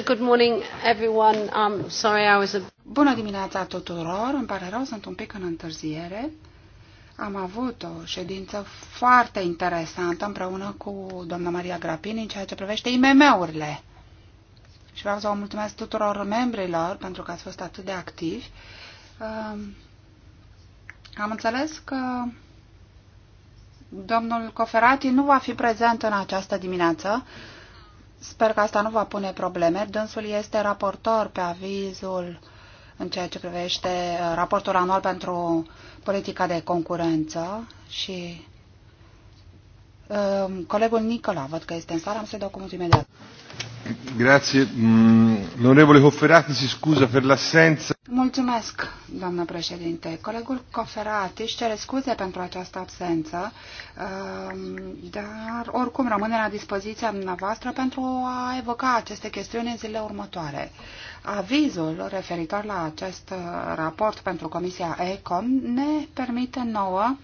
Um, Bună dimineața tuturor. Îmi pare rău, sunt un pic în întârziere. Am avut o ședință foarte interesantă împreună cu doamna Maria Grapini în ceea ce privește IMM-urile. Și vreau să vă mulțumesc tuturor membrilor pentru că ați fost atât de activi. Um, am înțeles că domnul Coferati nu va fi prezent în această dimineață, Sper că asta nu va pune probleme. Dânsul este raportor pe avizul în ceea ce privește uh, raportul anual pentru politica de concurență și uh, colegul Nicola, văd că este în sală, am să-i dau cuvântul imediat. Grazie. Mm, l'onorevole Cofferati si per l'assenza. Mulțumesc, doamnă președinte. Colegul Cofferati își cere scuze pentru această absență, um, dar oricum rămâne la dispoziția dumneavoastră pentru a evoca aceste chestiuni în zilele următoare. Avizul referitor la acest uh, raport pentru Comisia ECOM ne permite nouă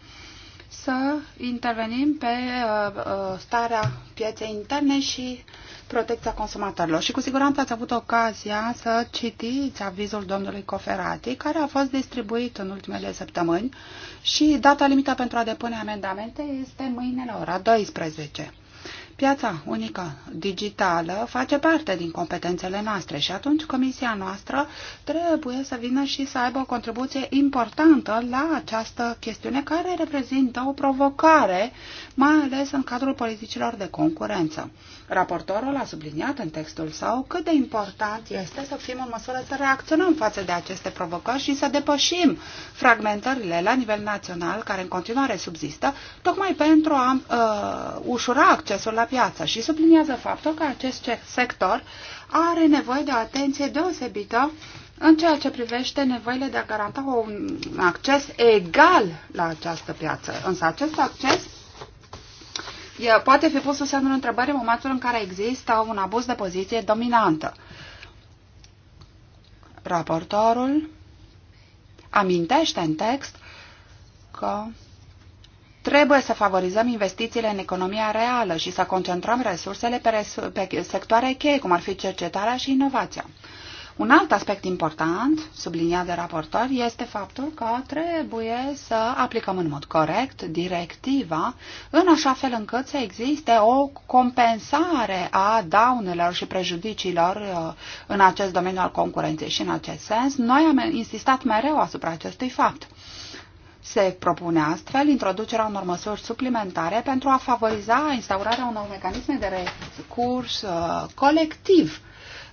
să intervenim pe uh, uh, starea pieței interne și protecția consumatorilor. Și cu siguranță ați avut ocazia să citiți avizul domnului Coferati, care a fost distribuit în ultimele săptămâni și data limită pentru a depune amendamente este mâine la ora 12. Piața unică digitală face parte din competențele noastre și atunci comisia noastră trebuie să vină și să aibă o contribuție importantă la această chestiune care reprezintă o provocare, mai ales în cadrul politicilor de concurență. Raportorul a subliniat în textul său cât de important este să fim în măsură să reacționăm față de aceste provocări și să depășim fragmentările la nivel național care în continuare subzistă, tocmai pentru a uh, ușura accesul la piață și subliniază faptul că acest sector are nevoie de o atenție deosebită în ceea ce privește nevoile de a garanta un acces egal la această piață. Însă acest acces poate fi pusă semnul întrebare, în momentul în care există un abuz de poziție dominantă. Raportorul amintește în text că trebuie să favorizăm investițiile în economia reală și să concentrăm resursele pe, resu- pe sectoare cheie, cum ar fi cercetarea și inovația. Un alt aspect important, subliniat de raportor, este faptul că trebuie să aplicăm în mod corect directiva, în așa fel încât să existe o compensare a daunelor și prejudiciilor uh, în acest domeniu al concurenței. Și în acest sens, noi am insistat mereu asupra acestui fapt. Se propune astfel introducerea unor măsuri suplimentare pentru a favoriza instaurarea unor mecanisme de recurs uh, colectiv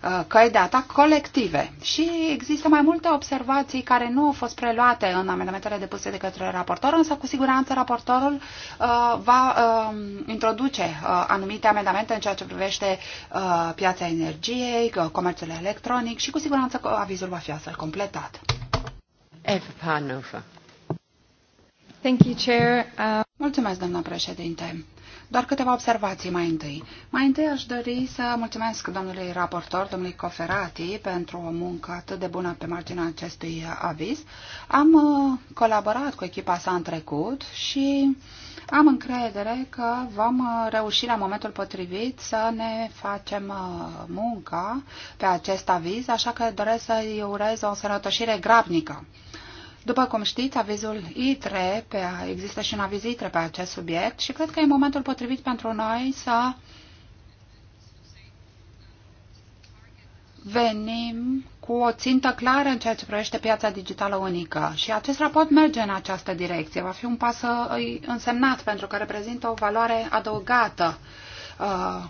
Uh, căi de atac colective. Și există mai multe observații care nu au fost preluate în amendamentele depuse de către raportor, însă cu siguranță raportorul uh, va uh, introduce uh, anumite amendamente în ceea ce privește uh, piața energiei, uh, comerțul electronic și cu siguranță avizul va fi astfel completat. Thank you, Chair. Uh... Mulțumesc, doamna președinte. Doar câteva observații mai întâi. Mai întâi aș dori să mulțumesc domnului raportor, domnului Coferati, pentru o muncă atât de bună pe marginea acestui aviz. Am uh, colaborat cu echipa sa în trecut și am încredere că vom uh, reuși la momentul potrivit să ne facem uh, munca pe acest aviz, așa că doresc să-i urez o sănătoșire grabnică. După cum știți, avizul I3 pe, există și un aviz I3 pe acest subiect și cred că e momentul potrivit pentru noi să venim cu o țintă clară în ceea ce privește piața digitală unică. Și acest raport merge în această direcție. Va fi un pas uh, însemnat pentru că reprezintă o valoare adăugată. Uh.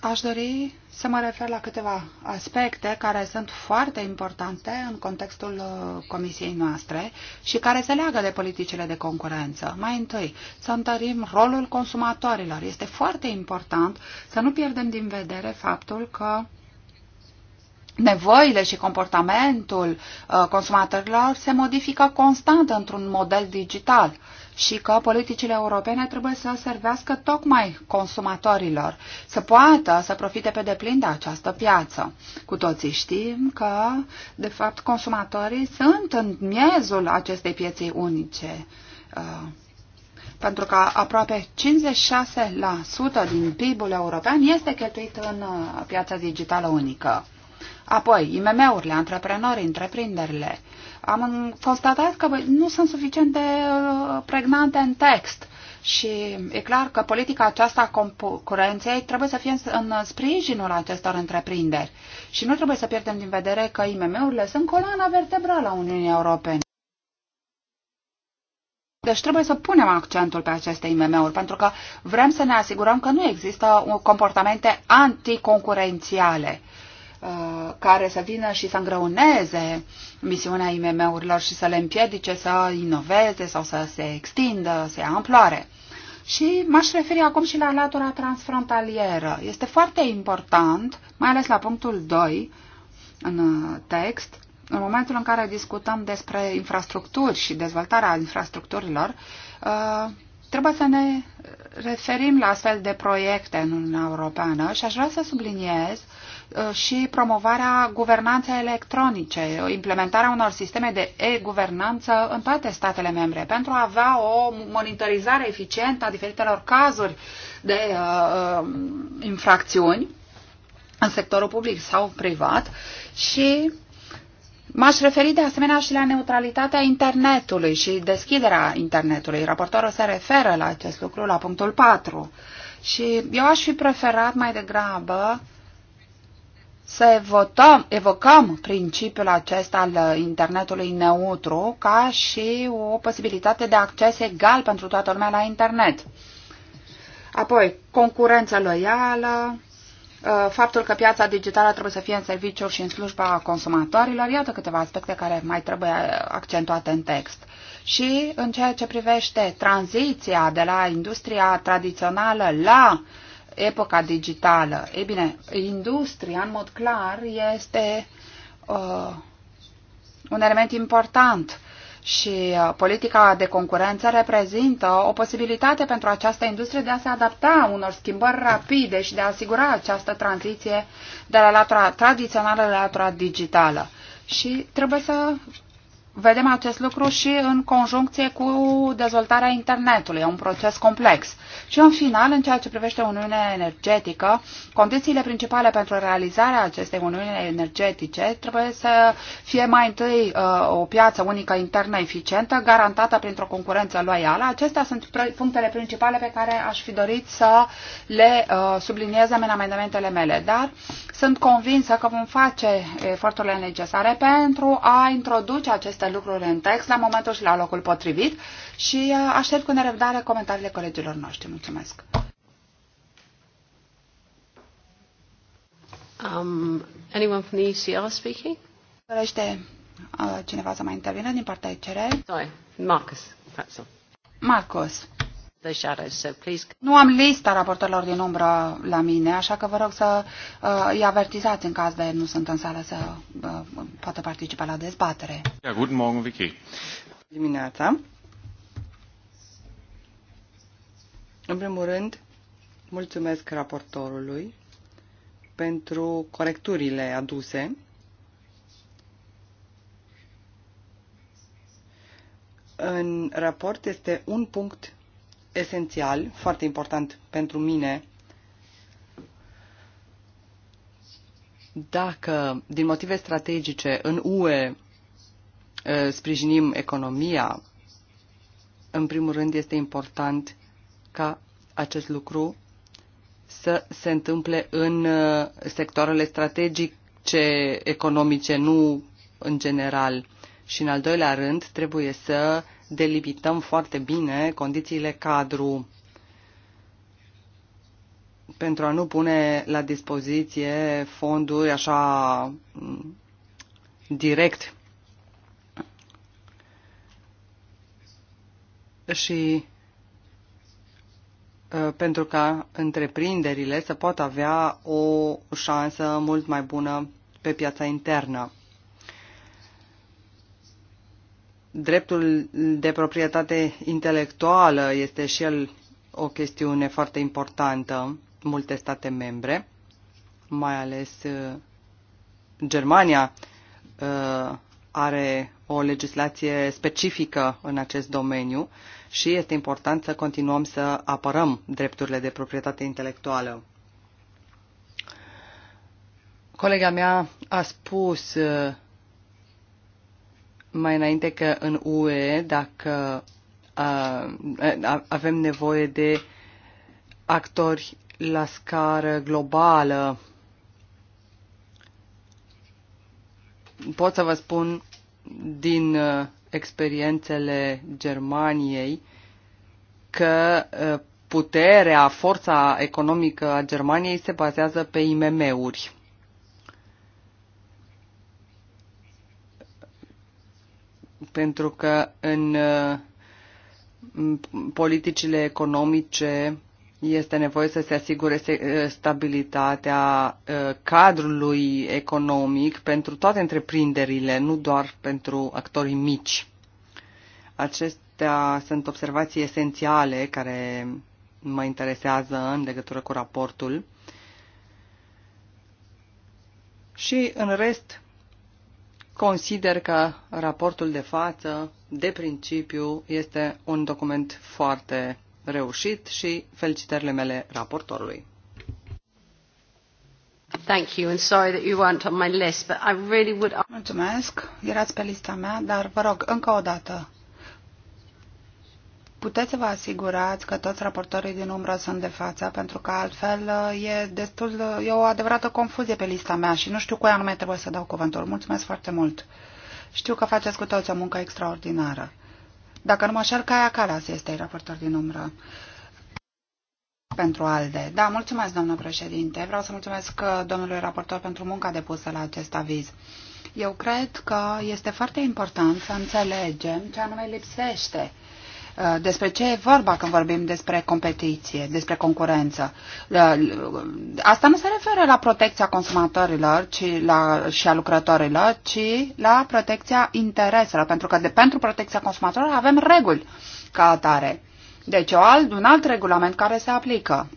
Aș dori să mă refer la câteva aspecte care sunt foarte importante în contextul uh, comisiei noastre și care se leagă de politicile de concurență. Mai întâi, să întărim rolul consumatorilor. Este foarte important să nu pierdem din vedere faptul că nevoile și comportamentul uh, consumatorilor se modifică constant într-un model digital și că politicile europene trebuie să servească tocmai consumatorilor, să poată să profite pe deplin de această piață. Cu toții știm că, de fapt, consumatorii sunt în miezul acestei pieței unice. Uh, pentru că aproape 56% din PIB-ul european este cheltuit în uh, piața digitală unică. Apoi, IMM-urile, antreprenorii, întreprinderile. Am constatat că nu sunt suficient de uh, pregnante în text. Și e clar că politica aceasta a concurenței trebuie să fie în sprijinul acestor întreprinderi. Și nu trebuie să pierdem din vedere că IMM-urile sunt coloana vertebrală a Uniunii Europene. Deci trebuie să punem accentul pe aceste IMM-uri, pentru că vrem să ne asigurăm că nu există uh, comportamente anticoncurențiale. Uh, care să vină și să îngrăuneze misiunea IMM-urilor și să le împiedice să inoveze sau să se extindă, să ia amploare. Și m-aș referi acum și la latura transfrontalieră. Este foarte important, mai ales la punctul 2 în uh, text, în momentul în care discutăm despre infrastructuri și dezvoltarea infrastructurilor, uh, trebuie să ne referim la astfel de proiecte în Uniunea Europeană și aș vrea să subliniez Uh, și promovarea guvernanței electronice, implementarea unor sisteme de e-guvernanță în toate statele membre, pentru a avea o monitorizare eficientă a diferitelor cazuri de uh, uh, infracțiuni în sectorul public sau privat și M-aș referi de asemenea și la neutralitatea internetului și deschiderea internetului. Raportorul se referă la acest lucru, la punctul 4. Și eu aș fi preferat mai degrabă să evotăm, evocăm principiul acesta al internetului neutru ca și o posibilitate de acces egal pentru toată lumea la internet. Apoi, concurența loială, uh, faptul că piața digitală trebuie să fie în serviciu și în slujba consumatorilor, iată câteva aspecte care mai trebuie accentuate în text. Și în ceea ce privește tranziția de la industria tradițională la uh, epoca digitală. e bine, industria, în mod clar, este uh, un element important și uh, politica de concurență reprezintă o posibilitate pentru această industrie de a se adapta unor schimbări rapide și de a asigura această tranziție de la latura tradițională la latura digitală. Și trebuie să vedem acest lucru și în conjuncție cu dezvoltarea internetului. E un proces complex. Și în final, în ceea ce privește Uniunea Energetică, condițiile principale pentru realizarea acestei Uniuni Energetice trebuie să fie mai întâi uh, o piață unică internă eficientă, garantată printr-o concurență loială. Acestea sunt punctele principale pe care aș fi dorit să le uh, subliniez în amendamentele mele, dar sunt convinsă că vom face eforturile necesare pentru a introduce aceste aceste lucruri în text la momentul și la locul potrivit și uh, aștept cu nerăbdare comentariile colegilor noștri. Mulțumesc! Um, anyone from the ECR speaking? Dorește uh, cineva să mai intervină din partea ECR? Sorry, Marcus. That's all. Marcus. Nu am lista raportorilor din umbră la mine, așa că vă rog să uh, îi avertizați în caz de nu sunt în sală să uh, poată participa la dezbatere. Ja, guten Morgen, Vicky. Dimineața. În primul rând, mulțumesc raportorului pentru corecturile aduse. În raport este un punct esențial, foarte important pentru mine, dacă din motive strategice în UE uh, sprijinim economia, în primul rând este important ca acest lucru să se întâmple în uh, sectoarele strategice economice, nu în general. Și în al doilea rând trebuie să delimităm foarte bine condițiile cadru pentru a nu pune la dispoziție fonduri așa direct și ă, pentru ca întreprinderile să poată avea o șansă mult mai bună pe piața internă. Dreptul de proprietate intelectuală este și el o chestiune foarte importantă multe state membre, mai ales uh, Germania uh, are o legislație specifică în acest domeniu și este important să continuăm să apărăm drepturile de proprietate intelectuală. Colega mea a spus uh, mai înainte că în UE, dacă avem nevoie de actori la scară globală, pot să vă spun din experiențele Germaniei că puterea, forța economică a Germaniei se bazează pe IMM-uri. pentru că în uh, politicile economice este nevoie să se asigure uh, stabilitatea uh, cadrului economic pentru toate întreprinderile, nu doar pentru actorii mici. Acestea sunt observații esențiale care mă interesează în legătură cu raportul. Și în rest Consider că raportul de față, de principiu, este un document foarte reușit și felicitările mele raportorului. Thank you and sorry that you weren't on my list, but I really would... Mulțumesc, erați pe lista mea, dar vă rog încă o dată puteți să vă asigurați că toți raportorii din umbră sunt de față, pentru că altfel uh, e, destul, e o adevărată confuzie pe lista mea și nu știu cu cui anume trebuie să dau cuvântul. Mulțumesc foarte mult! Știu că faceți cu toți o muncă extraordinară. Dacă nu mă șer, Caia Calas este raportor din umbră pentru ALDE. Da, mulțumesc, domnul președinte. Vreau să mulțumesc uh, domnului raportor pentru munca depusă la acest aviz. Eu cred că este foarte important să înțelegem ce anume lipsește Uh, despre ce e vorba când vorbim despre competiție, despre concurență. Uh, uh, asta nu se referă la protecția consumatorilor ci la, și a lucrătorilor, ci la protecția intereselor, pentru că de pentru protecția consumatorilor avem reguli ca atare. Deci alt, un alt regulament care se aplică.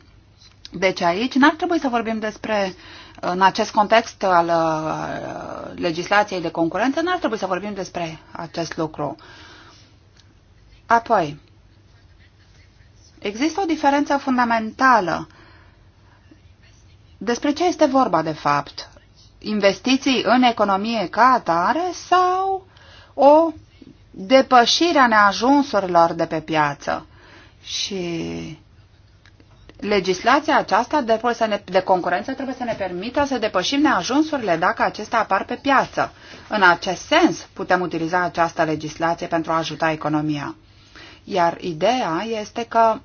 Deci aici n-ar trebui să vorbim despre în acest context al legislației de concurență, n-ar trebui să vorbim despre acest lucru. Uh, Apoi, există o diferență fundamentală despre ce este vorba de fapt. Investiții în economie ca atare sau o depășire a neajunsurilor de pe piață. Și legislația aceasta de, să ne, de concurență trebuie să ne permită să depășim neajunsurile dacă acestea apar pe piață. În acest sens putem utiliza această legislație pentru a ajuta economia. Iar ideea este că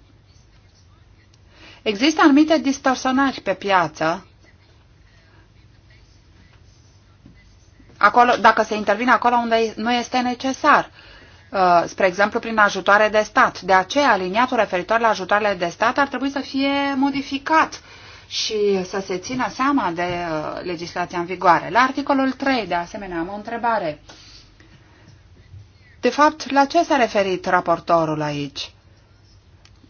există anumite distorsionări pe piață acolo, dacă se intervine acolo unde nu este necesar, uh, spre exemplu prin ajutoare de stat. De aceea, aliniatul referitor la ajutoarele de stat ar trebui să fie modificat și să se țină seama de uh, legislația în vigoare. La articolul 3, de asemenea, am o întrebare. De fapt, la ce s-a referit raportorul aici?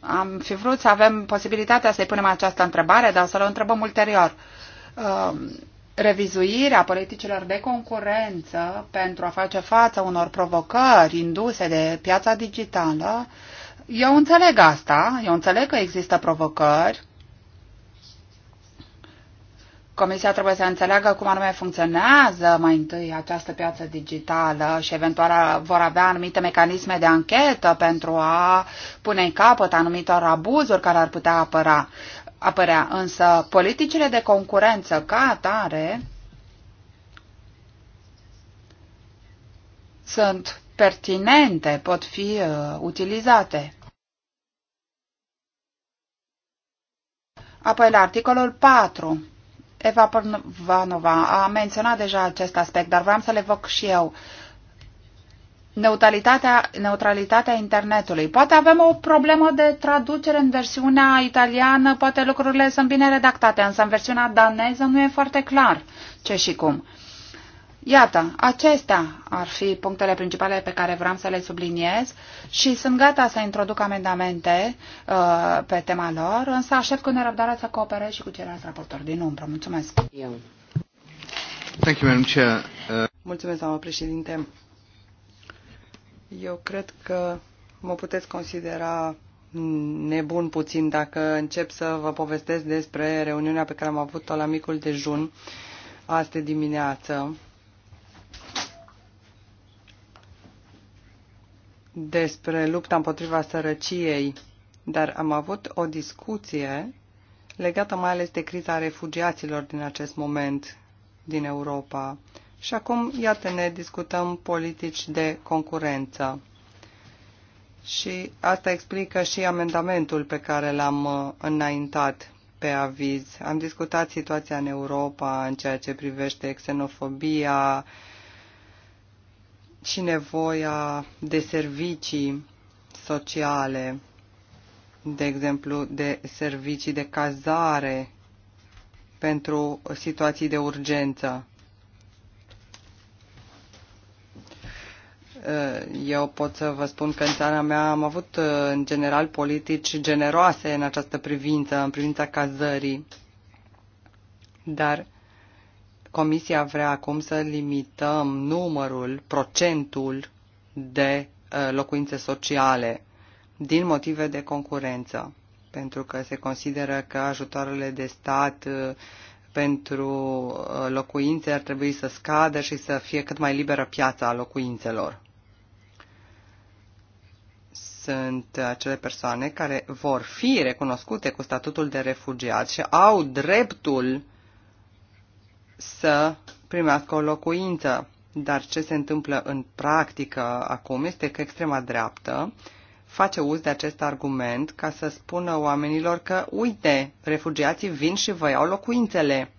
Am fi vrut să avem posibilitatea să-i punem această întrebare, dar să o întrebăm ulterior. Uh, revizuirea politicilor de concurență pentru a face față unor provocări induse de piața digitală, eu înțeleg asta, eu înțeleg că există provocări, Comisia trebuie să înțeleagă cum anume funcționează mai întâi această piață digitală și eventual vor avea anumite mecanisme de anchetă pentru a pune în capăt anumitor abuzuri care ar putea apăra, apărea. Însă politicile de concurență ca atare sunt pertinente, pot fi uh, utilizate. Apoi la articolul 4. Eva Pornovanova a menționat deja acest aspect, dar vreau să le văd și eu. Neutralitatea, neutralitatea internetului. Poate avem o problemă de traducere în versiunea italiană, poate lucrurile sunt bine redactate, însă în versiunea daneză nu e foarte clar ce și cum. Iată, acestea ar fi punctele principale pe care vreau să le subliniez și sunt gata să introduc amendamente uh, pe tema lor, însă aștept cu nerăbdare să cooperez și cu ceilalți raportori din umbră. Mulțumesc! Eu. Thank you, Madam Chair. Uh... Mulțumesc, doamnă președinte. Eu cred că mă puteți considera nebun puțin dacă încep să vă povestesc despre reuniunea pe care am avut-o la micul dejun astăzi dimineață despre lupta împotriva sărăciei, dar am avut o discuție legată mai ales de criza refugiaților din acest moment din Europa. Și acum, iată, ne discutăm politici de concurență. Și asta explică și amendamentul pe care l-am uh, înaintat pe aviz. Am discutat situația în Europa în ceea ce privește xenofobia, și nevoia de servicii sociale, de exemplu, de servicii de cazare pentru situații de urgență. Eu pot să vă spun că în țara mea am avut, în general, politici generoase în această privință, în privința cazării. Dar Comisia vrea acum să limităm numărul, procentul de uh, locuințe sociale din motive de concurență, pentru că se consideră că ajutoarele de stat uh, pentru uh, locuințe ar trebui să scadă și să fie cât mai liberă piața a locuințelor. Sunt acele persoane care vor fi recunoscute cu statutul de refugiat și au dreptul să primească o locuință. Dar ce se întâmplă în practică acum este că extrema dreaptă face uz de acest argument ca să spună oamenilor că, uite, refugiații vin și vă iau locuințele.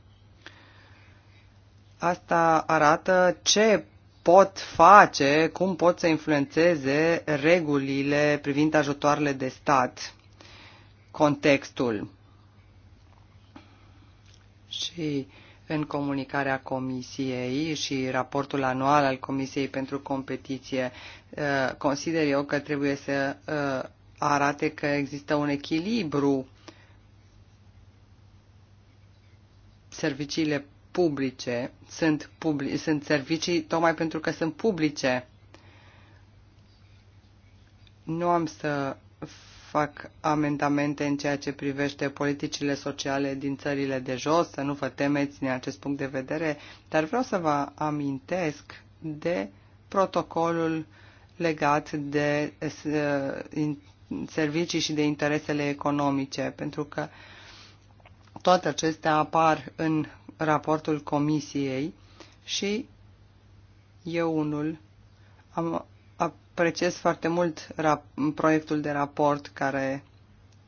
Asta arată ce pot face, cum pot să influențeze regulile privind ajutoarele de stat, contextul. Și în comunicarea Comisiei și raportul anual al Comisiei pentru competiție, uh, consider eu că trebuie să uh, arate că există un echilibru serviciile publice sunt, public, sunt servicii tocmai pentru că sunt publice. Nu am să fac amendamente în ceea ce privește politicile sociale din țările de jos, să nu vă temeți din acest punct de vedere, dar vreau să vă amintesc de protocolul legat de eh, servicii și de interesele economice, pentru că toate acestea apar în raportul comisiei și eu unul am Apreciez foarte mult proiectul de raport care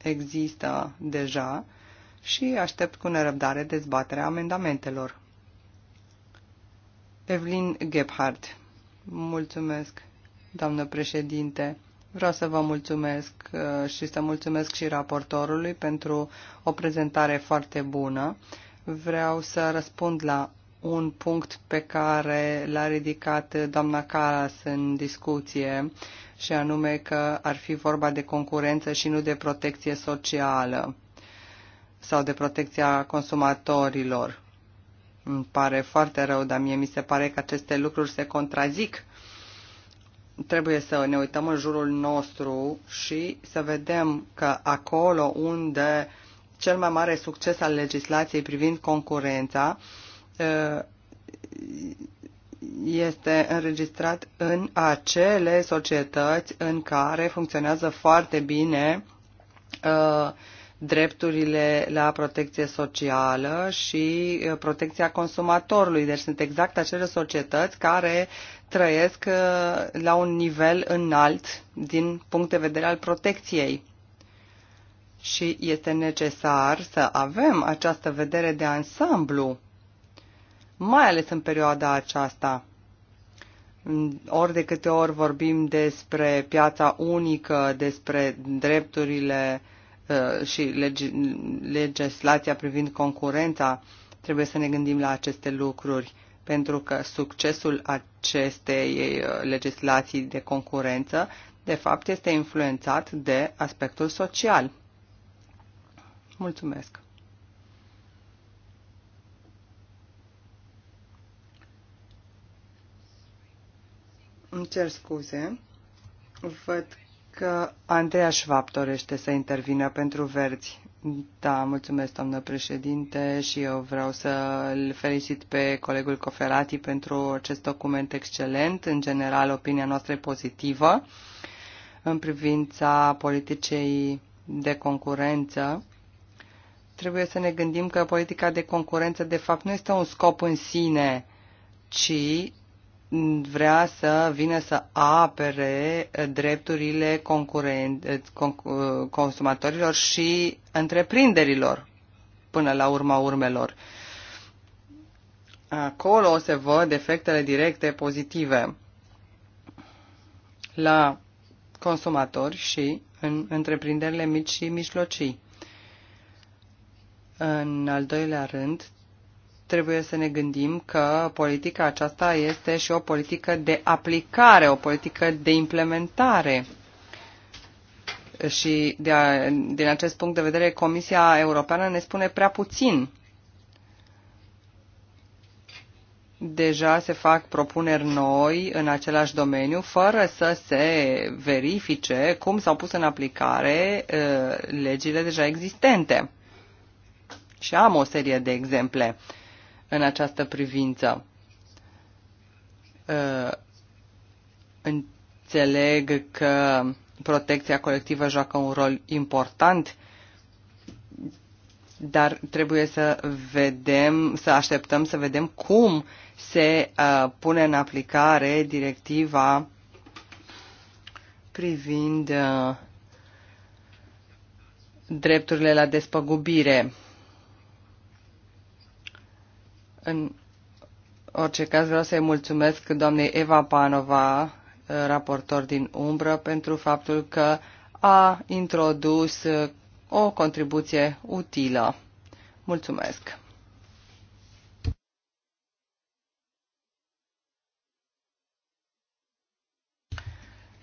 există deja și aștept cu nerăbdare dezbaterea amendamentelor. Evelyn Gebhardt. Mulțumesc, doamnă președinte. Vreau să vă mulțumesc uh, și să mulțumesc și raportorului pentru o prezentare foarte bună. Vreau să răspund la un punct pe care l-a ridicat doamna Caras în discuție și anume că ar fi vorba de concurență și nu de protecție socială sau de protecția consumatorilor. Îmi pare foarte rău, dar mie mi se pare că aceste lucruri se contrazic. Trebuie să ne uităm în jurul nostru și să vedem că acolo unde cel mai mare succes al legislației privind concurența Uh, este înregistrat în acele societăți în care funcționează foarte bine uh, drepturile la protecție socială și uh, protecția consumatorului. Deci sunt exact acele societăți care trăiesc la un nivel înalt din punct de vedere al protecției. Și este necesar să avem această vedere de ansamblu mai ales în perioada aceasta. Ori de câte ori vorbim despre piața unică, despre drepturile uh, și legi, legislația privind concurența, trebuie să ne gândim la aceste lucruri, pentru că succesul acestei uh, legislații de concurență, de fapt, este influențat de aspectul social. Mulțumesc! Îmi cer scuze. Văd că Andreea Schwab dorește să intervină pentru verzi. Da, mulțumesc, doamnă președinte, și eu vreau să-l felicit pe colegul Coferati pentru acest document excelent. În general, opinia noastră e pozitivă în privința politicei de concurență. Trebuie să ne gândim că politica de concurență, de fapt, nu este un scop în sine, ci vrea să vină să apere drepturile consumatorilor și întreprinderilor până la urma urmelor. Acolo se văd efectele directe pozitive la consumatori și în întreprinderile mici și mijlocii. În al doilea rând, trebuie să ne gândim că politica aceasta este și o politică de aplicare, o politică de implementare. Și de a, din acest punct de vedere, Comisia Europeană ne spune prea puțin. Deja se fac propuneri noi în același domeniu, fără să se verifice cum s-au pus în aplicare uh, legile deja existente. Și am o serie de exemple. Uh, în această privință. Ă, înțeleg că protecția colectivă joacă un rol important, dar trebuie să vedem, să așteptăm să vedem cum se ă, pune în aplicare directiva privind ă, drepturile la despăgubire. În orice caz vreau să-i mulțumesc doamnei Eva Panova, raportor din umbră, pentru faptul că a introdus o contribuție utilă. Mulțumesc!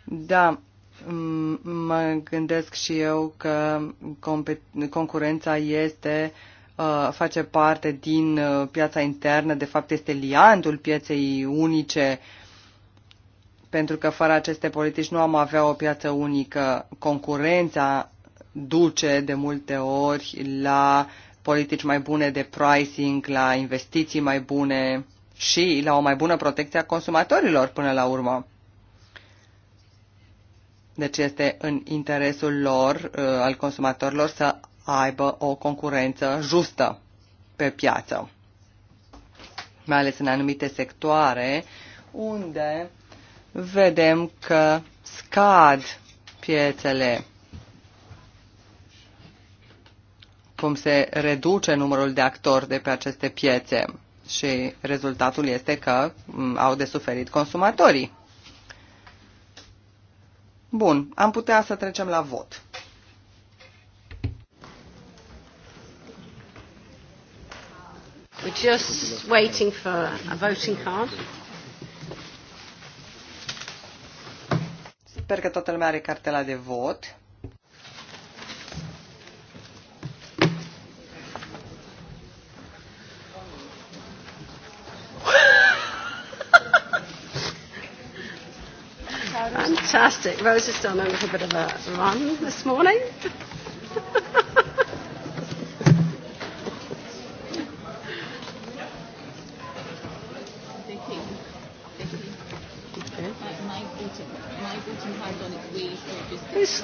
Da, mă gândesc și eu că concurența este uh, Uh, face parte din uh, piața internă, de fapt este liantul pieței unice, pentru că fără aceste politici nu am avea o piață unică. Concurența duce de multe ori la politici mai bune de pricing, la investiții mai bune și la o mai bună protecție a consumatorilor până la urmă. Deci este în interesul lor, uh, al consumatorilor, să aibă o concurență justă pe piață, mai ales în anumite sectoare unde vedem că scad piețele, cum se reduce numărul de actori de pe aceste piețe și rezultatul este că mm, au de suferit consumatorii. Bun, am putea să trecem la vot. We're just waiting for a voting card. Sper că toată lumea are cartela de vot. Fantastic. Rose has done a little bit of a run this morning.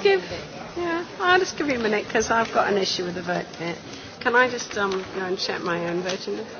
give, yeah, I'll just give you a minute because I've got an issue with the vote here. Can I just um, go and check my own voting list?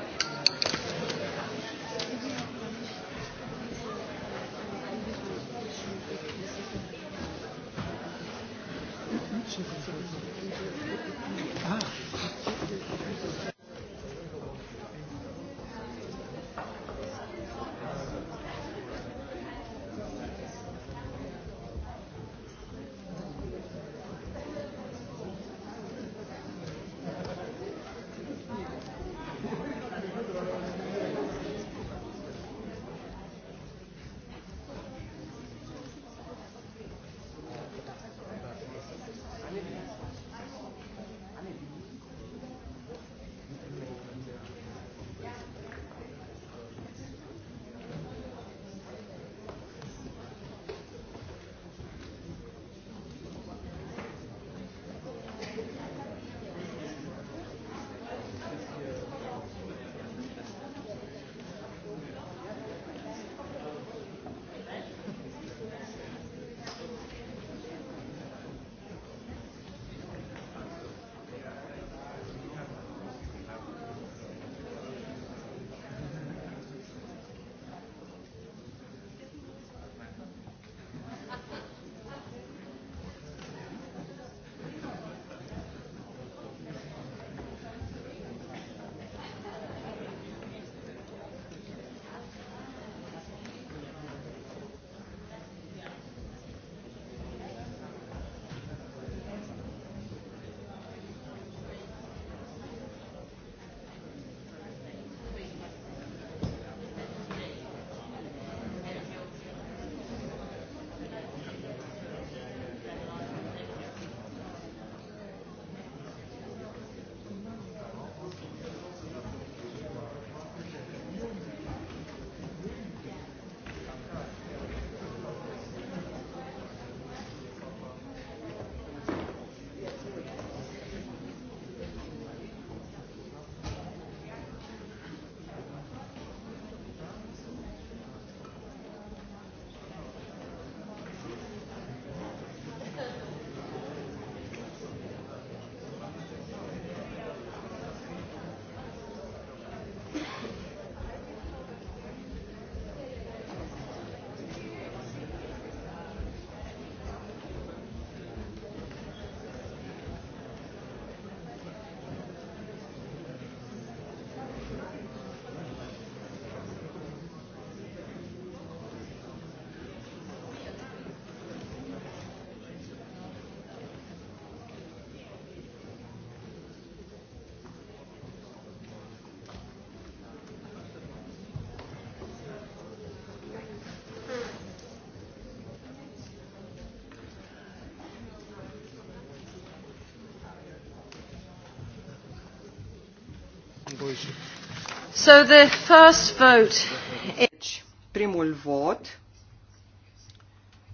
So the first vote is... Deci, primul vot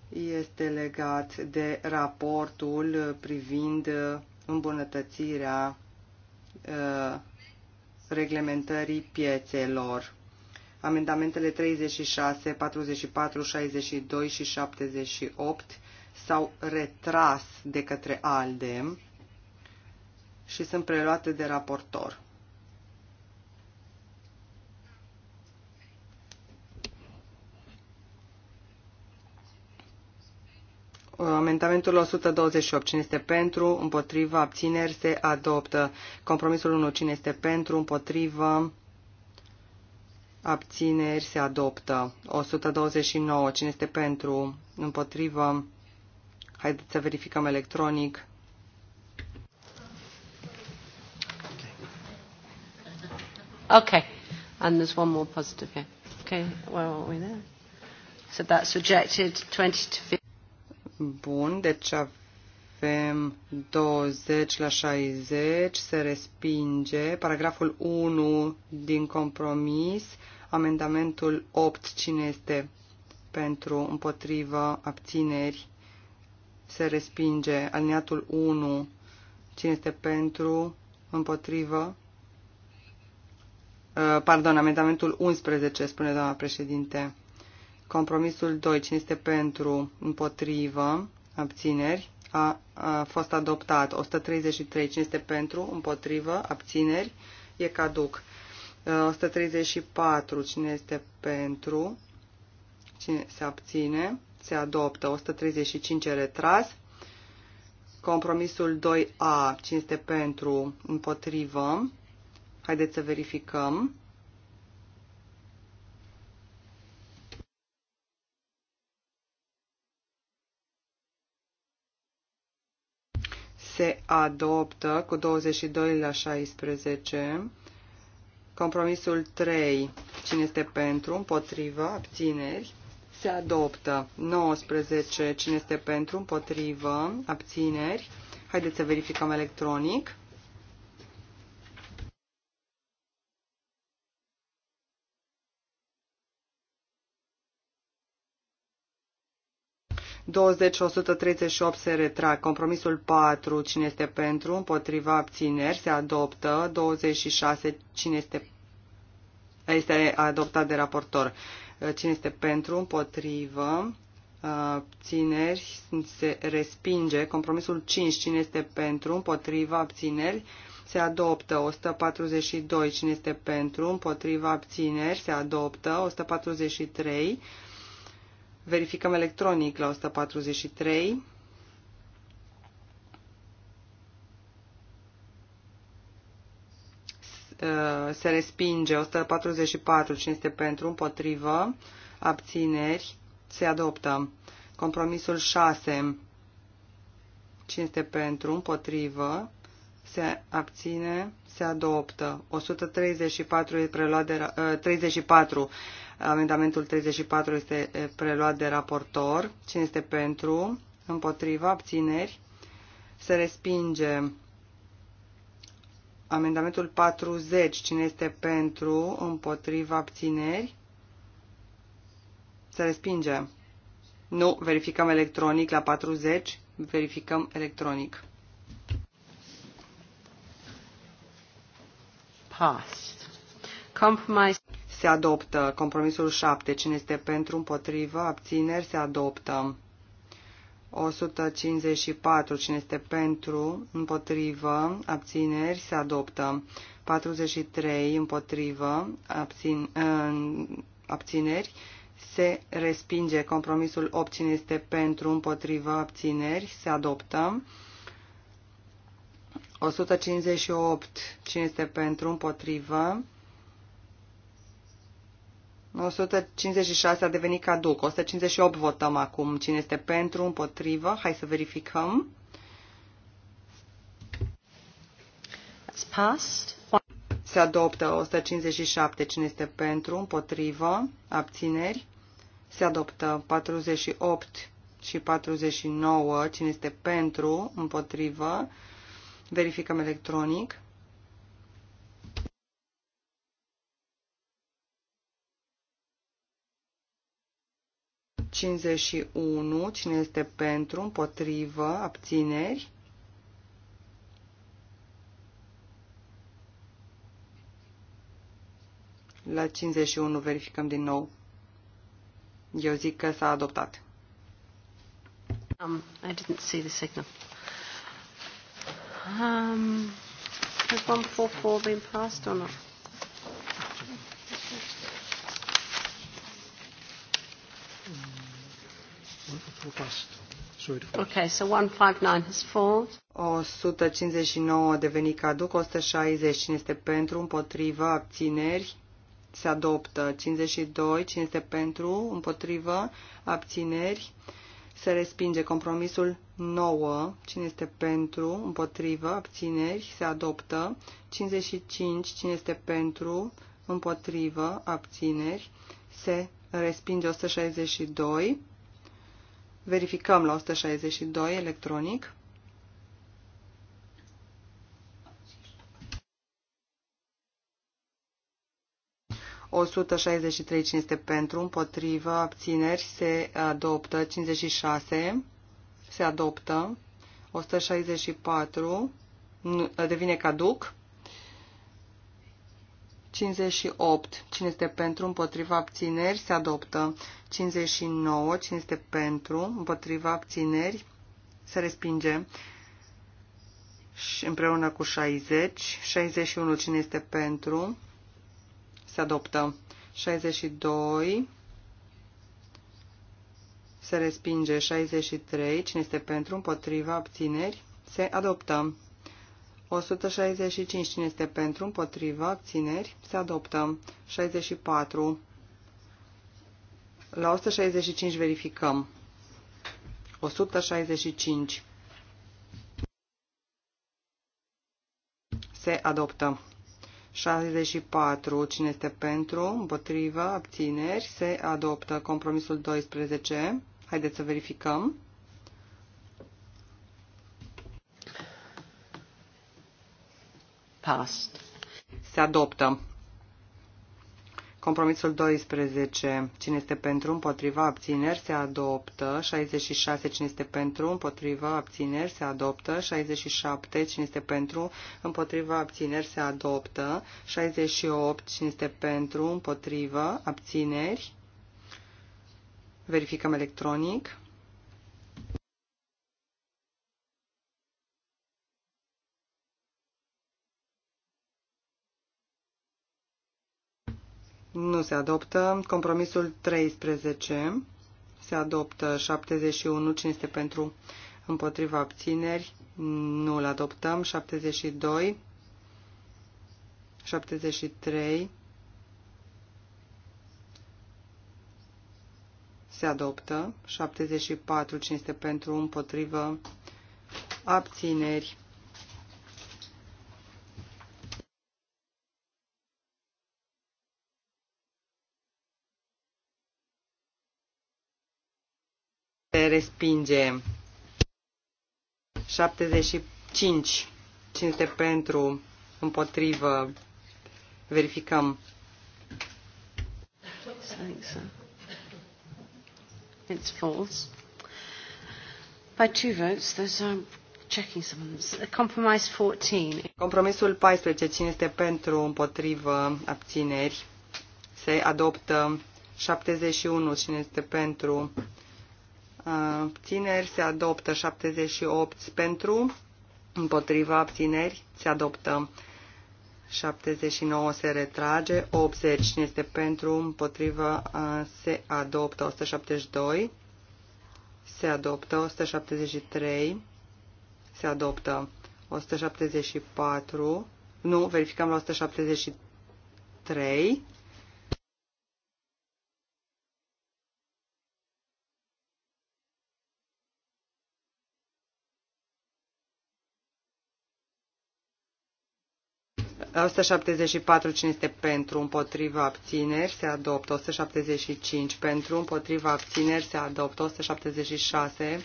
este legat de raportul privind îmbunătățirea uh, reglementării piețelor. Amendamentele 36, 44, 62 și 78 s-au retras de către ALDE și sunt preluate de raportor. Amendamentul 128. Cine este pentru, Împotrivă? abțineri, se adoptă. Compromisul 1. Cine este pentru, Împotrivă? abțineri, se adoptă. 129. Cine este pentru, Împotrivă? haideți să verificăm electronic. Okay. And there's one more positive here. Okay, where are we there? So that's rejected 20 to 50. Bun, deci avem 20 la 60, se respinge. Paragraful 1 din compromis, amendamentul 8, cine este pentru, împotrivă, abțineri, se respinge. Aliniatul 1, cine este pentru, împotrivă, uh, pardon, amendamentul 11, spune doamna președinte. Compromisul 2, cine este pentru, împotrivă, abțineri, a, a fost adoptat. 133, cine este pentru, împotrivă, abțineri, e caduc. 134, cine este pentru, cine se abține, se adoptă. 135 retras. Compromisul 2A, cine este pentru, împotrivă. Haideți să verificăm. se adoptă cu 22 la 16. Compromisul 3. Cine este pentru? Împotrivă? Abțineri? Se adoptă. 19. Cine este pentru? Împotrivă? Abțineri? Haideți să verificăm electronic. 20 138 se retrag. Compromisul 4, cine este pentru, împotriva abțineri, se adoptă. 26, cine este, este adoptat de raportor. Cine este pentru, împotrivă, abțineri, se respinge. Compromisul 5, cine este pentru, împotriva abțineri, se adoptă 142, cine este pentru, împotriva abțineri, se adoptă 143 Verificăm electronic la 143. Se respinge 144, cine este pentru, împotrivă, abțineri, se adoptă. Compromisul 6, cine este pentru, împotrivă, se abține, se adoptă. 134 este preluat de, 34, ă, amendamentul 34 este preluat de raportor. Cine este pentru? Împotriva, abțineri. Se respinge amendamentul 40. Cine este pentru? Împotriva, abțineri. Se respinge. Nu, verificăm electronic la 40. Verificăm electronic. passed. Compromise. Se adoptă. Compromisul 7. Cine este pentru, împotrivă, abțineri, se adoptă. 154. Cine este pentru, împotrivă, abțineri, se adoptă. 43. Împotrivă, abțin, uh, abțineri, se respinge. Compromisul 8. Cine este pentru, împotrivă, abțineri, se adoptă. 158. Cine este pentru? Împotrivă. 156 a devenit caduc. 158 votăm acum. Cine este pentru? Împotrivă. Hai să verificăm. It's passed. Se adoptă 157. Cine este pentru? Împotrivă. Abțineri. Se adoptă 48 și 49. Cine este pentru? Împotrivă. Verificăm electronic. Cincizeci unu. Cine este pentru, împotrivă, abțineri? La 51 verificăm din nou. Eu zic că s-a adoptat. Um, I didn't see the signal. Um, has 144 been passed or not? Okay, so 159 has fallen. 159 a devenit caduc, 160 cine este pentru, împotrivă, abțineri, se adoptă. 52 cine este pentru, împotrivă, abțineri, se respinge. Compromisul 9. Cine este pentru? Împotrivă. Abțineri. Se adoptă. 55. Cine este pentru? Împotrivă. Abțineri. Se respinge 162. Verificăm la 162 electronic. O 163 cine este pentru, împotrivă, abțineri, se adoptă 56 se adoptă. 164 devine caduc. 58. Cine este pentru, împotriva abțineri, se adoptă. 59. Cine este pentru, împotriva abțineri, se respinge. Și împreună cu 60. 61. Cine este pentru, se adoptă. 62 se respinge 63, cine este pentru, împotriva, abțineri, se adoptă. 165, cine este pentru, împotriva, abțineri, se adoptă. 64. La 165 verificăm. 165. Se adoptă. 64. Cine este pentru, împotriva, abțineri, se adoptă. Compromisul 12 Haideți să verificăm. Past. Se adoptă. Compromisul 12. Cine este pentru, împotriva, abțineri, se adoptă. 66. Cine este pentru, împotriva, abțineri, se adoptă. 67. Cine este pentru, împotriva, abțineri, se adoptă. 68. Cine este pentru, împotriva, abțineri, Verificăm electronic. Nu se adoptă. Compromisul 13 se adoptă 71, cine este pentru împotriva abțineri, nu-l adoptăm, 72, 73, se adoptă. 74. Cine este pentru, împotrivă, abțineri. Se respinge. 75. Cine este pentru, împotrivă, verificăm. Thanks. It's false. By two votes, those are checking A Compromise 14. Compromisul 14. Cine este pentru, împotrivă, abțineri? Se adoptă 71. Cine este pentru, abțineri? Se adoptă 78. Pentru, împotrivă, abțineri? Se adoptă 79 se retrage, 80 cine este pentru, împotrivă, se adoptă 172, se adoptă 173, se adoptă 174, nu, verificăm la 173, 174 cine este pentru, împotriva abțineri se adoptă, 175 pentru, împotriva abțineri se adoptă, 176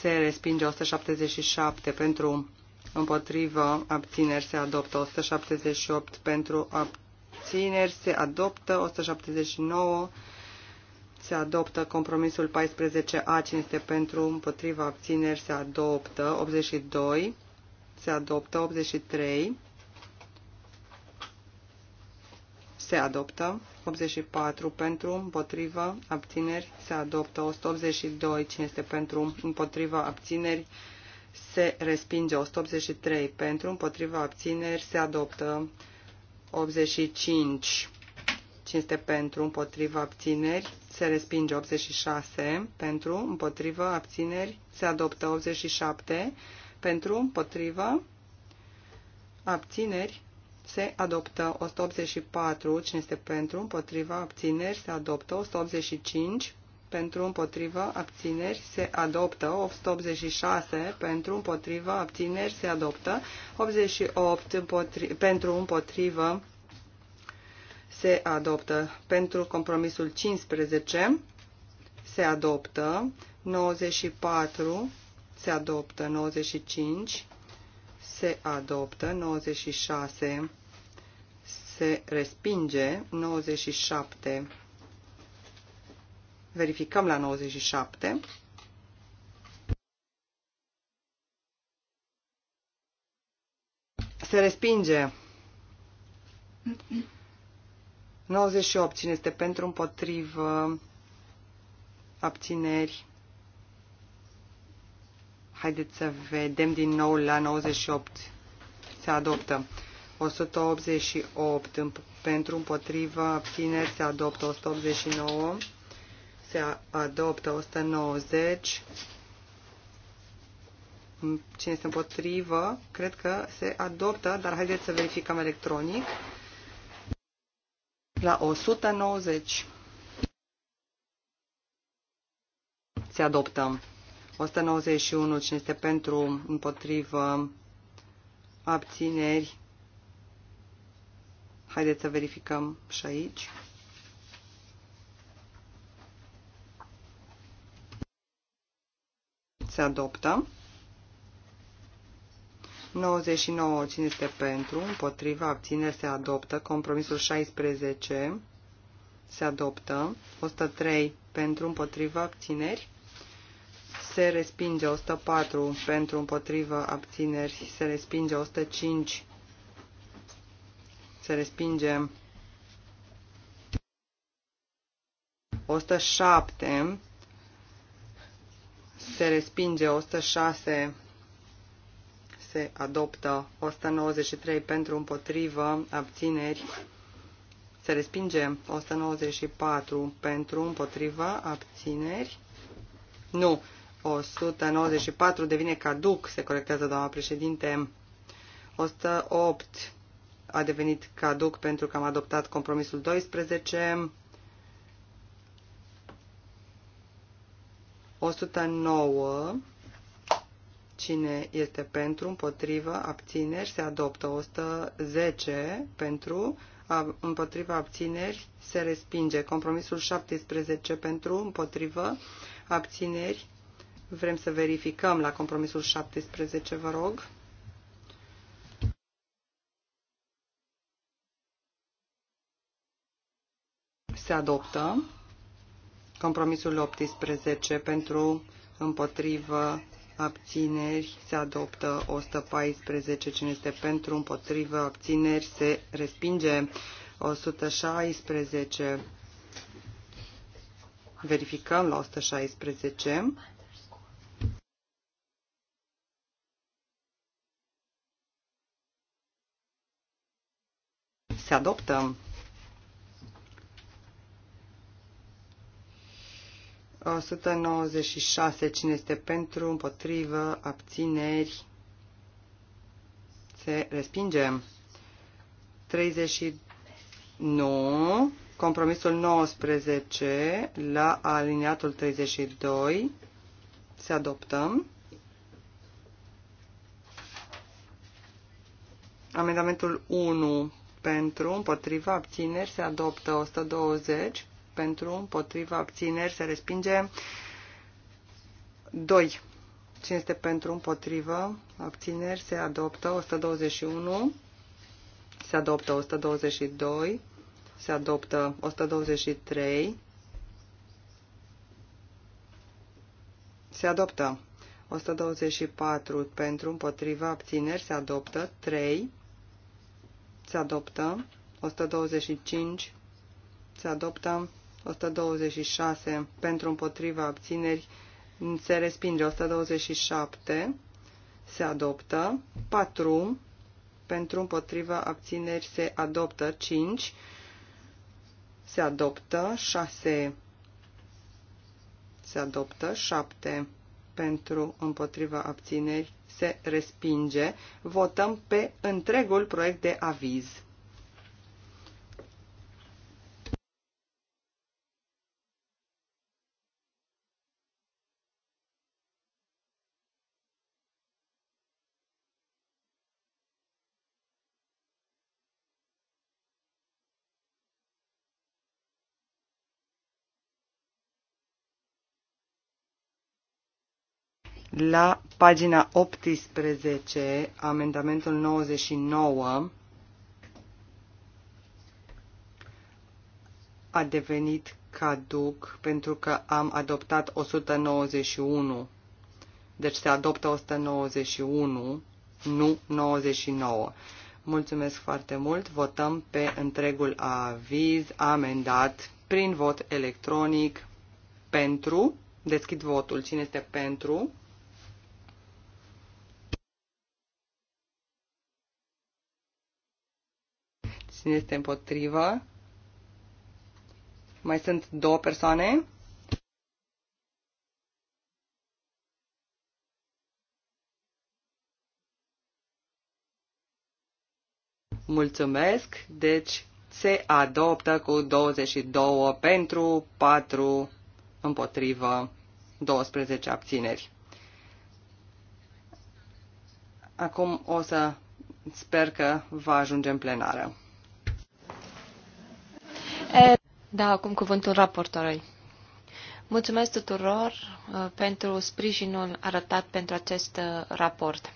se respinge, 177 pentru, împotriva abțineri se adoptă, 178 pentru abțineri se adoptă, 179 se adoptă compromisul 14A, cine este pentru, împotriva abțineri se adoptă, 82 se adoptă. 83 se adoptă. 84 pentru, împotrivă, abțineri, se adoptă. 182, cine este pentru, împotrivă, abțineri, se respinge. 183 pentru, împotrivă, abțineri, se adoptă. 85 cine este pentru, împotriva abțineri, se respinge 86 pentru, împotriva abțineri, se adoptă 87 pentru, împotrivă, abțineri, se adoptă 184, cine este pentru, împotriva, abțineri, se adoptă 185, pentru, împotriva, abțineri, se adoptă 186, pentru, împotriva, abțineri, se adoptă 88, împotri, pentru, împotriva, se adoptă pentru compromisul 15, se adoptă 94, se adoptă 95, se adoptă 96, se respinge 97, verificăm la 97, se respinge 98, cine este pentru împotrivă, abțineri, Haideți să vedem din nou la 98. Se adoptă. 188 pentru împotrivă abțineri se adoptă 189 se adoptă 190 cine este împotrivă cred că se adoptă dar haideți să verificăm electronic la 190 se adoptă 191. Cine este pentru, împotrivă, abțineri. Haideți să verificăm și aici. Se adoptă. 99. Cine este pentru? Împotriva abțineri se adoptă. Compromisul 16 se adoptă. 103. Pentru împotriva abțineri se respinge 104 pentru împotrivă abțineri, se respinge 105, se respinge 107, se respinge 106, se adoptă 193 pentru împotrivă abțineri, se respinge 194 pentru împotriva abțineri, nu, 194 devine caduc, se corectează doamna președinte. 108 a devenit caduc pentru că am adoptat compromisul 12. 109. Cine este pentru, împotrivă, abțineri, se adoptă. 110 pentru, împotrivă, abțineri, se respinge. Compromisul 17 pentru, împotrivă, abțineri, Vrem să verificăm la compromisul 17, vă rog. Se adoptă compromisul 18 pentru împotrivă abțineri se adoptă 114 cine este pentru împotrivă abțineri se respinge 116 verificăm la 116 Se adoptă. O 196. Cine este pentru, împotrivă, abțineri? Se respinge. 39. Compromisul 19 la aliniatul 32. Se adoptă. Amendamentul 1 pentru, împotriva, abțineri, se adoptă 120, pentru, împotriva, abțineri, se respinge 2. Cine este pentru, împotriva abțineri, se adoptă 121, se adoptă 122, se adoptă 123, se adoptă 124 pentru, împotriva, abțineri, se adoptă 3, se adoptă, 125 se adoptă, 126 pentru împotriva abțineri se respinge, 127 se adoptă, 4 pentru împotriva abțineri se adoptă, 5 se adoptă, 6 se adoptă, 7 pentru împotriva abțineri se respinge. Votăm pe întregul proiect de aviz. La pagina 18, amendamentul 99 a devenit caduc pentru că am adoptat 191. Deci se adoptă 191, nu 99. Mulțumesc foarte mult. Votăm pe întregul aviz amendat prin vot electronic pentru. Deschid votul. Cine este pentru? Cine este împotrivă? Mai sunt două persoane. Mulțumesc. Deci se adoptă cu 22 pentru, 4 împotrivă, 12 abțineri. Acum o să sper că va ajunge în plenară. Da, acum cuvântul raportorului. Mulțumesc tuturor uh, pentru sprijinul arătat pentru acest uh, raport.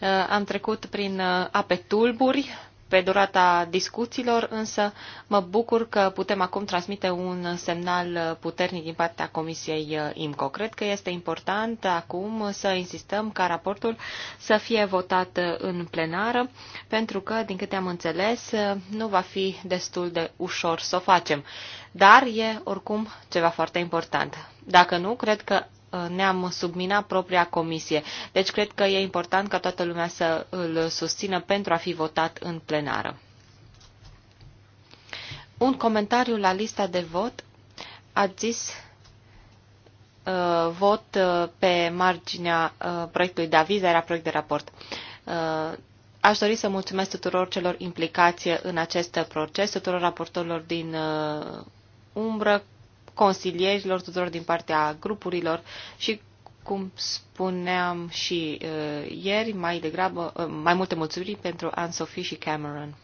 Uh, am trecut prin ape tulburi pe durata discuțiilor, însă mă bucur că putem acum transmite un semnal puternic din partea Comisiei uh, IMCO. Cred că este important acum să insistăm ca raportul să fie votat în plenară, pentru că, din câte am înțeles, uh, nu va fi destul de ușor să o facem. Dar e oricum ceva foarte important. Dacă nu, cred că Uh, ne-am subminat propria comisie. Deci cred că e important ca toată lumea să îl susțină pentru a fi votat în plenară. Un comentariu la lista de vot. Ați zis uh, vot uh, pe marginea uh, proiectului de aviz, era proiect de raport. Uh, Aș dori să mulțumesc tuturor celor implicați în acest proces, tuturor raportorilor din uh, umbră, consilierilor, tuturor din partea grupurilor și, cum spuneam și uh, ieri, mai degrabă, uh, mai multe mulțumiri pentru Anne-Sophie și Cameron.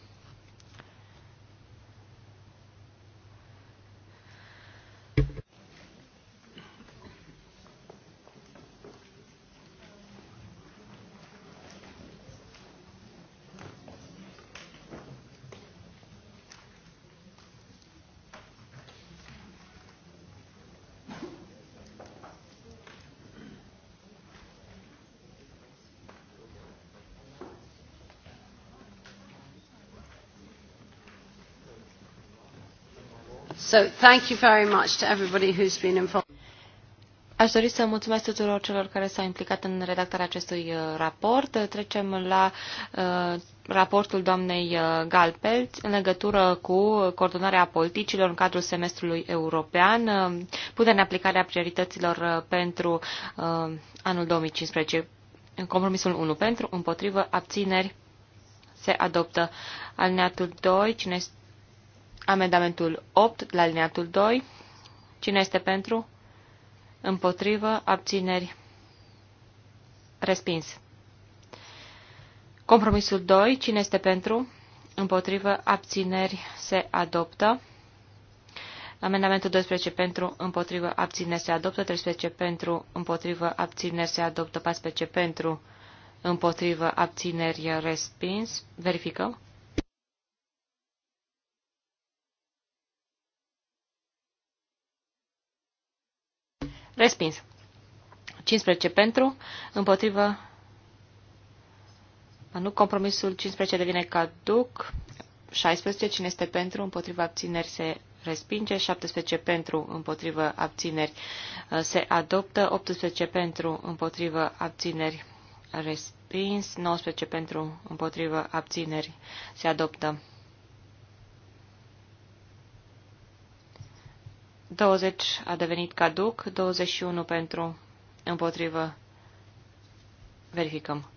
So, thank you very much to everybody who's been involved. Aș dori să mulțumesc tuturor celor care s-au implicat în redactarea acestui uh, raport. Trecem la uh, raportul doamnei uh, Galpelt în legătură cu coordonarea politicilor în cadrul semestrului european, uh, punerea în aplicare a priorităților uh, pentru uh, anul 2015. Compromisul 1 pentru, împotrivă, abțineri, se adoptă. Alineatul 2, cine este Amendamentul 8 la alineatul 2. Cine este pentru? Împotrivă. Abțineri. Respins. Compromisul 2. Cine este pentru? Împotrivă. Abțineri. Se adoptă. Amendamentul 12 pentru, împotrivă, abțineri se adoptă, 13 pentru, împotrivă, abțineri se adoptă, 14 pentru, împotrivă, abțineri respins. Verificăm. Respins. 15 pentru, împotrivă. Nu, compromisul 15 devine caduc. 16, cine este pentru, împotrivă abțineri se respinge, 17 pentru, împotrivă abțineri se adoptă, 18 pentru, împotrivă abțineri respins, 19 pentru, împotrivă abțineri se adoptă. 20 a devenit caduc, 21 pentru împotrivă. Verificăm.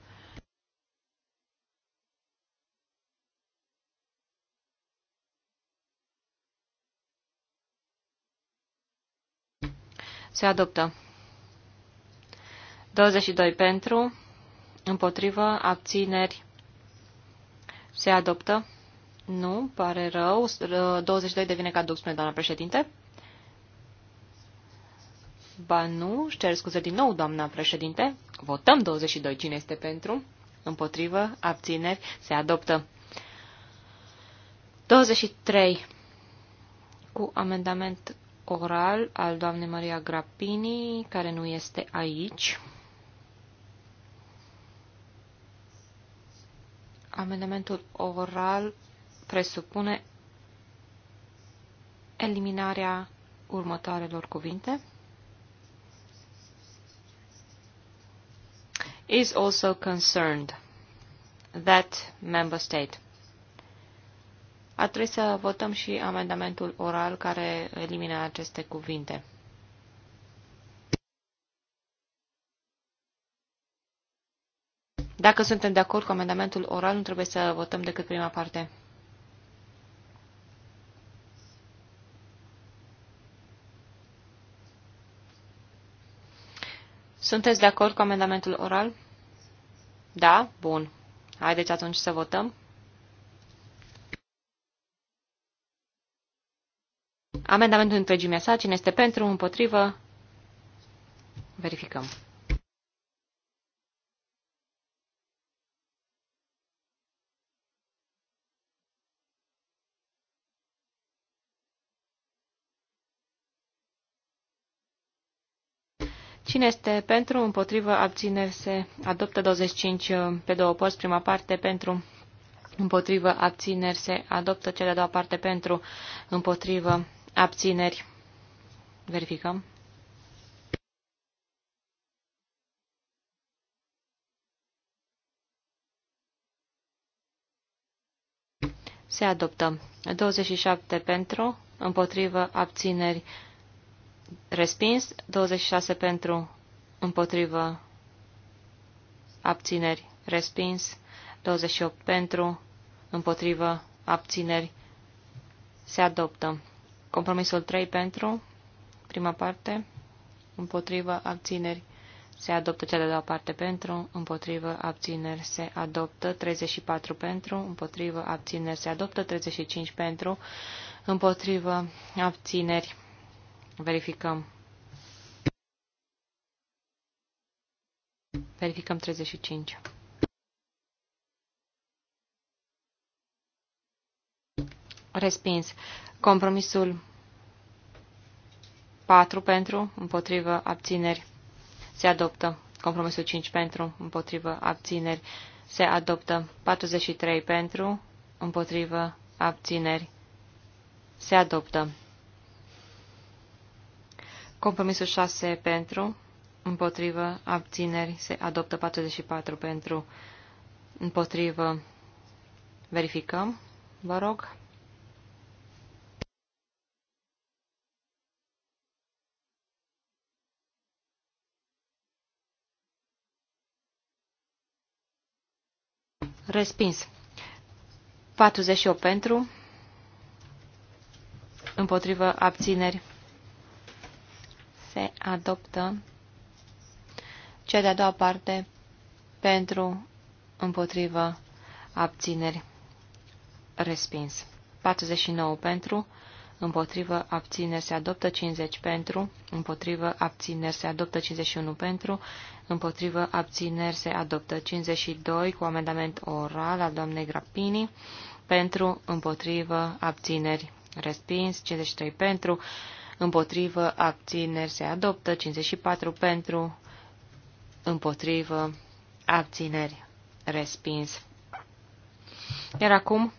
Se adoptă. 22 pentru, împotrivă, abțineri. Se adoptă. Nu, pare rău. 22 devine caduc, spune doamna președinte. Ba nu, își cer scuze din nou, doamna președinte. Votăm 22. Cine este pentru? Împotrivă, abțineri, se adoptă. 23. Cu amendament oral al doamnei Maria Grapini, care nu este aici. Amendamentul oral presupune eliminarea următoarelor cuvinte. is also concerned, that member state. Ar trebui să votăm și amendamentul oral care elimină aceste cuvinte. Dacă suntem de acord cu amendamentul oral, nu trebuie să votăm decât prima parte. Sunteți de acord cu amendamentul oral? Da? Bun. Haideți atunci să votăm. Amendamentul întregimea sa, cine este pentru, împotrivă, verificăm. Cine este pentru, împotrivă, abțineri, se adoptă 25 uh, pe două părți, prima parte pentru, împotrivă, abțineri, se adoptă cea de-a doua parte pentru, împotrivă, abțineri. Verificăm. Se adoptă 27 pentru, împotrivă, abțineri, respins, 26 pentru, împotrivă, abțineri, respins, 28 pentru, împotrivă, abțineri, se adoptă. Compromisul 3 pentru, prima parte, împotrivă, abțineri, se adoptă cea de doua parte pentru, împotrivă, abțineri, se adoptă, 34 pentru, împotrivă, abțineri, se adoptă, 35 pentru, împotrivă, abțineri, Verificăm. Verificăm 35. Respins. Compromisul 4 pentru, împotrivă, abțineri. Se adoptă. Compromisul 5 pentru, împotrivă, abțineri. Se adoptă. 43 pentru, împotrivă, abțineri. Se adoptă. Compromisul 6 pentru, împotrivă, abțineri, se adoptă 44 pentru, împotrivă, verificăm, vă rog. Respins. 48 pentru, împotrivă, abțineri, se adoptă cea de-a doua parte pentru împotrivă abțineri respins. 49 pentru împotrivă abțineri se adoptă 50 pentru, împotrivă abțineri se adoptă 51 pentru, împotrivă abțineri se adoptă 52 cu amendament oral al doamnei Grapini, pentru, împotrivă abțineri respins, 53 pentru, împotrivă, abțineri se adoptă, 54 pentru, împotrivă, abțineri, respins. Iar acum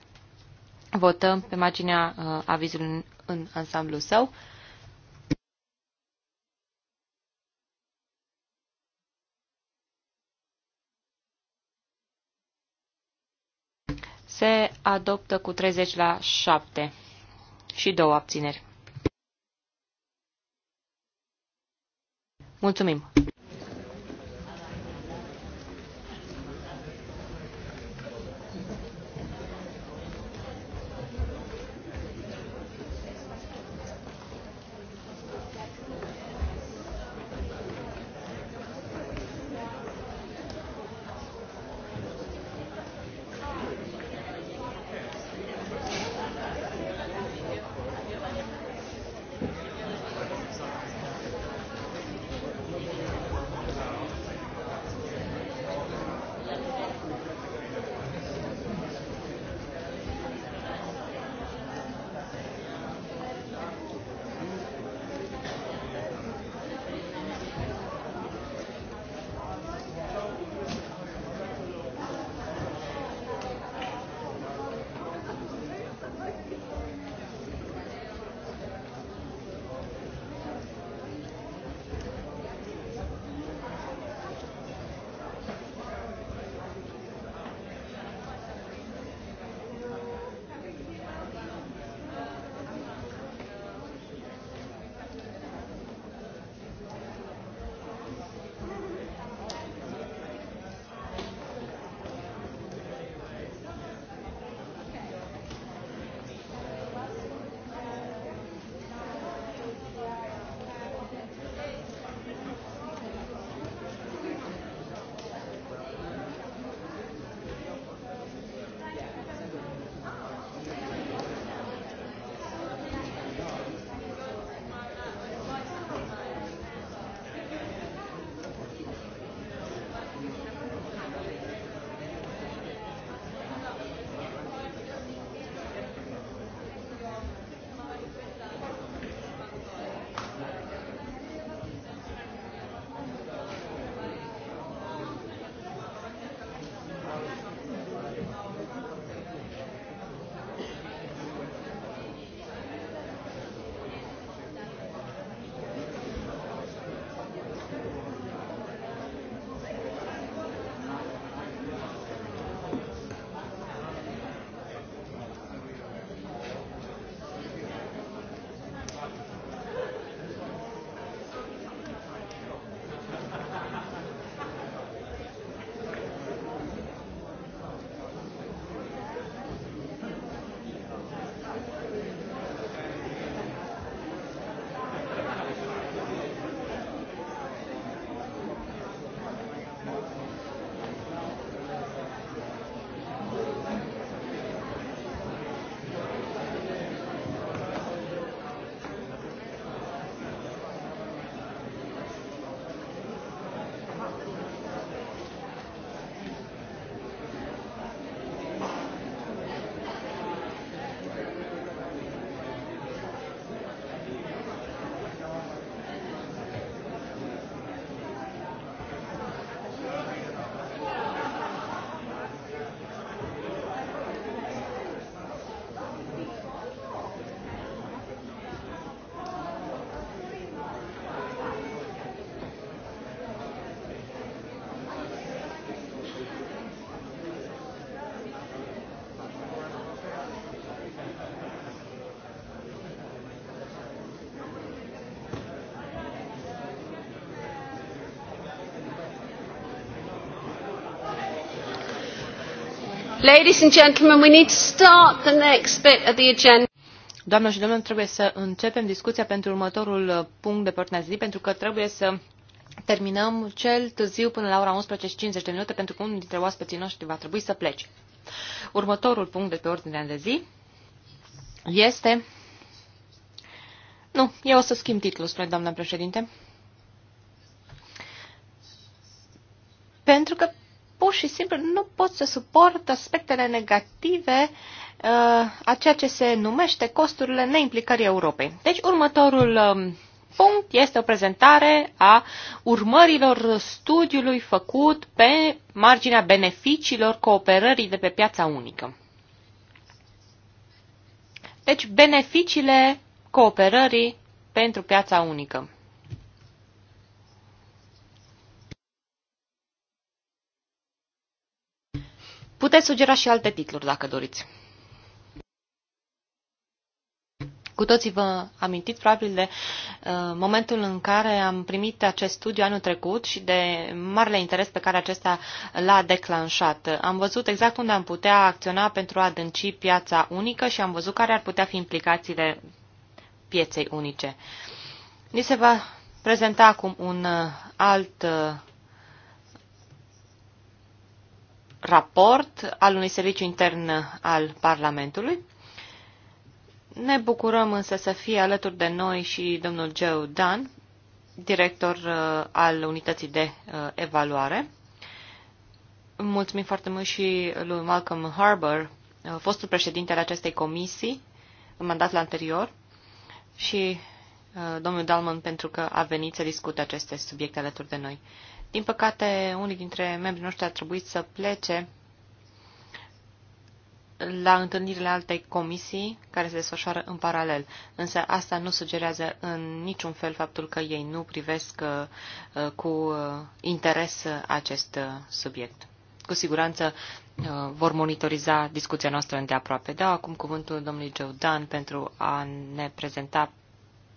votăm pe marginea uh, avizului în, în ansamblu său. Se adoptă cu 30 la 7 și două abțineri. Mulțumim! Ladies and gentlemen, we need to start the next bit of the agenda. Doamnelor și domnilor, trebuie să începem discuția pentru următorul uh, punct de pornire zi, pentru că trebuie să terminăm cel târziu până la ora 11.50 de minute, pentru că unul dintre oaspeții noștri va trebui să plece. Următorul punct de pe ordinea de zi este... Nu, eu o să schimb titlul, spre doamna președinte. Pentru că pur și simplu nu pot să suport aspectele negative uh, a ceea ce se numește costurile neimplicării Europei. Deci următorul um, punct este o prezentare a urmărilor studiului făcut pe marginea beneficiilor cooperării de pe piața unică. Deci beneficiile cooperării pentru piața unică. Puteți sugera și alte titluri, dacă doriți. Cu toții vă amintiți probabil de uh, momentul în care am primit acest studiu anul trecut și de marele interes pe care acesta l-a declanșat. Am văzut exact unde am putea acționa pentru a adânci piața unică și am văzut care ar putea fi implicațiile pieței unice. Ni se va prezenta acum un uh, alt uh, raport al unui serviciu intern al Parlamentului. Ne bucurăm însă să fie alături de noi și domnul Joe Dan, director uh, al unității de uh, evaluare. Mulțumim foarte mult și lui Malcolm Harbour, uh, fostul președinte al acestei comisii, în mandatul anterior, și domnul Dalman pentru că a venit să discute aceste subiecte alături de noi. Din păcate, unii dintre membrii noștri a trebuit să plece la întâlnirile altei comisii care se desfășoară în paralel. Însă asta nu sugerează în niciun fel faptul că ei nu privesc uh, uh, cu uh, interes acest subiect. Cu siguranță vor monitoriza discuția noastră îndeaproape. Dau acum cuvântul domnului Joe Dan pentru a ne prezenta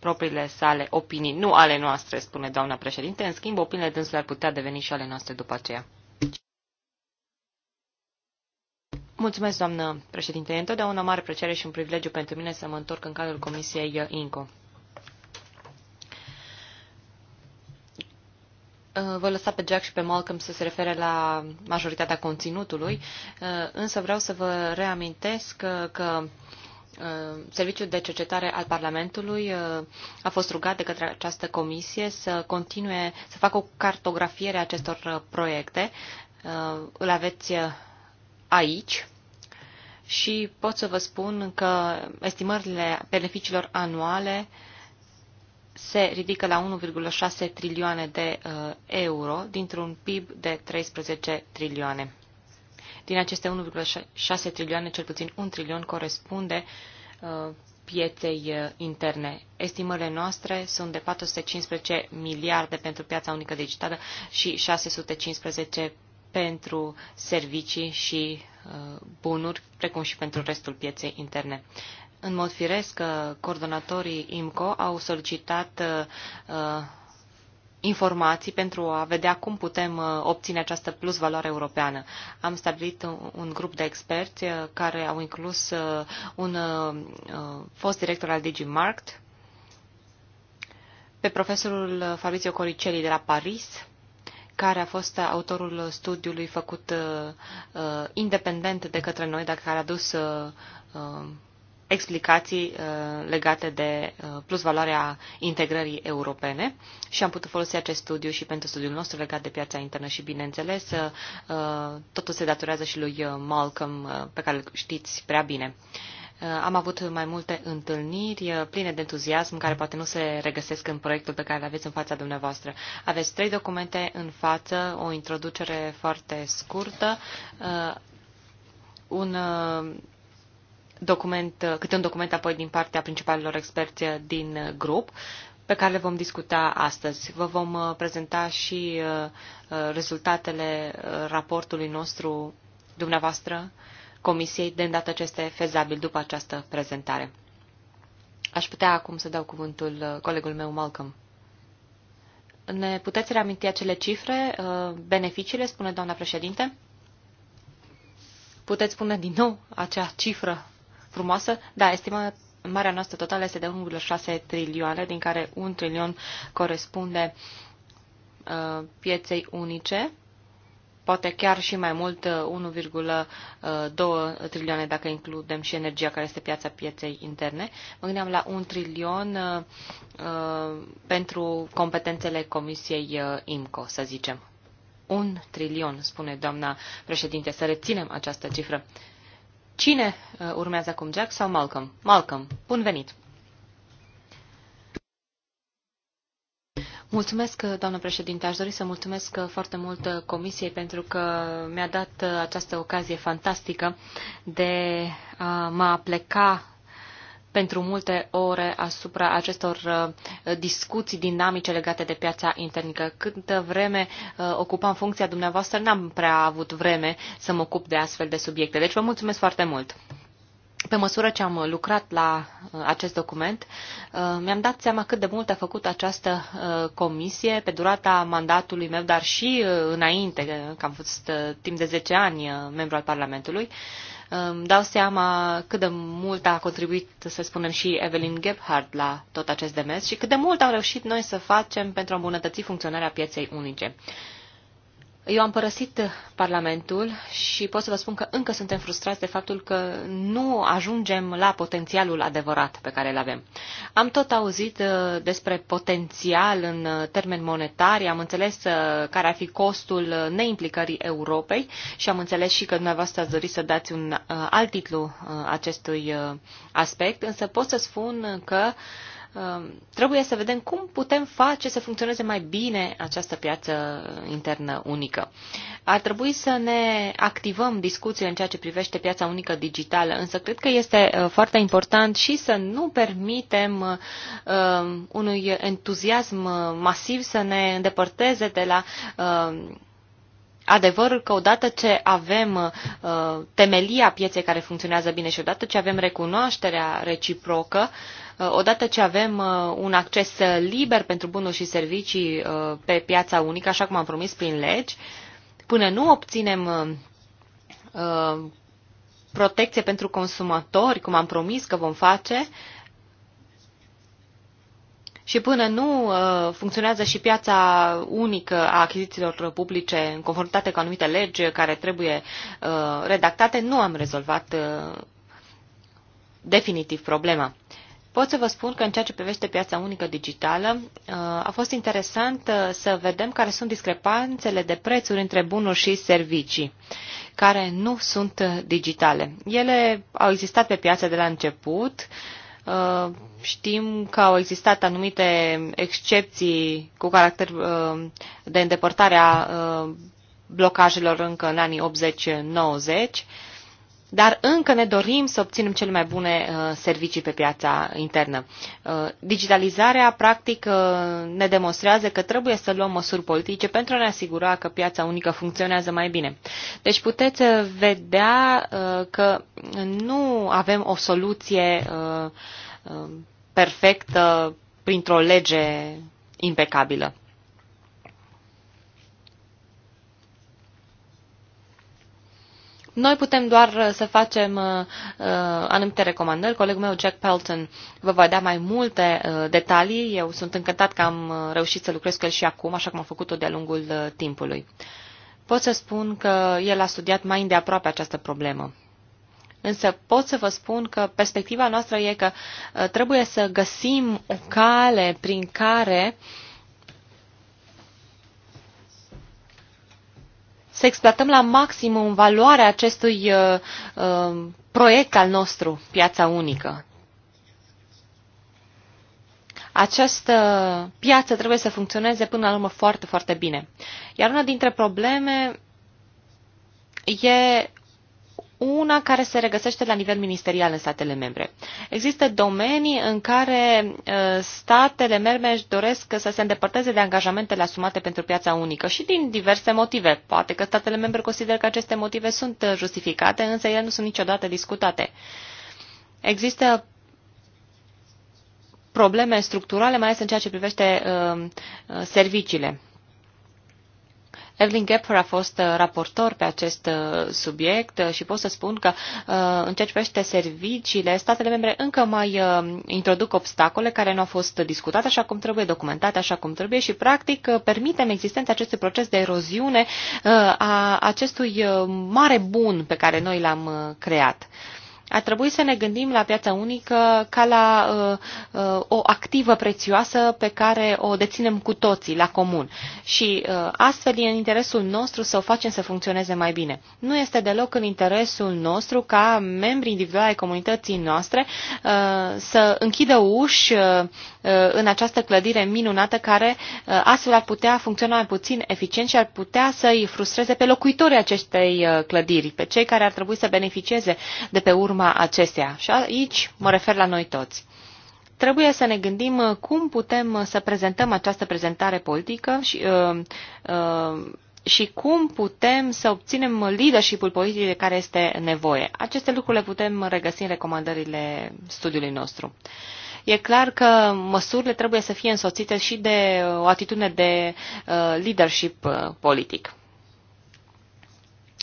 propriile sale opinii, nu ale noastre, spune doamna președinte. În schimb, opiniile dânsului ar putea deveni și ale noastre după aceea. Mulțumesc, doamnă președinte. E întotdeauna o mare plăcere și un privilegiu pentru mine să mă întorc în cadrul Comisiei INCO. Vă lăsa pe Jack și pe Malcolm să se refere la majoritatea conținutului, însă vreau să vă reamintesc că, că Uh, Serviciul de Cercetare al Parlamentului uh, a fost rugat de către această comisie să continue, să facă o cartografiere a acestor uh, proiecte. Îl aveți aici și pot să vă spun că estimările beneficiilor anuale se ridică la 1,6 trilioane de euro dintr-un PIB de 13 trilioane. Din aceste 1,6 trilioane, cel puțin un trilion corespunde uh, pieței uh, interne. Estimările noastre sunt de 415 miliarde pentru piața unică digitală și 615 pentru servicii și uh, bunuri, precum și pentru restul pieței interne. În mod firesc, coordonatorii IMCO au solicitat informații pentru a vedea cum putem uh, obține această plus valoare europeană. Am stabilit un grup de experți uh, care au inclus uh, un fost director al DigiMarkt, pe profesorul Fabrizio Coricelli de la Paris, care a fost autorul studiului făcut uh, independent de către noi, dacă care a dus uh, explicații uh, legate de uh, plusvaloarea integrării europene și am putut folosi acest studiu și pentru studiul nostru legat de piața internă și, bineînțeles, uh, totul se datorează și lui Malcolm, pe care îl știți prea bine. Am avut mai multe întâlniri pline de entuziasm, care poate nu se regăsesc în proiectul pe care îl aveți în fața dumneavoastră. Aveți trei documente în față, o introducere foarte scurtă, un document, uh, câte un document apoi din partea principalilor experți uh, din uh, grup, pe care le vom discuta astăzi. Vă vom prezenta și rezultatele raportului nostru dumneavoastră Comisiei, de îndată ce este fezabil după această prezentare. Aș putea acum să dau cuvântul colegul meu, Malcolm. Ne puteți reaminti acele cifre, beneficiile, spune doamna președinte? Puteți spune din nou acea cifră frumoasă. Da, estimă marea noastră totală este de 1,6 trilioane, din care un trilion corespunde uh, pieței unice, poate chiar și mai mult, 1,2 uh, trilioane dacă includem și energia care este piața pieței interne. Mă gândeam la un trilion uh, pentru competențele Comisiei IMCO, să zicem. Un trilion, spune doamna președinte, să reținem această cifră. Cine uh, urmează acum, Jack sau Malcolm? Malcolm, bun venit! Mulțumesc, uh, doamnă președinte. Aș dori să mulțumesc uh, foarte mult Comisiei pentru că mi-a dat această ocazie fantastică de a mă pleca pentru multe ore asupra acestor uh, discuții dinamice legate de piața internică. Câtă vreme uh, ocupam funcția dumneavoastră, n-am prea avut vreme să mă ocup de astfel de subiecte. Deci vă mulțumesc foarte mult! Pe măsură ce am lucrat la uh, acest document, mi-am dat seama cât de mult a făcut această comisie pe durata mandatului meu, dar și înainte, că am fost timp de 10 ani membru al Parlamentului, îmi dau seama cât de mult a contribuit, să spunem, și Evelyn Gebhardt la tot acest demers și cât de mult am reușit noi să facem pentru a îmbunătăți funcționarea pieței unice. Eu am părăsit Parlamentul și pot să vă spun că încă suntem frustrați de faptul că nu ajungem la potențialul adevărat pe care îl avem. Am tot auzit uh, despre potențial în uh, termeni monetari, am înțeles uh, care ar fi costul neimplicării Europei și am înțeles și că dumneavoastră ați dori să dați un alt titlu acestui aspect, însă pot să spun că uh, Um, trebuie să vedem cum putem face să funcționeze mai bine această piață internă unică. Ar trebui să ne activăm discuțiile în ceea ce privește piața unică digitală, însă cred că este uh, foarte important și să nu permitem um, unui entuziasm masiv să ne îndepărteze de la um, adevărul că odată ce avem uh, temelia pieței care funcționează bine și odată ce avem recunoașterea reciprocă, Uh, odată ce avem uh, un acces liber pentru bunuri și servicii uh, pe piața unică, așa cum am promis prin legi, până nu obținem protecție pentru consumatori, cum am promis că vom face, și până nu funcționează și piața unică a achizițiilor publice în conformitate cu anumite legi care trebuie redactate, nu am rezolvat definitiv problema. Pot să vă spun că în ceea ce privește piața unică digitală, uh, a fost interesant uh, să vedem care sunt discrepanțele de prețuri între bunuri și servicii care nu sunt uh, digitale. Ele au existat pe piață de la început, Știm că au existat anumite excepții cu caracter de îndepărtare a blocajelor încă în anii 80-90, dar încă ne dorim să obținem cele mai bune uh, servicii pe piața internă. Uh, digitalizarea, practic, uh, ne demonstrează că trebuie să luăm măsuri politice pentru a ne asigura că piața unică funcționează mai bine. Deci puteți vedea că nu avem o soluție perfectă printr-o lege impecabilă. Noi putem doar uh, să facem uh, uh, anumite recomandări. Colegul meu, Jack Pelton, vă va da mai multe uh, detalii. Eu sunt încântat că am uh, reușit să lucrez cu el și acum, așa cum am făcut-o de-a lungul uh, timpului. Pot să spun că el a studiat mai îndeaproape această problemă. Însă pot să vă spun că perspectiva noastră e că trebuie să găsim o cale prin care uh, să exploatăm la maximum valoarea acestui uh, uh, proiect al nostru, piața unică. Această piață trebuie să funcționeze până la urmă foarte, foarte bine. Iar una dintre probleme e una care se regăsește la nivel ministerial în statele membre. Există domenii în care uh, statele membre își doresc să se îndepărteze de angajamentele asumate pentru piața unică și din diverse motive. Poate că statele membre consideră că aceste motive sunt uh, justificate, însă ele nu sunt niciodată discutate. Există probleme structurale, mai ales în ceea ce privește uh, uh serviciile. Evelyn Gepper a fost uh, raportor pe acest uh, subiect uh, și pot să spun că în ceea ce privește serviciile, statele membre încă mai introduc obstacole care nu au fost discutate așa cum trebuie, documentate așa cum trebuie și practic permitem existența acestui proces de eroziune a acestui mare bun pe care noi l-am creat. Ar trebui să ne gândim la piața unică ca la uh, uh, o activă prețioasă pe care o deținem cu toții, la comun. Și uh, astfel e în interesul nostru să o facem să funcționeze mai bine. Nu este deloc în interesul nostru ca membri individuali ai comunității noastre uh, să închidă uși uh, uh în această clădire minunată care uh, astfel ar putea funcționa mai puțin eficient și ar putea să-i frustreze pe locuitorii acestei uh, clădiri, pe cei care ar trebui să beneficieze de pe urma urma acesteia. Și aici mă refer la noi toți. Trebuie să ne gândim uh, cum putem uh, să prezentăm această prezentare politică și, uh, uh, și cum putem să obținem leadership-ul politic de care este nevoie. Aceste lucruri le putem regăsi în recomandările studiului nostru. E clar că măsurile trebuie să fie însoțite și de uh, o atitudine de leadership politic.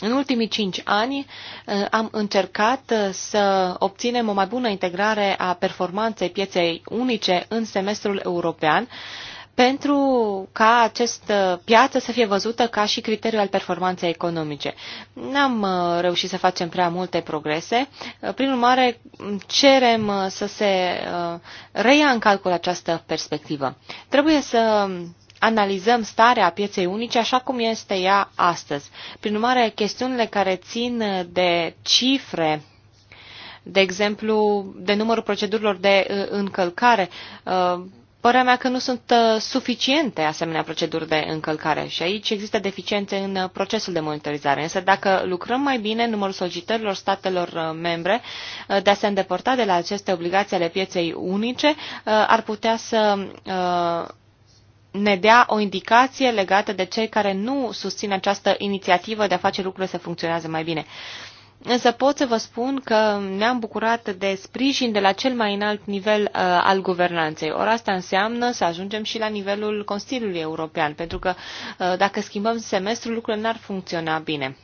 În ultimii cinci ani uh, am încercat uh, să obținem o mai bună integrare a performanței pieței unice în semestrul european, pentru ca această piață să fie văzută ca și criteriu al performanței economice. N-am uh, reușit să facem prea multe progrese. Prin urmare, cerem să se reia în calcul această perspectivă. Trebuie să analizăm starea pieței unice așa cum este ea astăzi. Prin urmare, chestiunile care țin de cifre, de exemplu, de numărul procedurilor de uh, încălcare, uh, părea mea că nu sunt uh, suficiente asemenea proceduri de încălcare și aici există deficiențe în procesul de monitorizare. Însă dacă lucrăm mai bine, numărul solicitărilor statelor membre de a se îndepărta de la aceste obligații ale pieței unice ar putea să ne dea o indicație legată de cei care nu susțin această inițiativă de a face lucrurile să funcționeze mai bine. Însă pot să vă spun că ne-am bucurat de sprijin de la cel mai înalt nivel uh, al guvernanței. Ori asta înseamnă să ajungem și la nivelul Consiliului European, pentru că uh, dacă schimbăm semestrul, lucrurile n-ar funcționa bine.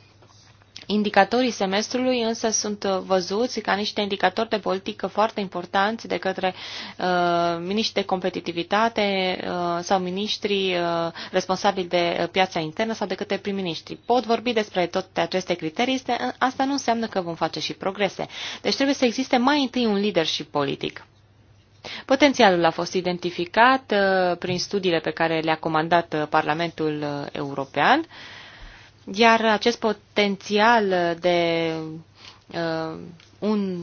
Indicatorii semestrului însă sunt uh, văzuți ca niște indicatori de politică foarte importanți de către uh, miniștri de competitivitate uh, sau miniștri uh, responsabili de uh, piața internă sau de către prim-miniștri. Pot vorbi despre toate aceste criterii, este, uh, asta nu înseamnă că vom face și progrese. Deci trebuie să existe mai întâi un leadership politic. Potențialul a fost identificat uh, prin studiile pe care le-a comandat uh, Parlamentul European. Uh, iar acest potențial de uh, un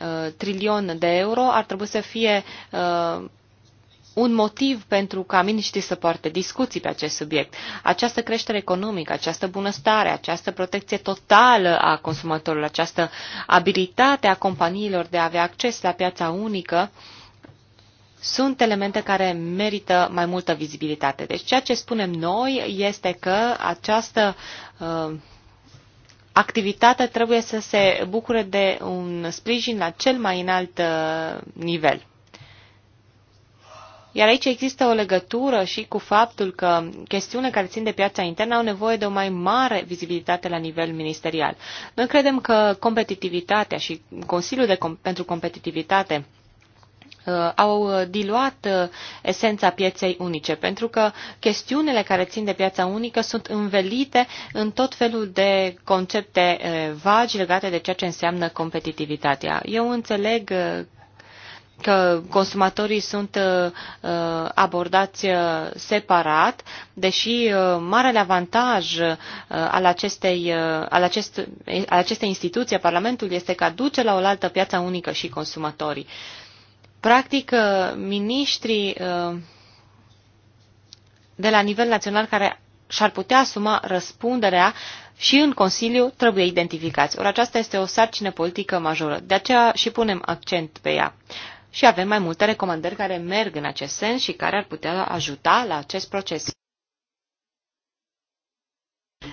uh, trilion de euro ar trebui să fie uh, un motiv pentru ca miniștrii să poarte discuții pe acest subiect. Această creștere economică, această bunăstare, această protecție totală a consumatorilor, această abilitate a companiilor de a avea acces la piața unică uh, sunt elemente care merită mai multă vizibilitate. Deci ceea ce spunem noi este că această uh, activitate trebuie să se bucure de un sprijin la cel mai înalt uh, nivel. Iar aici există o legătură și cu faptul că chestiune care țin de piața internă au nevoie de o mai mare vizibilitate la nivel ministerial. Noi credem că competitivitatea și Consiliul de Com- pentru Competitivitate Uh, au uh, diluat uh, esența pieței unice, pentru că chestiunile care țin de piața unică sunt învelite în tot felul de concepte vagi legate de ceea ce înseamnă competitivitatea. Eu înțeleg că consumatorii sunt abordați separat, deși marele avantaj al, acestei, al, acest, al acestei instituții, a Parlamentului, este că aduce la oaltă piața unică și consumatorii. Practic, uh, miniștrii uh, de la nivel național care și-ar putea asuma răspunderea și în Consiliu trebuie identificați. Ori aceasta este o sarcină politică majoră, de aceea și punem accent pe ea. Și avem mai multe recomandări care merg în acest sens și care ar putea ajuta la acest proces.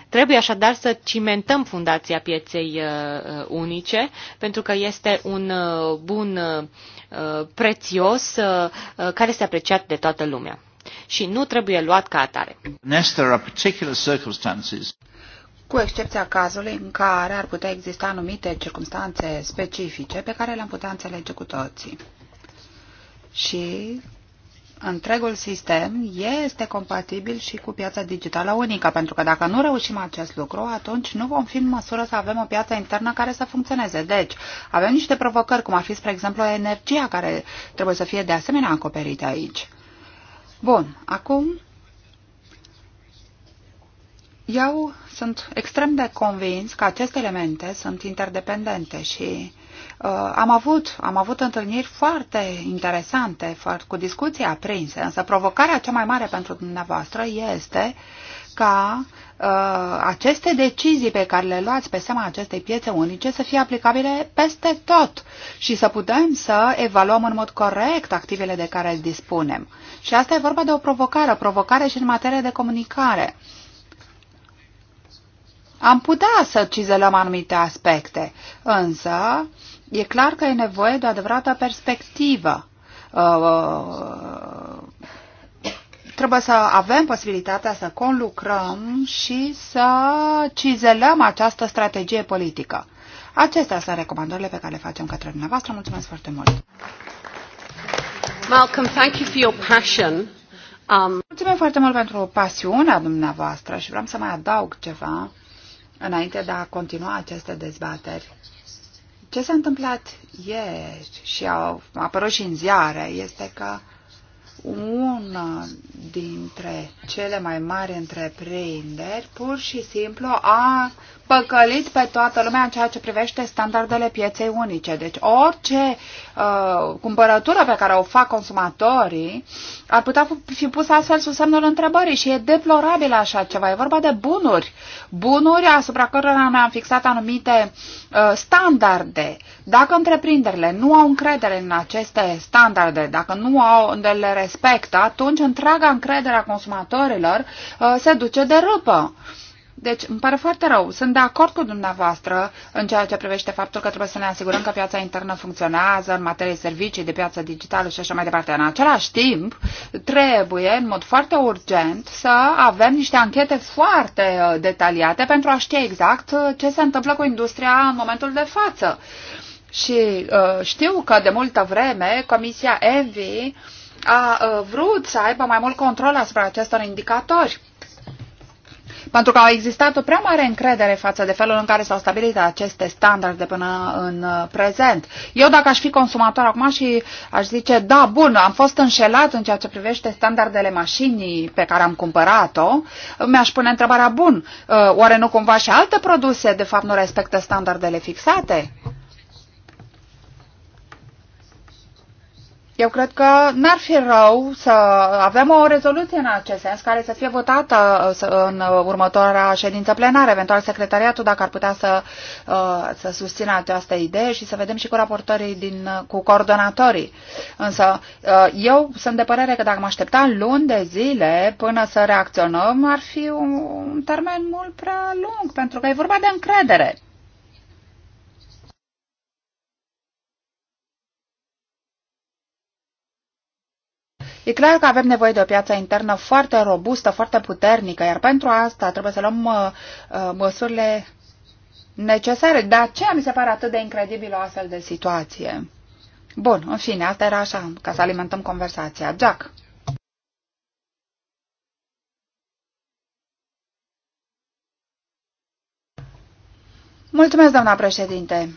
Trebuie așadar să cimentăm fundația pieței uh, uh, unice, pentru că este un uh, bun prețios care este apreciat de toată lumea și nu trebuie luat ca atare. Cu excepția cazului în care ar putea exista anumite circunstanțe specifice pe care le-am putea înțelege cu toții. Și întregul sistem este compatibil și cu piața digitală unică, pentru că dacă nu reușim acest lucru, atunci nu vom fi în măsură să avem o piață internă care să funcționeze. Deci, avem niște provocări, cum ar fi, spre exemplu, energia, care trebuie să fie de asemenea acoperită aici. Bun, acum eu sunt extrem de convins că aceste elemente sunt interdependente și Uh, am avut, am avut întâlniri foarte interesante, foarte, cu discuții aprinse, însă provocarea cea mai mare pentru dumneavoastră este ca uh, aceste decizii pe care le luați pe seama acestei piețe unice să fie aplicabile peste tot și să putem să evaluăm în mod corect activele de care dispunem. Și asta e vorba de o provocare, provocare și în materie de comunicare. Am putea să cizelăm anumite aspecte, însă E clar că e nevoie de o adevărată perspectivă. Uh, uh, trebuie să avem posibilitatea să conlucrăm și să cizelăm această strategie politică. Acestea sunt recomandările pe care le facem către dumneavoastră. Mulțumesc foarte mult! Malcolm, thank you for your passion. Um... Mulțumesc foarte mult pentru pasiunea dumneavoastră și vreau să mai adaug ceva înainte de a continua aceste dezbateri. Ce s-a întâmplat ieri și a apărut și în ziare este că una dintre cele mai mari întreprinderi pur și simplu a păcălit pe toată lumea în ceea ce privește standardele pieței unice. Deci orice uh, cumpărătură pe care o fac consumatorii ar putea fi pusă astfel sub semnul întrebării și e deplorabil așa ceva. E vorba de bunuri. Bunuri asupra cărora ne-am fixat anumite uh, standarde. Dacă întreprinderile nu au încredere în aceste standarde, dacă nu au, le respectă, atunci întreaga încredere a consumatorilor uh, se duce de râpă. Uh, deci, îmi pare foarte rău. Sunt de acord cu dumneavoastră în ceea ce privește faptul că trebuie să ne asigurăm că piața internă funcționează în materie de servicii, de piață digitală și așa mai departe. În același timp, trebuie, în mod foarte urgent, să avem niște anchete foarte uh, detaliate pentru a ști exact uh, ce se întâmplă cu industria în momentul de față. Și uh, știu că de multă vreme Comisia Envi a uh, vrut să aibă mai mult control asupra acestor indicatori pentru că a existat o prea mare încredere față de felul în care s-au stabilit aceste standarde până în uh, prezent. Eu dacă aș fi consumator acum și aș zice, da, bun, am fost înșelat în ceea ce privește standardele mașinii pe care am cumpărat-o, mi-aș pune întrebarea, bun, uh, oare nu cumva și alte produse de fapt nu respectă standardele fixate? Eu cred că n-ar fi rău să avem o rezoluție în acest sens care să fie votată uh, în uh, următoarea ședință plenară, eventual secretariatul dacă ar putea să, uh, să susțină această idee și să vedem și cu raportorii din, cu coordonatorii. Însă eu sunt de părere că dacă mă așteptam luni de zile până să reacționăm, ar fi un termen mult prea lung, pentru că e vorba de încredere. E clar că avem nevoie de o piață internă foarte robustă, foarte puternică, iar pentru asta trebuie să luăm uh, uh, măsurile necesare. De aceea mi se pare atât de incredibilă o astfel de situație. Bun, în fine, asta era așa, ca să alimentăm conversația. Jack. Mulțumesc, doamna președinte.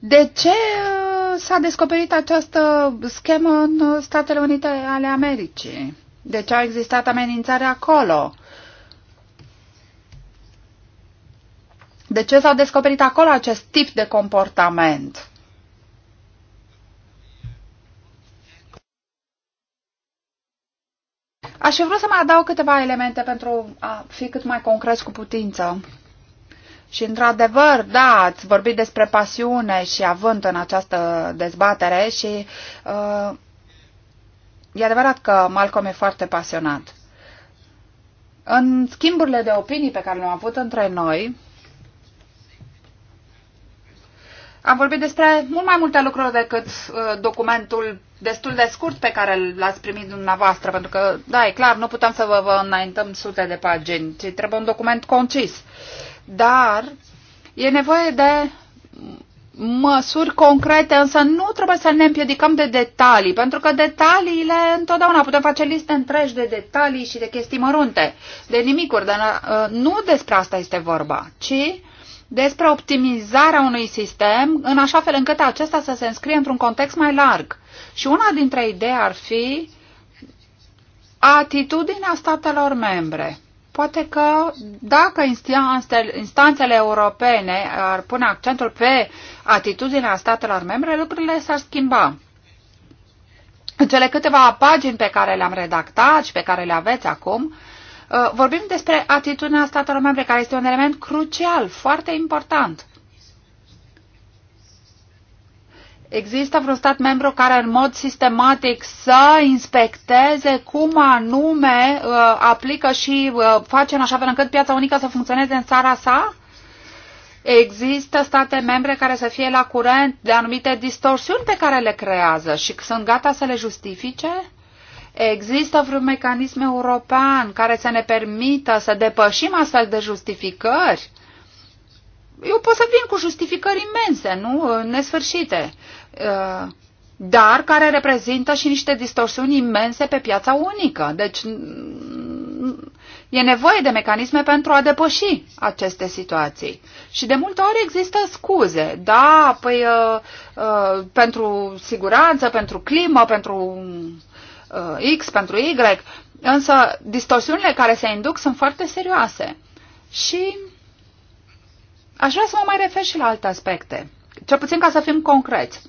De ce uh, s-a descoperit această schemă în Statele Unite ale Americii. Deci a existat amenințare acolo. De ce s-a descoperit acolo acest tip de comportament? Aș vrea să mai adaug câteva elemente pentru a fi cât mai concret cu putință. Și, într-adevăr, da, ați vorbit despre pasiune și avânt în această dezbatere și uh, e adevărat că Malcolm e foarte pasionat. În schimburile de opinii pe care le-am avut între noi, am vorbit despre mult mai multe lucruri decât uh, documentul destul de scurt pe care l-ați primit dumneavoastră, pentru că, da, e clar, nu putem să vă, vă înaintăm sute de pagini, ci trebuie un document concis. Uh, dar e nevoie de măsuri concrete, însă nu trebuie să ne împiedicăm de detalii, pentru că detaliile întotdeauna putem face liste întregi de detalii și de chestii mărunte, de nimicuri, dar uh, nu despre asta este vorba, ci despre optimizarea unui sistem în așa fel încât acesta să se înscrie într-un context mai larg. Și una dintre idei ar fi atitudinea statelor membre. Poate că dacă instanțele europene ar pune accentul pe atitudinea statelor membre, lucrurile s-ar schimba. În cele câteva pagini pe care le-am redactat și pe care le aveți acum, uh, vorbim despre atitudinea statelor membre, care este un element crucial, foarte important. Există vreun stat membru care în mod sistematic să inspecteze cum anume uh, aplică și uh, face în așa fel încât piața unică să funcționeze în țara sa? Există state membre care să fie la curent de anumite distorsiuni pe care le creează și sunt gata să le justifice? Există vreun mecanism european care să ne permită să depășim astfel de justificări? Eu pot să vin cu justificări imense, nu? Nesfârșite. Uh, dar care reprezintă și niște distorsiuni imense pe piața unică. Deci e nevoie de mecanisme pentru a depăși aceste situații. Și de multe ori există scuze, da, păi, uh, uh, pentru siguranță, pentru climă, pentru uh, X, pentru Y, însă distorsiunile care se induc sunt foarte serioase. Și aș vrea să mă mai refer și la alte aspecte, cel puțin ca să fim concreți.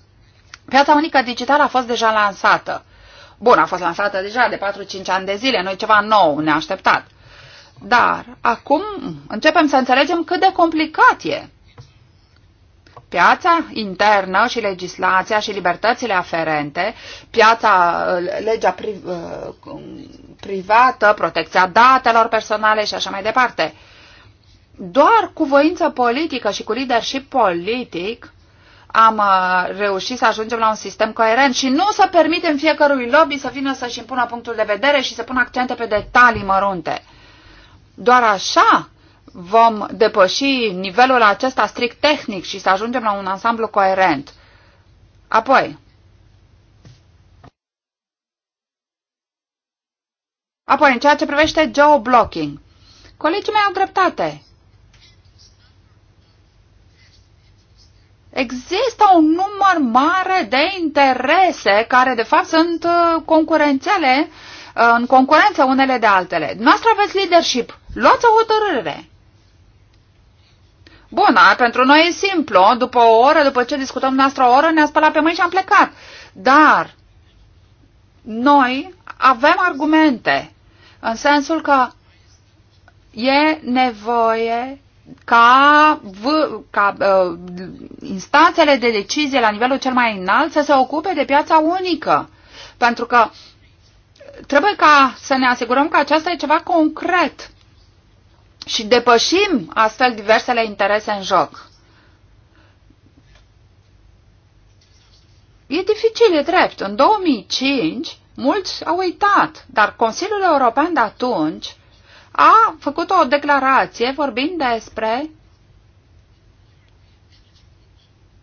Piața unică digitală a fost deja lansată. Bun, a fost lansată deja de 4-5 ani de zile, noi ceva nou neașteptat. Dar acum începem să înțelegem cât de complicat e. Piața internă și legislația și libertățile aferente, piața, uh, legea pri, uh, privată, protecția datelor personale și așa mai departe. Doar cu voință politică și cu leadership politic am uh, reușit să ajungem la un sistem coerent și nu să permitem fiecărui lobby să vină să-și impună punctul de vedere și să pună accente pe detalii mărunte. Doar așa vom depăși nivelul acesta strict tehnic și să ajungem la un ansamblu coerent. Apoi, Apoi, în ceea ce privește geoblocking, colegii mei au dreptate. există un număr mare de interese care, de fapt, sunt uh, concurențele, uh, în concurență unele de altele. Noastră aveți leadership. Luați o hotărâre. Bun, pentru noi e simplu. După o oră, după ce discutăm noastră o oră, ne-a spălat pe mâini și am plecat. Dar noi avem argumente în sensul că e nevoie ca, v, ca uh, instanțele de decizie la nivelul cel mai înalt să se ocupe de piața unică. Pentru că trebuie ca să ne asigurăm că aceasta e ceva concret și depășim astfel diversele interese în joc. E dificil, e drept. În 2005, mulți au uitat, dar Consiliul European de atunci a făcut o declarație vorbind despre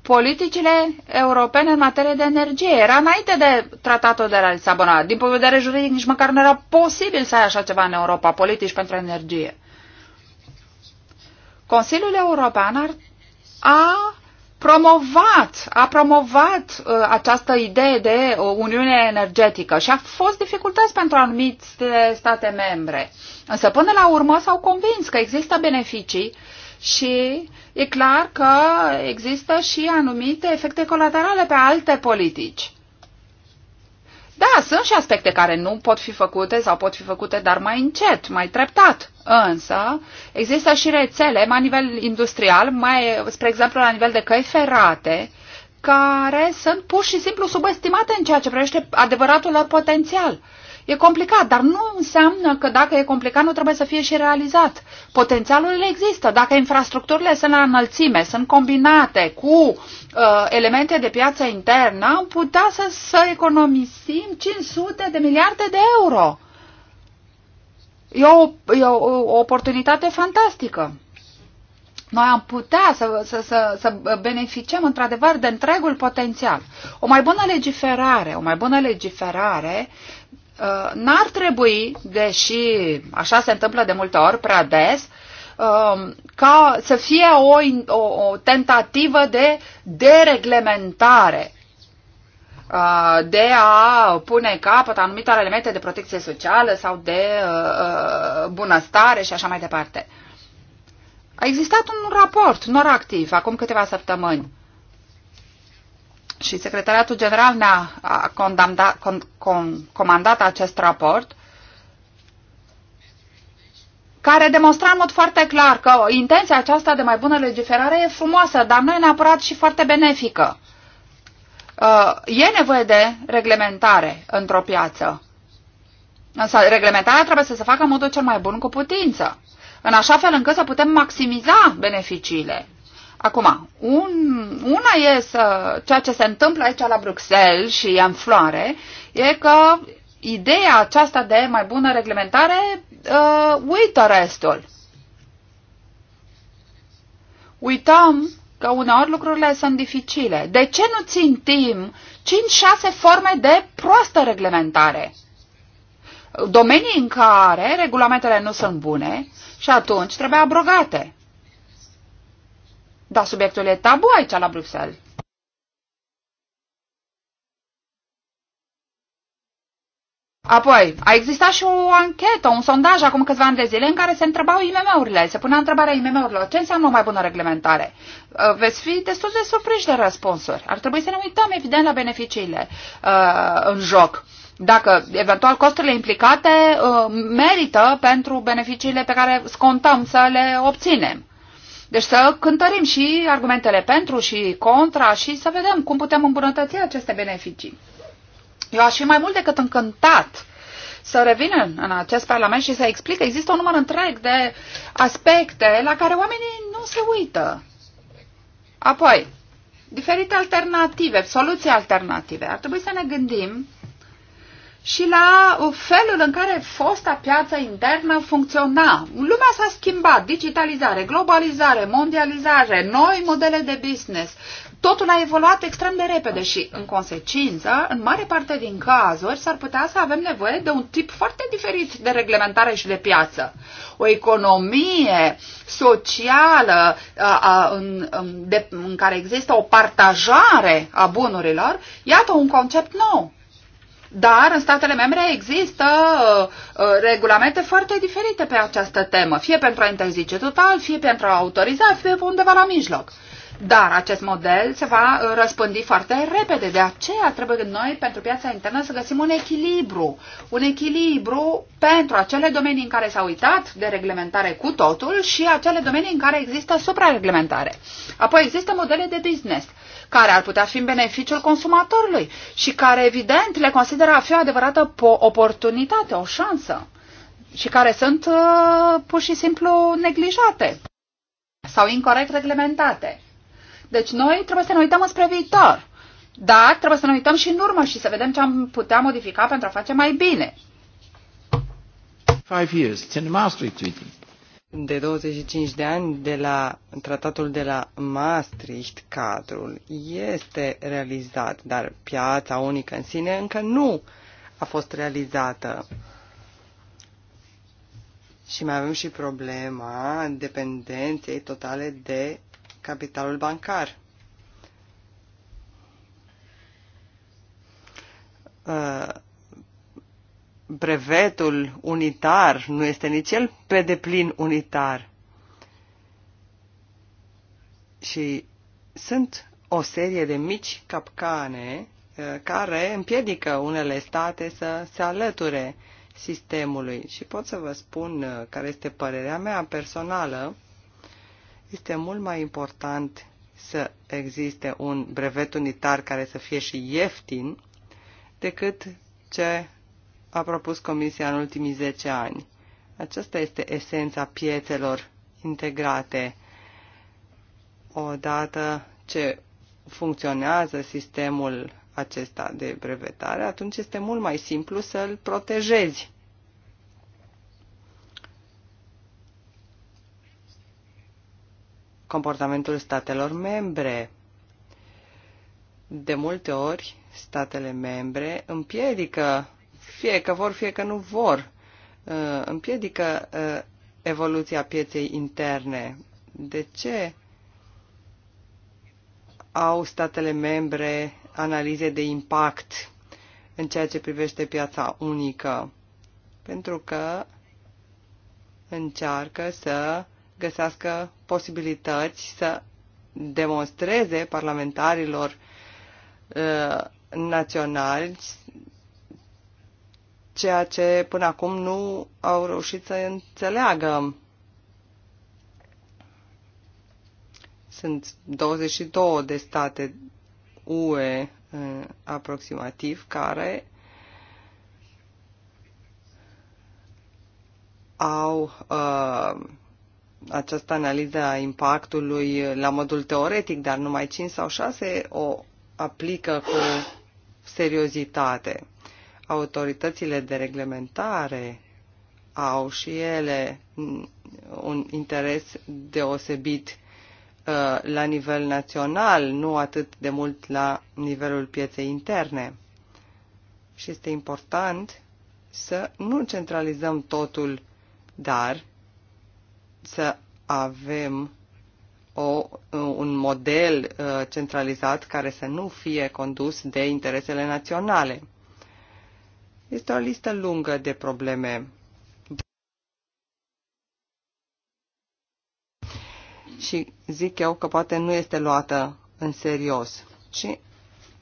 politicile europene în materie de energie. Era înainte de tratatul de la Lisabona. Din punct de vedere juridic, nici măcar nu era posibil să ai așa ceva în Europa, politici pentru energie. Consiliul European ar, a promovat, a promovat uh, această idee de o uh, Uniune Energetică și a fost dificultăți pentru anumite state membre. Însă până la urmă s-au convins că există beneficii și e clar că există și anumite efecte colaterale pe alte politici. Da, sunt și aspecte care nu pot fi făcute sau pot fi făcute, dar mai încet, mai treptat. Însă, există și rețele la nivel industrial, mai, spre exemplu la nivel de căi ferate, care sunt pur și simplu subestimate în ceea ce privește adevăratul lor potențial. E complicat, dar nu înseamnă că dacă e complicat nu trebuie să fie și realizat. Potențialul există. Dacă infrastructurile sunt la înălțime, sunt combinate cu uh, elemente de piață internă, am putea să, să economisim 500 de miliarde de euro. E o, e o, o oportunitate fantastică noi am putea să, să, să, să beneficiem într-adevăr de întregul potențial. O mai bună legiferare, o mai bună legiferare Uh, n-ar trebui, deși așa se întâmplă de multe ori prea des, um, ca să fie o, o, o tentativă de dereglementare uh, de a pune capăt anumite elemente de protecție socială sau de uh, bunăstare și așa mai departe. A existat un raport noractiv acum câteva săptămâni și Secretariatul General ne-a con, con, comandat acest raport, care demonstra în mod foarte clar că intenția aceasta de mai bună legiferare e frumoasă, dar nu e neapărat și foarte benefică. Uh, e nevoie de reglementare într-o piață. Însă reglementarea trebuie să se facă în modul cel mai bun cu putință, în așa fel încât să putem maximiza beneficiile. Acum, un, una e să, ceea ce se întâmplă aici la Bruxelles și în floare, e că ideea aceasta de mai bună reglementare uh, uită restul. Uităm că uneori lucrurile sunt dificile. De ce nu țintim 5-6 forme de proastă reglementare? Domenii în care regulamentele nu sunt bune și atunci trebuie abrogate. Dar subiectul e tabu aici la Bruxelles. Apoi, a existat și o anchetă, un sondaj acum câțiva ani de zile în care se întrebau IMM-urile, se punea întrebarea IMM-urilor, ce înseamnă o mai bună reglementare? Uh, veți fi destul de surprinși de răspunsuri. Ar trebui să ne uităm, evident, la beneficiile uh, în joc. Dacă, eventual, costurile implicate uh, merită pentru beneficiile pe care scontăm să le obținem. Deci să cântărim și argumentele pentru și contra și să vedem cum putem îmbunătăți aceste beneficii. Eu aș fi mai mult decât încântat să revin în acest Parlament și să că Există un număr întreg de aspecte la care oamenii nu se uită. Apoi, diferite alternative, soluții alternative. Ar trebui să ne gândim și la felul în care fosta piață internă funcționa. Lumea s-a schimbat, digitalizare, globalizare, mondializare, noi modele de business. Totul a evoluat extrem de repede și, în consecință, în mare parte din cazuri, s-ar putea să avem nevoie de un tip foarte diferit de reglementare și de piață. O economie socială a, a, în, de, în care există o partajare a bunurilor, iată un concept nou dar în statele membre există uh, uh, regulamente foarte diferite pe această temă, fie pentru a interzice total, fie pentru a autoriza, fie undeva la mijloc. Dar acest model se va uh, răspândi foarte repede, de aceea trebuie noi pentru piața internă să găsim un echilibru, un echilibru pentru acele domenii în care s-a uitat de reglementare cu totul și acele domenii în care există suprareglementare. Apoi există modele de business care ar putea fi în beneficiul consumatorului și care, evident, le consideră a fi o adevărată oportunitate, o șansă și care sunt uh, pur și simplu neglijate sau incorrect reglementate. Deci noi trebuie să ne uităm spre viitor, dar trebuie să ne uităm și în urmă și să vedem ce am putea modifica pentru a face mai bine. Five years, it's in the Treaty de 25 de ani de la tratatul de la Maastricht, cadrul este realizat, dar piața unică în sine încă nu a fost realizată. Și mai avem și problema dependenței totale de capitalul bancar. Uh, brevetul unitar nu este nici el pe deplin unitar. Și sunt o serie de mici capcane uh, care împiedică unele state să se alăture sistemului. Și pot să vă spun uh, care este părerea mea personală. Este mult mai important să existe un brevet unitar care să fie și ieftin decât ce a propus Comisia în ultimii 10 ani. Aceasta este esența piețelor integrate. Odată ce funcționează sistemul acesta de brevetare, atunci este mult mai simplu să-l protejezi. Comportamentul statelor membre. De multe ori, statele membre împiedică fie că vor, fie că nu vor, uh, împiedică uh, evoluția pieței interne. De ce au statele membre analize de impact în ceea ce privește piața unică? Pentru că încearcă să găsească posibilități să demonstreze parlamentarilor uh, naționali ceea ce până acum nu au reușit să înțeleagă. Sunt 22 de state UE eh, aproximativ care au uh, această analiză a impactului la modul teoretic, dar numai 5 sau 6 o aplică cu seriozitate autoritățile de reglementare au și ele un interes deosebit uh, la nivel național, nu atât de mult la nivelul pieței interne. Și este important să nu centralizăm totul, dar să avem o, un model uh, centralizat care să nu fie condus de interesele naționale. Este o listă lungă de probleme. Și zic eu că poate nu este luată în serios. Și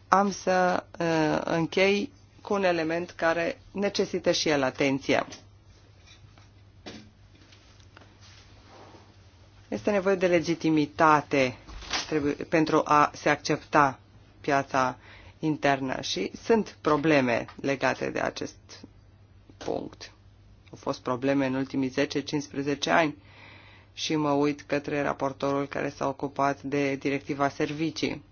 am să uh, închei cu un element care necesită și el atenție. Este nevoie de legitimitate pentru a se accepta piața internă și sunt probleme legate de acest punct. Au fost probleme în ultimii 10-15 ani și mă uit către raportorul care s-a ocupat de directiva servicii.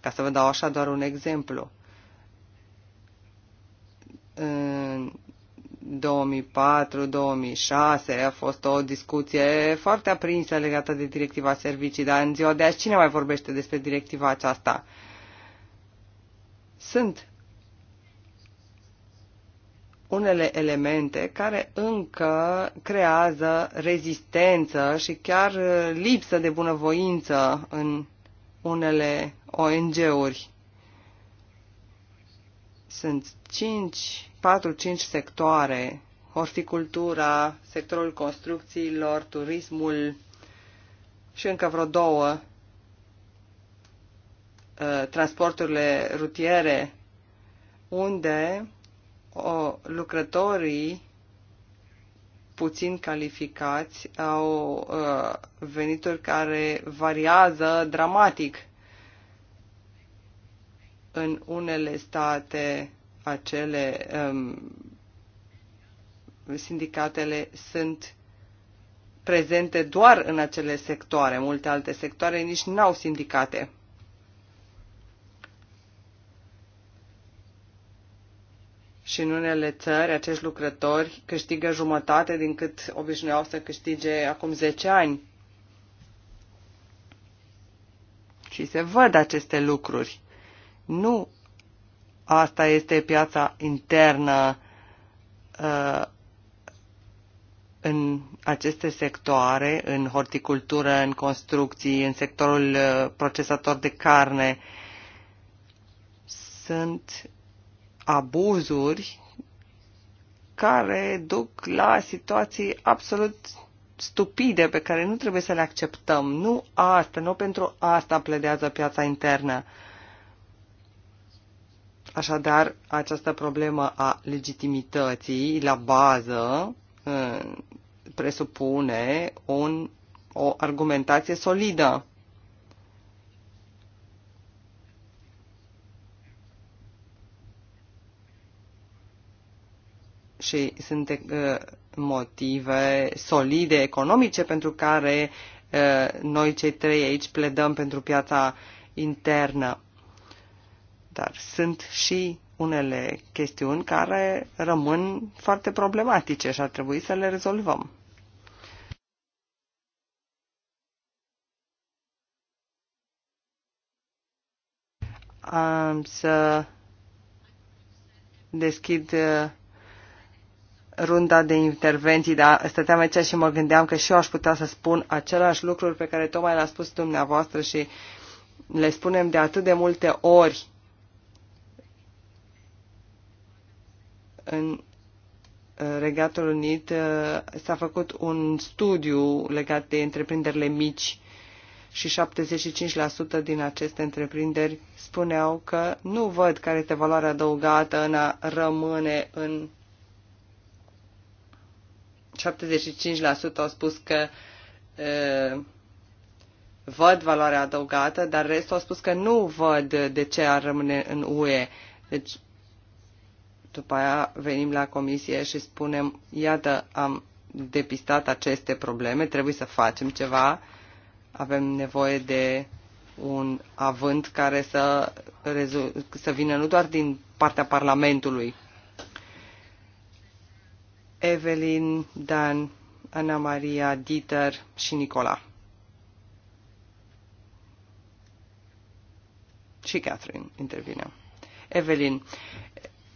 Ca să vă dau așa doar un exemplu. În 2004-2006 a fost o discuție foarte aprinsă legată de directiva servicii, dar în ziua de azi cine mai vorbește despre directiva aceasta? Sunt unele elemente care încă creează rezistență și chiar lipsă de bunăvoință în unele ONG-uri. Sunt 4-5 sectoare, horticultura, sectorul construcțiilor, turismul și încă vreo două Uh, transporturile rutiere, unde o, lucrătorii puțin calificați au uh, venituri care variază dramatic. În unele state, acele um, sindicatele sunt prezente doar în acele sectoare. Multe alte sectoare nici n-au sindicate. și în unele țări acești lucrători câștigă jumătate din cât obișnuiau să câștige acum 10 ani. Și se văd aceste lucruri. Nu asta este piața internă uh, în aceste sectoare, în horticultură, în construcții, în sectorul uh, procesator de carne. Sunt abuzuri care duc la situații absolut stupide pe care nu trebuie să le acceptăm. Nu asta, nu pentru asta pledează piața internă. Așadar, această problemă a legitimității la bază eh, presupune un, o argumentație solidă. și sunt uh, motive solide economice pentru care uh, noi cei trei aici pledăm pentru piața internă. Dar sunt și unele chestiuni care rămân foarte problematice și ar trebui să le rezolvăm. Am să deschid uh, runda de intervenții, dar stăteam aici și mă gândeam că și eu aș putea să spun același lucruri pe care tocmai le-a spus dumneavoastră și le spunem de atât de multe ori în uh, Regatul Unit uh, s-a făcut un studiu legat de întreprinderile mici și 75% din aceste întreprinderi spuneau că nu văd care este valoarea adăugată în a rămâne în 75% au spus că uh, văd valoarea adăugată, dar restul au spus că nu văd de ce ar rămâne în UE. Deci, după aia venim la comisie și spunem, iată, am depistat aceste probleme, trebuie să facem ceva, avem nevoie de un avânt care să, să vină nu doar din partea Parlamentului, Evelyn, Dan, Ana Maria, Dieter și Nicola. Și Catherine intervine. Evelyn,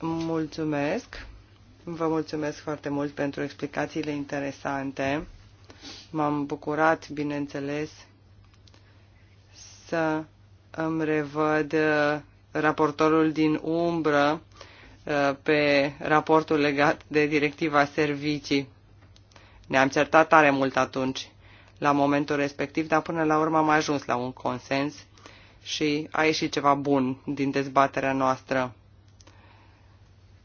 mulțumesc. Vă mulțumesc foarte mult pentru explicațiile interesante. M-am bucurat, bineînțeles, să îmi revăd uh, raportorul din umbră Uh, pe raportul legat de directiva servicii. Ne-am certat tare mult atunci, la momentul respectiv, dar până la urmă am ajuns la un consens și a ieșit ceva bun din dezbaterea noastră.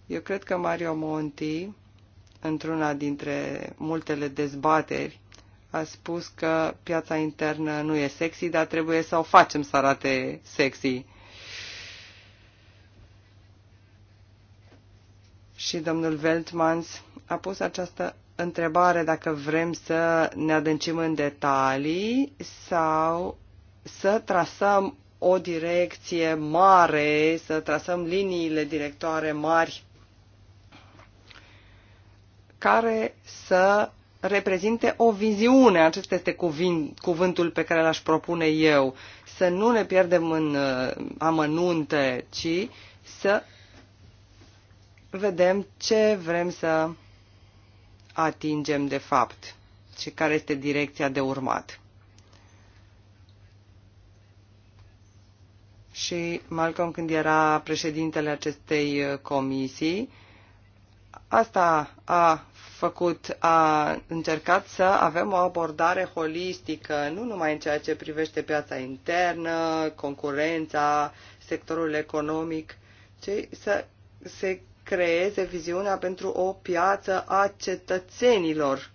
Eu cred că Mario Monti, într-una dintre multele dezbateri, a spus că piața internă nu e sexy, dar trebuie să o facem să arate sexy. și domnul Veltmans a pus această întrebare dacă vrem să ne adâncim în detalii sau să trasăm o direcție mare, să trasăm liniile directoare mari care să reprezinte o viziune, acesta este cuvint, cuvântul pe care l-aș propune eu, să nu ne pierdem în uh, amănunte, ci să vedem ce vrem să atingem de fapt și care este direcția de urmat. Și Malcolm, când era președintele acestei comisii, asta a făcut, a încercat să avem o abordare holistică, nu numai în ceea ce privește piața internă, concurența, sectorul economic, ci să se creeze viziunea pentru o piață a cetățenilor.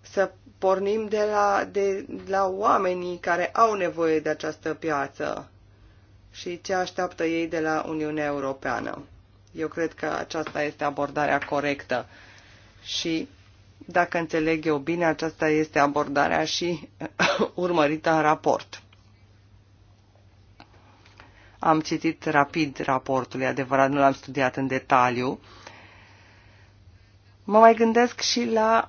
Să pornim de la, de, la oamenii care au nevoie de această piață și ce așteaptă ei de la Uniunea Europeană. Eu cred că aceasta este abordarea corectă și, dacă înțeleg eu bine, aceasta este abordarea și urmărită în raport. Am citit rapid raportul, e adevărat, nu l-am studiat în detaliu. Mă mai gândesc și la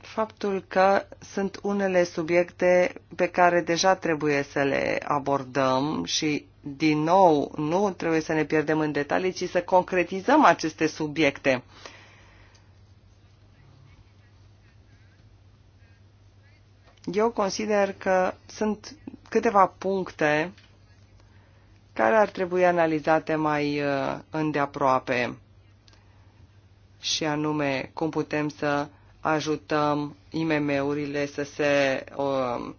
faptul că sunt unele subiecte pe care deja trebuie să le abordăm și, din nou, nu trebuie să ne pierdem în detalii, ci să concretizăm aceste subiecte. Eu consider că sunt câteva puncte care ar trebui analizate mai uh, îndeaproape și anume cum putem să ajutăm IMM-urile să se uh,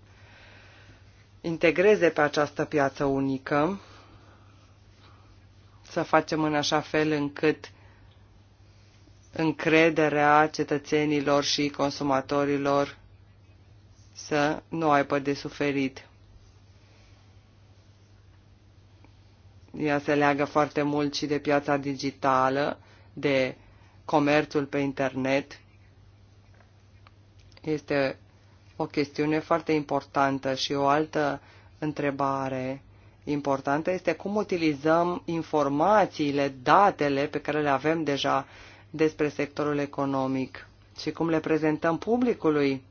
integreze pe această piață unică, să facem în așa fel încât încrederea cetățenilor și consumatorilor să nu aibă de suferit. Ea se leagă foarte mult și de piața digitală, de comerțul pe internet. Este o chestiune foarte importantă și o altă întrebare importantă este cum utilizăm informațiile, datele pe care le avem deja despre sectorul economic și cum le prezentăm publicului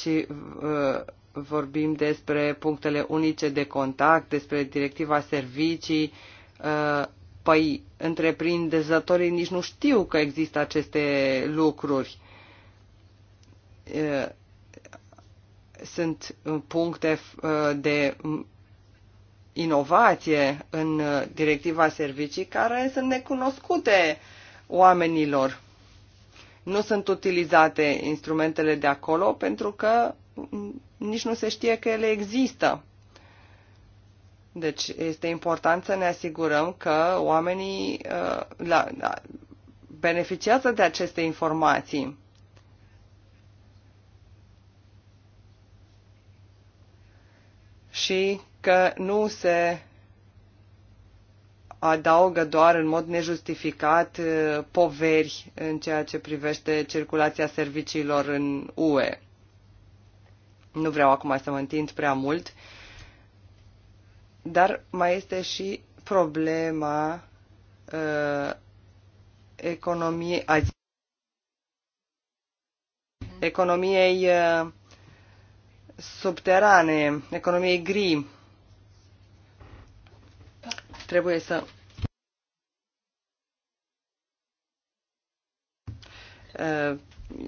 și uh, vorbim despre punctele unice de contact, despre directiva servicii, uh, păi întreprinzătorii nici nu știu că există aceste lucruri. Uh, sunt puncte de mm, inovație în directiva servicii care sunt necunoscute oamenilor nu sunt utilizate instrumentele de acolo pentru că nici nu se știe că ele există. Deci este important să ne asigurăm că oamenii uh, la, la, beneficiază de aceste informații. Și că nu se adaugă doar în mod nejustificat uh, poveri în ceea ce privește circulația serviciilor în UE. Nu vreau acum să mă întind prea mult, dar mai este și problema uh, economiei, azi, economiei uh, subterane, economiei gri trebuie să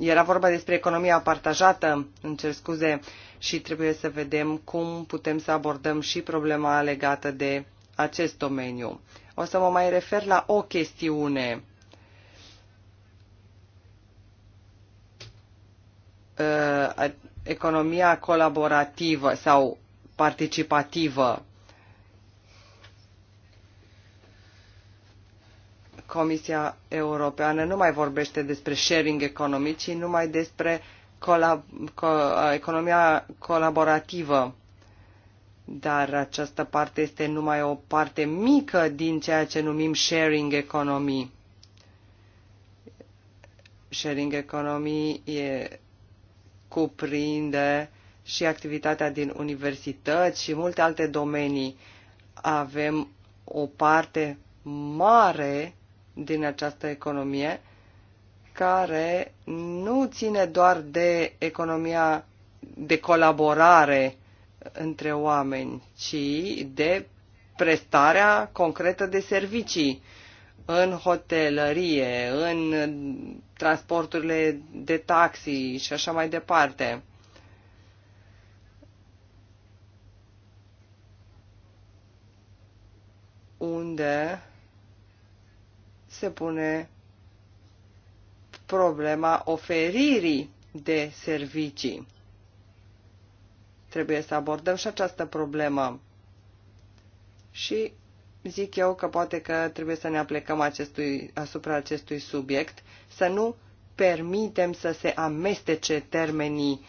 era vorba despre economia partajată, îmi cer scuze, și trebuie să vedem cum putem să abordăm și problema legată de acest domeniu. O să mă mai refer la o chestiune. Ă, economia colaborativă sau participativă Comisia Europeană nu mai vorbește despre sharing economic, ci numai despre colab- co- economia colaborativă. Dar această parte este numai o parte mică din ceea ce numim sharing economy. Sharing economy e, cuprinde și activitatea din universități și multe alte domenii. Avem o parte mare din această economie, care nu ține doar de economia de colaborare între oameni, ci de prestarea concretă de servicii în hotelărie, în transporturile de taxi și așa mai departe. Unde se pune problema oferirii de servicii. Trebuie să abordăm și această problemă. Și zic eu că poate că trebuie să ne aplicăm acestui, asupra acestui subiect, să nu permitem să se amestece termenii,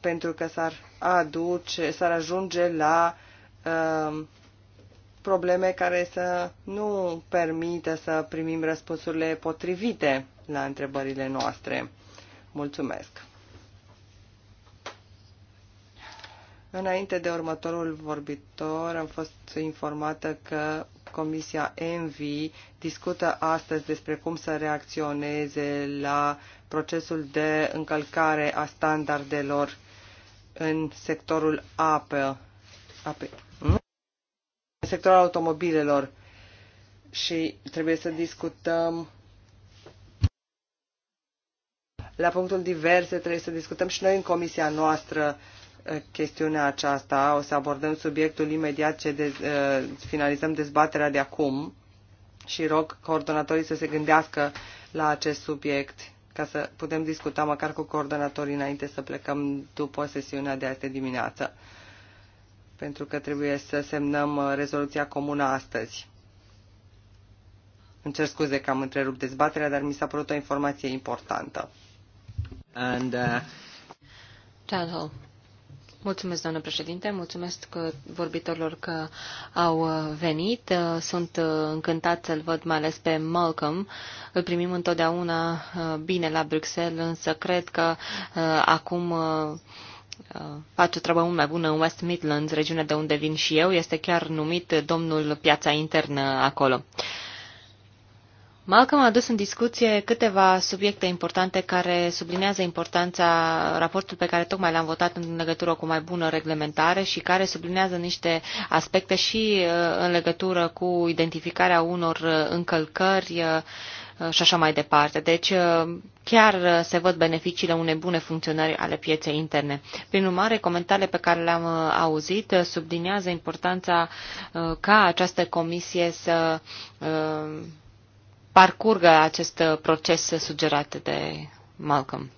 pentru că s-ar aduce, s-ar ajunge la uh, probleme care să nu permită să primim răspunsurile potrivite la întrebările noastre. Mulțumesc! Înainte de următorul vorbitor, am fost informată că Comisia ENVI discută astăzi despre cum să reacționeze la procesul de încălcare a standardelor în sectorul apă sectorul automobilelor și trebuie să discutăm la punctul diverse, trebuie să discutăm și noi în comisia noastră eh, chestiunea aceasta. O să abordăm subiectul imediat ce de, uh, eh, finalizăm dezbaterea de acum și rog coordonatorii să se gândească la acest subiect ca să putem discuta măcar cu coordonatorii înainte să plecăm după sesiunea de azi dimineață pentru că trebuie să semnăm uh, rezoluția comună astăzi. Îmi cer scuze că am întrerupt dezbaterea, dar mi s-a părut o informație importantă. And, uh... Mulțumesc, doamnă președinte, mulțumesc că uh, vorbitorilor că au uh, venit. Sunt încântat să-l văd mai ales pe Malcolm. Îl primim întotdeauna bine la Bruxelles, însă cred că acum Uh, face treabă mult mai bună în West Midlands, regiunea de unde vin și eu, este chiar numit domnul piața internă acolo. Uh, Malcolm a adus în discuție câteva subiecte importante care sublinează importanța raportului pe care tocmai l-am votat în legătură cu mai bună reglementare și care sublinează niște aspecte și uh, în legătură cu identificarea unor uh, încălcări uh, și așa mai departe. Deci chiar se văd beneficiile unei bune funcționări ale pieței interne. Prin urmare, comentariile pe care le-am auzit sublinează importanța ca această comisie să parcurgă acest uh, proces sugerat de Malcolm.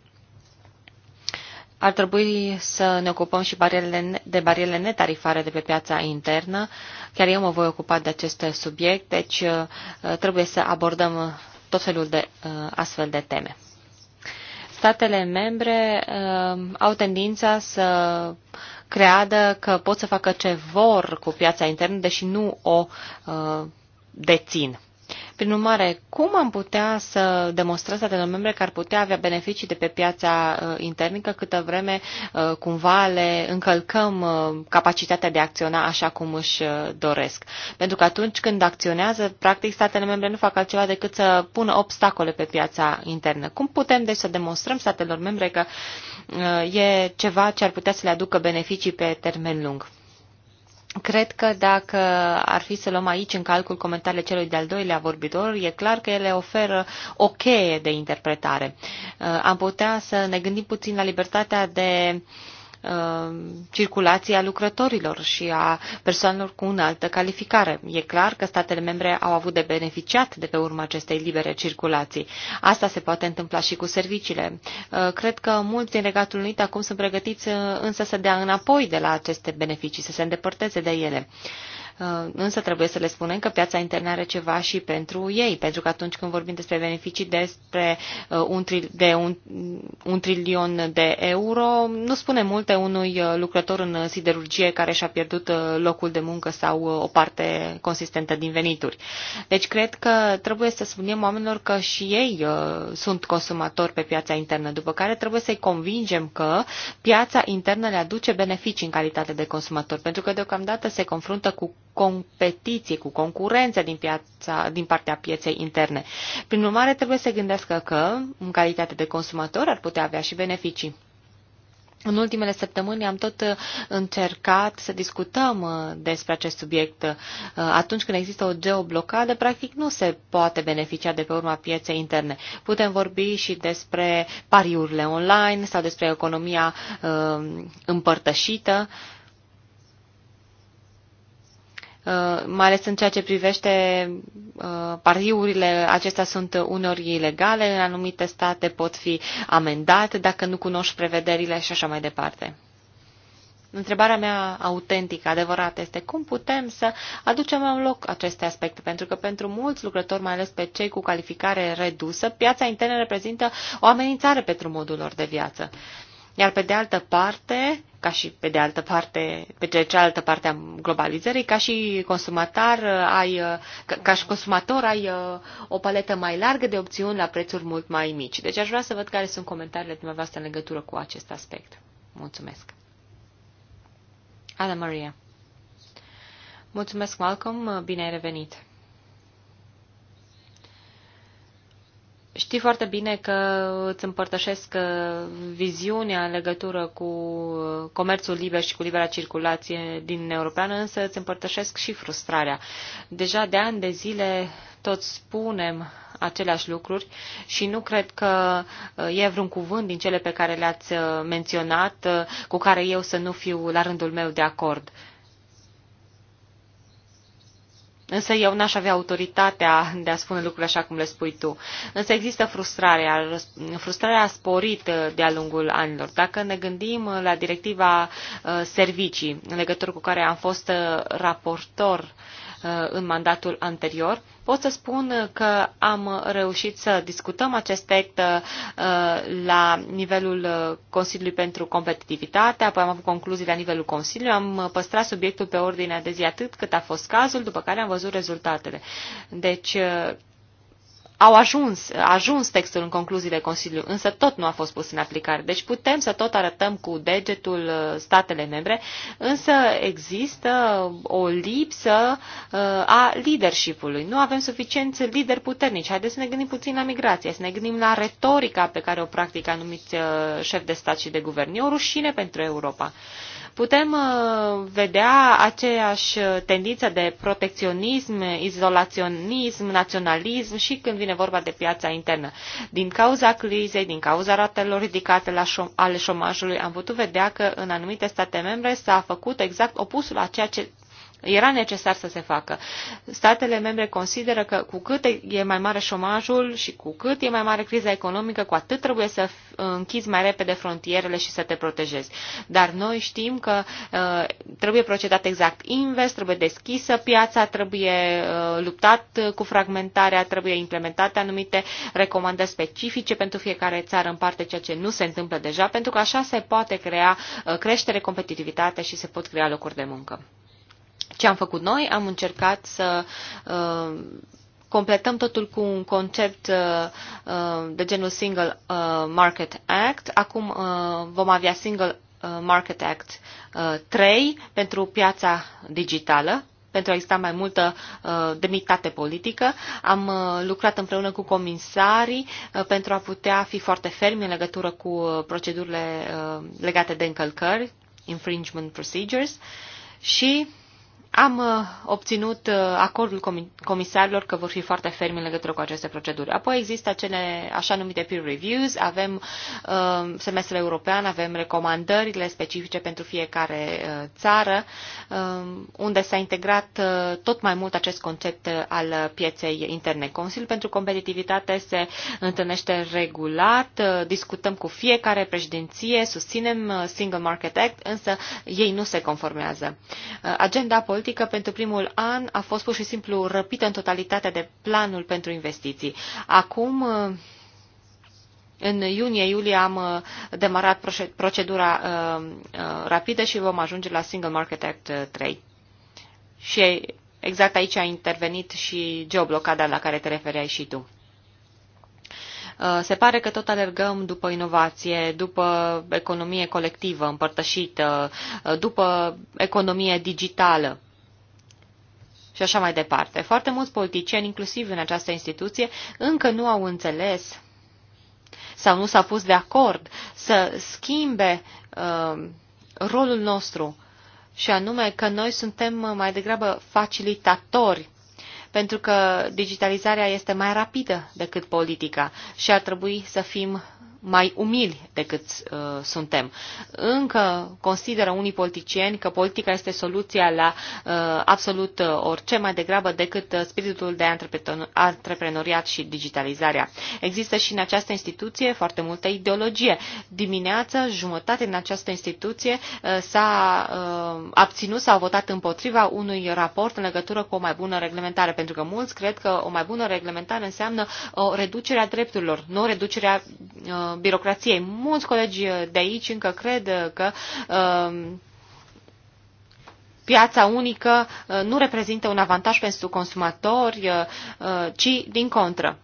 Ar trebui să ne ocupăm și barierele, de barierele netarifare de pe piața internă. Chiar eu mă voi ocupa de acest subiect, deci uh, uh, trebuie să abordăm tot felul de astfel de teme. Statele membre au tendința să creadă că pot să facă ce vor cu piața internă, deși nu o dețin. Prin urmare, cum am putea să demonstrăm statele membre că ar putea avea beneficii de pe piața uh, internică câtă vreme uh, cumva le încălcăm uh, capacitatea de a acționa așa cum își doresc? Pentru că atunci când acționează, practic statele membre nu fac altceva decât să pună obstacole pe piața internă. Cum putem deci să demonstrăm statelor membre că e ceva ce ar putea să le aducă beneficii pe termen lung? Cred că dacă ar fi să luăm aici în calcul comentariile celui de-al doilea vorbitor, e clar că ele oferă o cheie de interpretare. Uh, am putea să ne gândim puțin la libertatea de uh, Uh, circulația lucrătorilor și a persoanelor cu înaltă calificare. E clar că statele membre au avut de beneficiat de pe urma acestei libere circulații. Asta se poate întâmpla și cu serviciile. Uh, cred că mulți din Regatul Unit acum sunt pregătiți uh, însă să dea înapoi de la aceste beneficii, să se îndepărteze de ele. Uh, însă trebuie să le spunem că piața internă are ceva și pentru ei, pentru că atunci când vorbim despre beneficii despre uh, un, tri, de un, un trilion de euro, nu spune multe unui uh, lucrător în siderurgie care și-a pierdut locul de muncă sau o parte consistentă din venituri. Deci cred că trebuie să spunem oamenilor că și ei sunt consumatori pe piața internă, după care trebuie să-i convingem că piața internă le aduce beneficii în calitate de consumator, pentru că deocamdată se confruntă cu competiție, cu concurență din, piața, din partea pieței interne. Prin urmare, trebuie să gândească că, în calitate de consumator, ar putea avea și beneficii. În ultimele săptămâni am tot uh, încercat să discutăm uh, despre acest subiect. Uh, atunci când există o geoblocadă, practic nu se poate beneficia de pe urma pieței interne. Putem vorbi și despre pariurile online sau despre economia împărtășită. Uh, mai ales în ceea ce privește uh, pariurile, acestea sunt uneori ilegale, în anumite state pot fi amendate dacă nu cunoști prevederile și așa mai departe. Întrebarea mea autentică, adevărată, este cum putem să aducem în loc aceste aspecte, pentru că pentru mulți lucrători, mai ales pe cei cu calificare redusă, piața internă reprezintă o amenințare pentru modul lor de viață. Uh, iar pe de altă parte, ca și pe de altă parte, pe de cealaltă parte a globalizării, ca și consumator ai, ca, ca și consumator ai uh, o paletă mai largă de opțiuni la prețuri mult mai mici. Deci aș vrea să văd care sunt comentariile dumneavoastră în legătură cu acest aspect. Mulțumesc. Ana Maria. Mulțumesc, Malcolm. Bine ai revenit. Știi foarte bine că îți împărtășesc uh, viziunea în legătură cu uh, comerțul liber și cu libera circulație din Europeană, însă îți împărtășesc și frustrarea. Deja de ani de zile tot spunem aceleași lucruri și nu cred că uh, e vreun cuvânt din cele pe care le-ați menționat cu care eu să nu fiu la rândul meu de acord. Însă eu n-aș avea autoritatea de a spune lucrurile așa cum le spui tu. Însă există frustrarea, frustrarea sporită uh, de-a lungul anilor. Dacă ne gândim uh, la directiva uh, servicii, în legătură cu care am fost raportor, Uh, în mandatul anterior, pot să spun că am reușit să discutăm acest text uh, la nivelul uh, Consiliului pentru Competitivitate, apoi am avut concluzii la nivelul Consiliului, am păstrat subiectul pe ordinea de zi atât cât a fost cazul, după care am văzut rezultatele. Deci, au ajuns, a ajuns textul în concluziile Consiliului, însă tot nu a fost pus în aplicare. Deci putem să tot arătăm cu degetul uh, statele membre, însă există o lipsă uh, a leadership-ului. Nu avem suficienți lideri puternici. Haideți să ne gândim puțin la migrație, să ne gândim la retorica pe care o practică anumiți uh, șefi de stat și de guvern. E o rușine pentru Europa putem uh, vedea aceeași tendință de protecționism, izolaționism, naționalism și când vine vorba de piața internă. Din cauza crizei, din cauza ratelor ridicate la șom- ale șomajului, am putut vedea că în anumite state membre s-a făcut exact opusul a ceea ce era necesar să se facă. Statele membre consideră că cu cât e mai mare șomajul și cu cât e mai mare criza economică, cu atât trebuie să închizi mai repede frontierele și să te protejezi. Dar noi știm că uh, trebuie procedat exact invers, trebuie deschisă piața, trebuie uh, luptat cu fragmentarea, trebuie implementate anumite recomandări specifice pentru fiecare țară în parte, ceea ce nu se întâmplă deja, pentru că așa se poate crea uh, creștere, competitivitate și se pot crea locuri de muncă. Ce am făcut noi? Am încercat să uh, completăm totul cu un concept uh, uh de genul Single uh, Market Act. Acum uh, vom avea Single uh, Market Act uh, 3 pentru piața digitală pentru a exista mai multă uh, demnitate politică. Am uh, lucrat împreună cu comisarii uh, pentru a putea fi foarte fermi în legătură cu uh, procedurile uh, legate de încălcări, infringement procedures, și uh, am uh, obținut uh, acordul comisarilor că vor fi foarte fermi în legătură cu aceste proceduri. Apoi există acele așa numite peer reviews, avem uh, semestrul european, avem recomandările specifice pentru fiecare uh, țară, uh, unde s-a integrat uh, tot mai mult acest concept uh, al pieței interne. Consiliul pentru competitivitate se întâlnește regulat, uh, discutăm cu fiecare președinție, susținem uh, Single Market Act, însă ei nu se conformează. Uh, agenda politică politică pentru primul an a fost pur și simplu răpită în totalitate de planul pentru investiții. Acum, uh, în iunie-iulie am uh, demarat procedura uh, rapidă și vom ajunge la Single Market Act 3. Și exact aici a intervenit și geoblocada la care te refereai și tu. Se pare că tot alergăm după inovație, după economie colectivă împărtășită, după economie digitală și așa mai departe. Foarte mulți politicieni, inclusiv în această instituție, încă nu au înțeles sau nu s-a pus de acord să schimbe uh, rolul nostru și anume că noi suntem mai degrabă facilitatori pentru că digitalizarea este mai rapidă decât politica și ar trebui să fim mai umili decât uh, suntem. Încă consideră unii politicieni că politica este soluția la uh, absolut uh, orice mai degrabă decât uh, spiritul de antreprenoriat și digitalizarea. Există și în această instituție foarte multă ideologie. Dimineața, jumătate în această instituție uh, s-a uh, abținut, s-a votat împotriva unui raport în legătură cu o mai bună reglementare, pentru că mulți cred că o mai bună reglementare înseamnă o reducere a drepturilor, nu o reducere a uh, birocrației. Mulți colegi de aici încă cred că um, piața unică uh, nu reprezintă un avantaj pentru consumatori, uh, uh, ci din contră.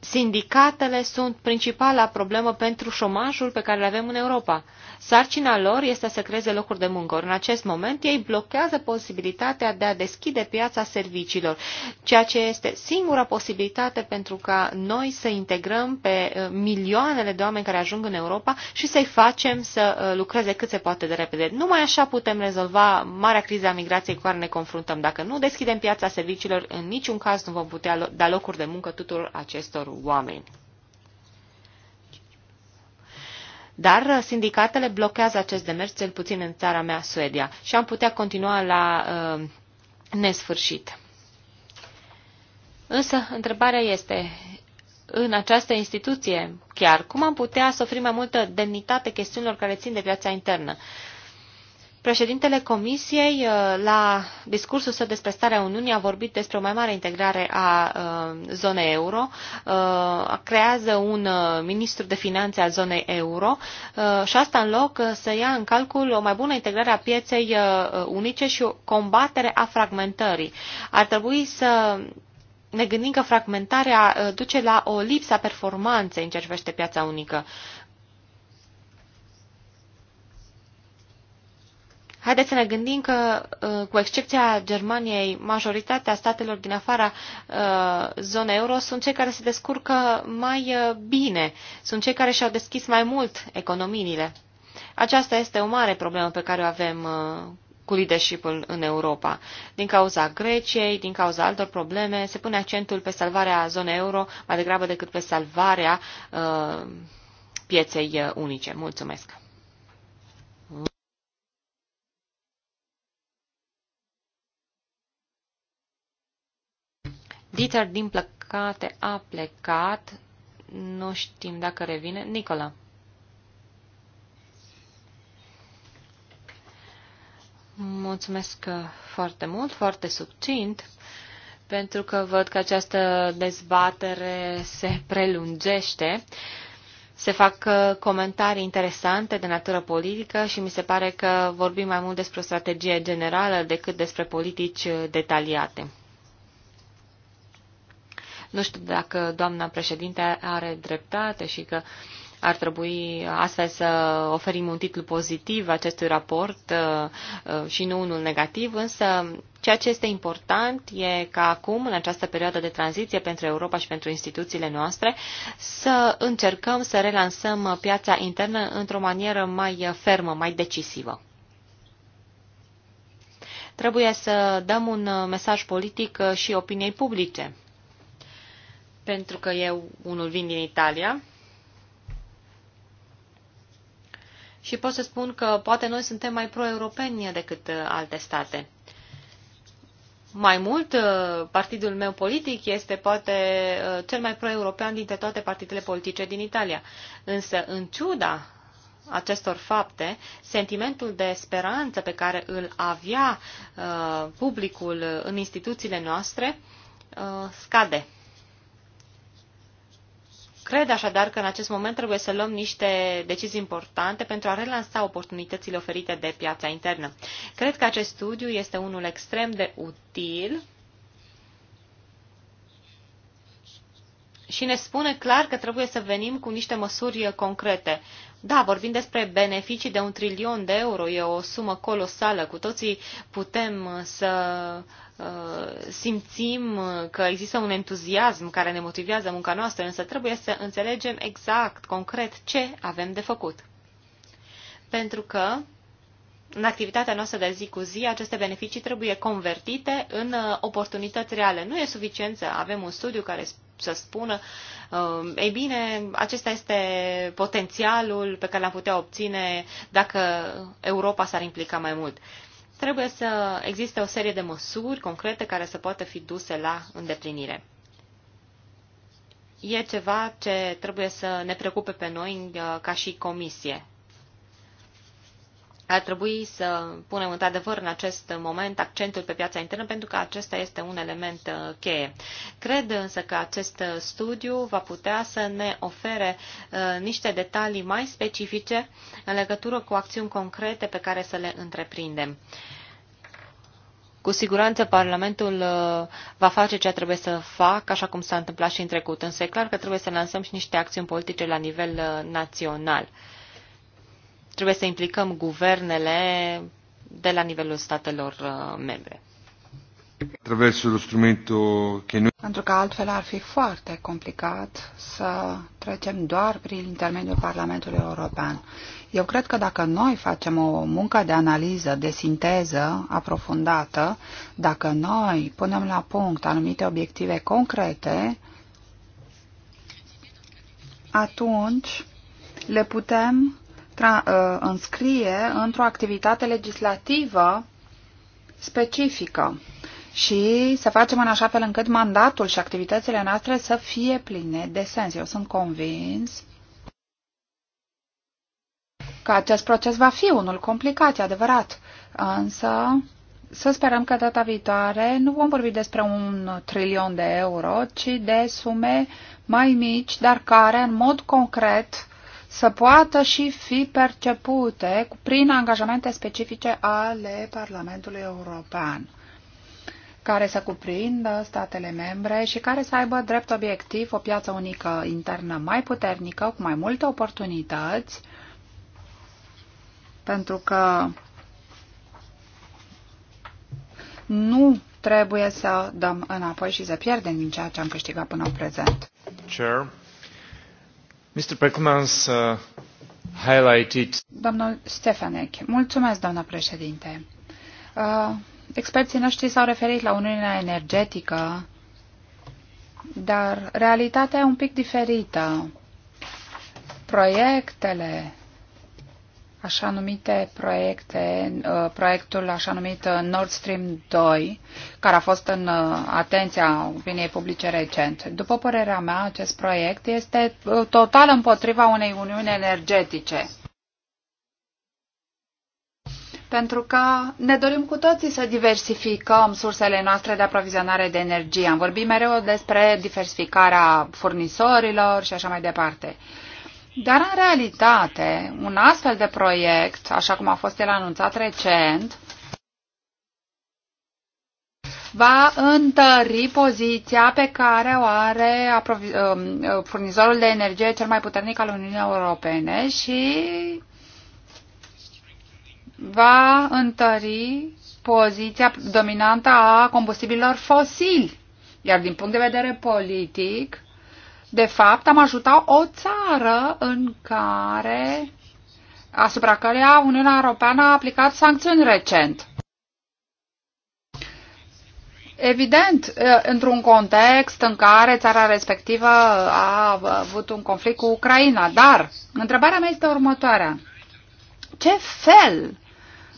Sindicatele sunt principala problemă pentru șomajul pe care îl avem în Europa. Sarcina lor este să creeze locuri de muncă. În acest moment ei blochează posibilitatea de a deschide piața serviciilor, ceea ce este singura posibilitate pentru ca noi să integrăm pe eh, milioanele de oameni care ajung în Europa și să-i facem să eh, lucreze cât se poate de repede. Numai așa putem rezolva marea criză a migrației cu care ne confruntăm. Dacă nu deschidem piața serviciilor, în niciun caz nu vom putea da locuri de muncă tuturor acestor oameni. Dar uh, sindicatele blochează acest demers, cel puțin în țara mea, Suedia, și am putea continua la uh, nesfârșit. Însă, întrebarea este, în această instituție, chiar, cum am putea să oferim mai multă demnitate chestiunilor care țin de viața internă? Uh, Președintele Comisiei, uh, la discursul său despre starea Uniunii, a vorbit despre o mai mare integrare a uh, zonei euro, uh, creează un ministru de finanțe al zonei euro și asta în loc să ia în calcul o mai bună integrare a pieței unice și o combatere a fragmentării. Ar trebui să ne gândim că fragmentarea duce la o lipsă a performanței în ce privește piața unică. Haideți să ne gândim că, uh, cu excepția Germaniei, majoritatea statelor din afara uh, zonei euro sunt cei care se descurcă mai uh, bine, sunt cei care și-au deschis mai mult economiile. Aceasta este o mare problemă pe care o avem cu leadership în Europa. Din cauza Greciei, din cauza altor probleme, se pune accentul pe salvarea zonei euro mai degrabă decât pe salvarea uh, pieței unice. Mulțumesc! Dieter, din păcate, a plecat. Nu știm dacă revine. Nicola. Mulțumesc foarte mult, foarte subțint, pentru că văd că această dezbatere se prelungește. Se fac uh, comentarii interesante de natură politică și mi se pare că vorbim mai mult despre o strategie generală decât despre politici detaliate. Nu știu dacă doamna președinte are dreptate și că ar trebui astfel să oferim un titlu pozitiv acestui raport uh, uh, și nu unul negativ, însă ceea ce este important e ca acum, în această perioadă de tranziție pentru Europa și pentru instituțiile noastre, să încercăm să relansăm piața internă într-o manieră mai fermă, mai decisivă trebuie să dăm un mesaj politic și opiniei publice pentru că eu unul vin din Italia. Și pot să spun că poate noi suntem mai pro-europeni decât uh, alte state. Mai mult, uh, partidul meu politic este poate uh, cel mai pro-european dintre toate partidele politice din Italia. Însă, în ciuda acestor fapte, sentimentul de speranță pe care îl avea uh, publicul în instituțiile noastre uh, scade. Cred așadar că în acest moment trebuie să luăm niște decizii importante pentru a relansa oportunitățile oferite de piața internă. Cred că acest studiu este unul extrem de util și ne spune clar că trebuie să venim cu niște măsuri concrete. Da, vorbim despre beneficii de un trilion de euro, e o sumă colosală, cu toții putem să Uh, simțim că există un entuziasm care ne motivează munca noastră, însă trebuie să înțelegem exact, concret, ce avem de făcut. Pentru că în activitatea noastră de zi cu zi, aceste beneficii trebuie convertite în uh, oportunități reale. Nu e suficient să avem un studiu care să spună, uh, ei bine, acesta este potențialul pe care l-am putea obține dacă Europa s-ar implica mai mult. Trebuie să existe o serie de măsuri concrete care să poată fi duse la îndeplinire. E ceva ce trebuie să ne preocupe pe noi uh, ca și comisie ar trebui să punem într-adevăr în acest moment accentul pe piața internă, pentru că acesta este un element uh, cheie. Cred însă că acest studiu va putea să ne ofere uh, niște detalii mai specifice în legătură cu acțiuni concrete pe care să le întreprindem. Cu siguranță Parlamentul uh, va face ceea ce trebuie să facă, așa cum s-a întâmplat și în trecut, însă e clar că trebuie să lansăm și niște acțiuni politice la nivel național. Trebuie să implicăm guvernele de la nivelul statelor uh, membre. Pentru că altfel ar fi foarte complicat să trecem doar prin intermediul Parlamentului European. Eu cred că dacă noi facem o muncă de analiză, de sinteză aprofundată, dacă noi punem la punct anumite obiective concrete, atunci le putem Uh, înscrie într-o activitate legislativă specifică și să facem în așa fel încât mandatul și activitățile noastre să fie pline de sens. Eu sunt convins că acest proces va fi unul complicat, e adevărat, însă să sperăm că data viitoare nu vom vorbi despre un trilion de euro, ci de sume mai mici, dar care în mod concret să poată și fi percepute prin angajamente specifice ale Parlamentului European care să cuprindă statele membre și care să aibă drept obiectiv o piață unică internă mai puternică, cu mai multe oportunități, pentru că nu trebuie să dăm înapoi și să pierdem din ceea ce am câștigat până în prezent. Chair. Uh, Domnul Stefanek, mulțumesc, doamnă președinte. Uh, experții noștri s-au referit la Uniunea Energetică, dar realitatea e un pic diferită. Proiectele așa numite proiecte, uh, proiectul așa numit uh, Nord Stream 2, care a fost în uh, atenția opiniei publice recent. După părerea mea, acest proiect este total împotriva unei uniuni energetice. Pentru că ne dorim cu toții să diversificăm sursele noastre de aprovizionare de energie. Am vorbit mereu despre diversificarea furnizorilor și așa mai departe. Uh, dar, în realitate, un astfel de proiect, așa cum a fost el anunțat recent, va întări poziția pe care o are um, uh, furnizorul de energie cel mai puternic al Uniunii Europene și va întări poziția dominantă a combustibililor fosili. Iar din punct de vedere politic, de fapt, am ajutat o țară în care, asupra căreia Uniunea Europeană a aplicat sancțiuni recent. Evident, eh, într-un context în care țara respectivă a avut un conflict cu Ucraina, dar întrebarea mea este următoarea. Ce fel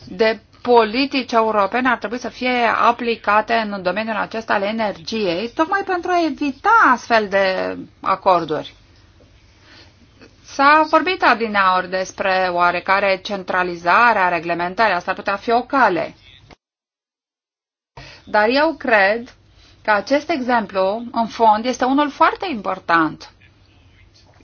de politici europene ar trebui să fie aplicate în domeniul acesta al energiei, tocmai pentru a evita astfel de acorduri. S-a vorbit adineaori despre oarecare centralizare a reglementării, asta ar putea fi o cale. Dar eu cred că acest exemplu, în fond, este unul foarte important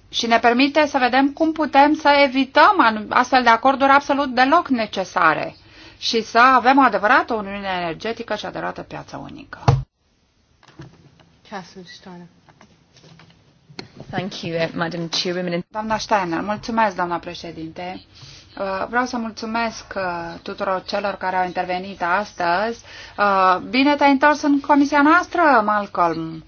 și ne permite să vedem cum putem să evităm astfel de acorduri absolut deloc necesare și să avem o adevărată uniune energetică și adevărată piață unică. Thank you, eh, Madam Chairwoman. Doamna Steiner, mulțumesc, doamna președinte. Uh, vreau să mulțumesc uh, tuturor celor care au intervenit astăzi. Uh, bine te-ai întors în comisia noastră, Malcolm.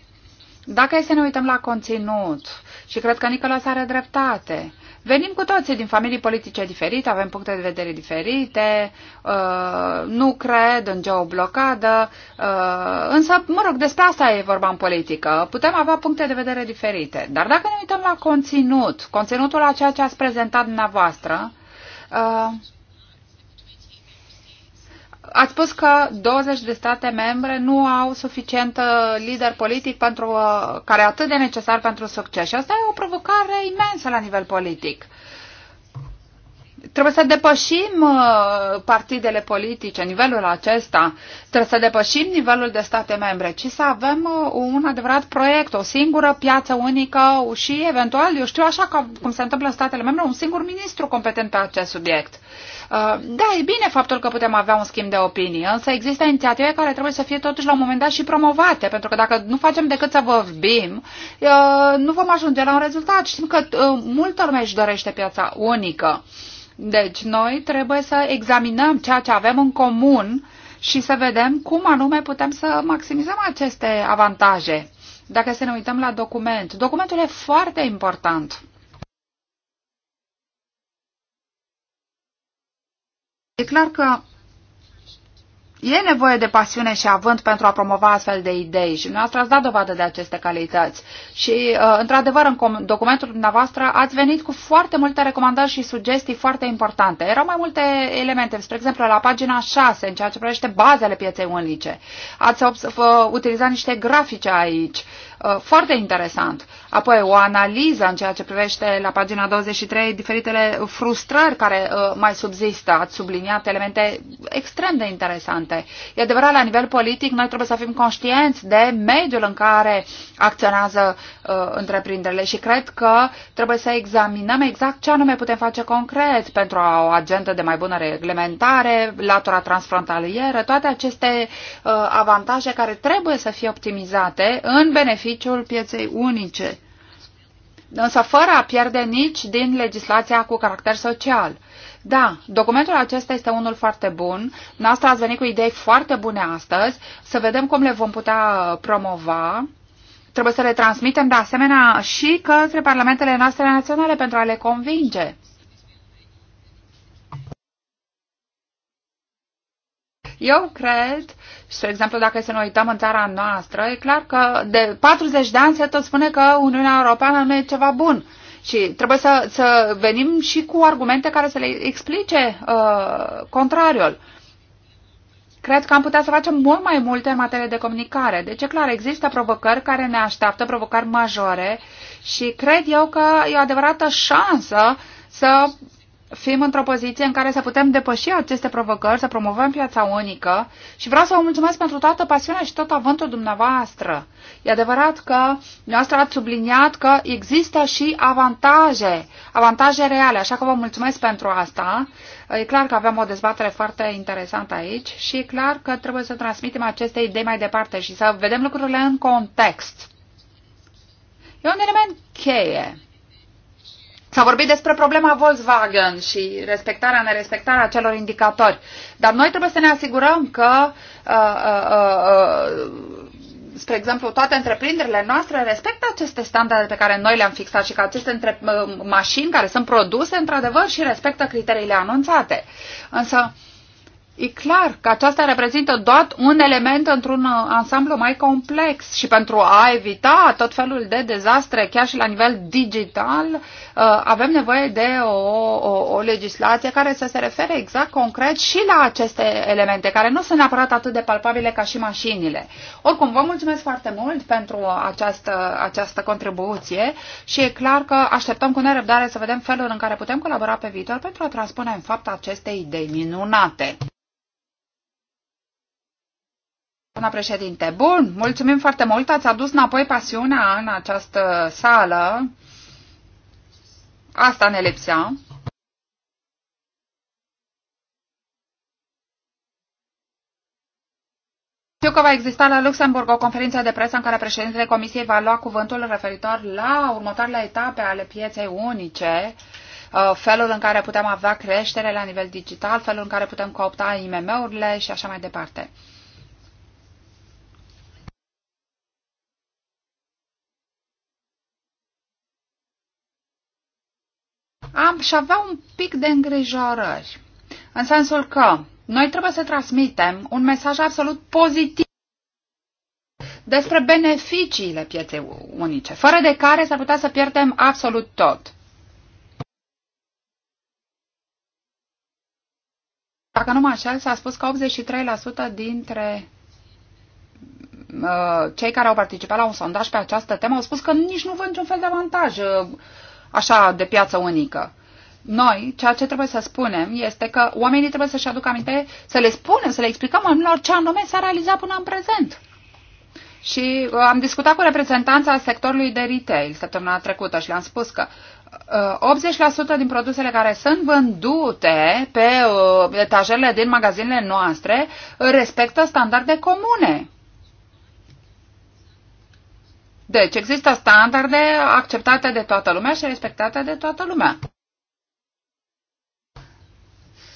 Dacă e să ne uităm la conținut, și cred că Nicolas are dreptate, uh, Venim cu toții din familii politice diferite, avem puncte de vedere diferite, uh, nu cred în geoblocadă, uh, însă, mă rog, despre asta e vorba în politică. Putem avea puncte de vedere diferite, dar dacă ne uităm la conținut, conținutul a ceea ce ați prezentat dumneavoastră, uh, Ați spus că 20 de state membre nu au suficient lider politic pentru, uh, care e atât de necesar pentru succes. Și asta e o provocare imensă la nivel politic. Uh, Trebuie să depășim uh, partidele politice, nivelul acesta, trebuie să depășim nivelul de state membre, ci să avem uh, un adevărat proiect, o singură piață unică și eventual, eu știu așa ca, cum se întâmplă în statele membre, un singur ministru competent pe acest subiect. Uh, da, e bine faptul că putem avea un schimb de opinie, însă există inițiative care trebuie să fie totuși la un moment dat și promovate, pentru că dacă nu facem decât să vorbim, nu vom ajunge la un rezultat. Știm că multă lume își dorește piața unică. Deci noi trebuie să examinăm ceea ce avem în comun și să vedem cum anume putem să maximizăm aceste avantaje. Dacă să ne uităm la document, documentul e foarte important. E clar că E nevoie de pasiune și avânt pentru a promova astfel de idei și dumneavoastră ați dat dovadă de aceste calități. Și, uh, într-adevăr, în documentul dumneavoastră ați venit cu foarte multe recomandări și sugestii foarte importante. Erau mai multe elemente, spre exemplu, la pagina 6, în ceea ce privește bazele pieței unice. Ați utilizat niște grafice aici, uh, foarte interesant. Apoi, o analiză în ceea ce privește la pagina 23 diferitele frustrări care uh, mai subzistă. Ați subliniat elemente extrem de interesante. E adevărat, la nivel politic, noi trebuie să fim conștienți de mediul în care acționează uh, întreprinderile și cred că trebuie să examinăm exact ce anume putem face concret pentru o agendă de mai bună reglementare, latura transfrontalieră, toate aceste uh, avantaje care trebuie să fie optimizate în beneficiul pieței unice însă fără a pierde nici din legislația cu caracter social. Da, documentul acesta este unul foarte bun. Noastră ați venit cu idei foarte bune astăzi. Să vedem cum le vom putea uh, promova. Trebuie să le transmitem de asemenea și către parlamentele noastre naționale pentru a le convinge. Eu cred, spre exemplu, dacă să ne uităm în țara noastră, e clar că de 40 de ani se tot spune că Uniunea Europeană nu e ceva bun. Și trebuie să, să venim și cu argumente care să le explice uh, contrariul. Cred că am putea să facem mult mai multe în materie de comunicare. Deci, e clar, există provocări care ne așteaptă, provocări majore și cred eu că e o adevărată șansă să fim într-o poziție în care să putem depăși aceste provocări, să promovăm piața unică și vreau să vă mulțumesc pentru toată pasiunea și tot avântul dumneavoastră. E adevărat că dumneavoastră ați subliniat că există și avantaje, avantaje reale, așa că vă mulțumesc pentru asta. E clar că avem o dezbatere foarte interesantă aici și e clar că trebuie să transmitem aceste idei mai departe și să vedem lucrurile în context. E un element cheie S-a vorbit despre problema Volkswagen și respectarea, nerespectarea acelor indicatori. Dar noi trebuie să ne asigurăm că, uh, uh, uh, spre exemplu, toate întreprinderile noastre respectă aceste standarde pe care noi le-am fixat și că aceste între, mașini care sunt produse, într-adevăr, și respectă criteriile anunțate. Însă, uh, E clar că aceasta reprezintă doar un element într-un uh, ansamblu mai complex și pentru a evita tot felul de dezastre, chiar și la nivel digital, uh, avem nevoie de o, o, o legislație care să se refere exact concret și la aceste elemente, care nu sunt neapărat atât de palpabile ca și mașinile. Oricum, vă mulțumesc foarte mult pentru această, această contribuție și e clar că așteptăm cu nerăbdare să vedem felul în care putem colabora pe viitor pentru a transpune în fapt aceste idei minunate. Doamna președinte, bun, mulțumim foarte mult, ați adus înapoi pasiunea în această sală. Asta ne lipsea. Știu că va exista la Luxemburg o conferință de presă în care președintele Comisiei va lua cuvântul referitor la următoarele etape ale pieței unice, uh, felul în care putem avea creștere la nivel digital, felul în care putem coopta IMM-urile și așa mai departe. am și avea un pic de îngrijorări, în sensul că noi trebuie să transmitem un mesaj absolut pozitiv despre beneficiile pieței unice, fără de care s-ar putea să pierdem absolut tot. Dacă nu mă așel, s-a spus că 83% dintre uh, cei care au participat la un sondaj pe această temă au spus că nici nu văd niciun fel de avantaj. Uh, așa, de piață unică. Noi, ceea ce trebuie să spunem este că oamenii trebuie să-și aducă aminte, să le spunem, să le explicăm oamenilor ce anume s-a realizat până în prezent. Și uh, am discutat cu reprezentanța sectorului de retail săptămâna trecută și le-am spus că 80% uh, din produsele care sunt vândute pe uh, etajele din magazinele noastre uh, respectă standarde comune. Deci există standarde acceptate de toată lumea și respectate de toată lumea.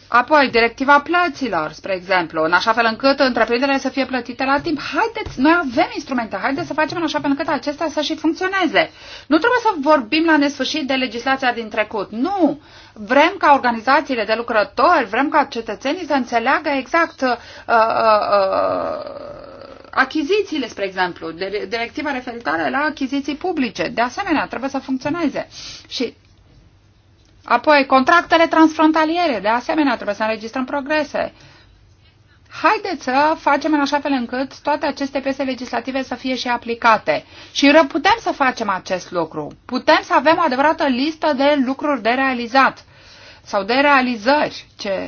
Apoi, directiva plăților, spre exemplu, în așa fel încât întreprinderile să fie plătite la timp. Haideți, noi avem instrumente, haideți să facem în așa fel încât acestea să și funcționeze. Nu trebuie să vorbim la nesfârșit de legislația din trecut. Nu! Vrem ca organizațiile de lucrători, vrem ca cetățenii să înțeleagă exact uh, uh, uh, achizițiile, spre exemplu, directiva referitoare la achiziții publice, de asemenea, trebuie să funcționeze. Și apoi contractele transfrontaliere, de asemenea, trebuie să înregistrăm progrese. Haideți să facem în așa fel încât toate aceste piese legislative să fie și aplicate. Și putem să facem acest lucru. Putem să avem o adevărată listă de lucruri de realizat sau de realizări ce,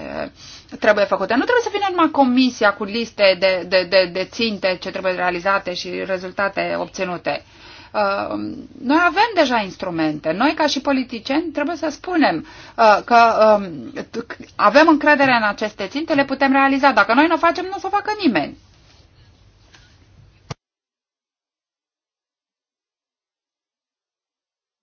trebuie făcute. Nu trebuie să vină numai comisia cu liste de, de, de, de ținte ce trebuie realizate și rezultate obținute. Uh, noi avem deja instrumente. Noi, ca și politicieni, trebuie să spunem uh, că uh, avem încredere în aceste ținte, le putem realiza. Dacă noi nu o facem, nu o să o facă nimeni.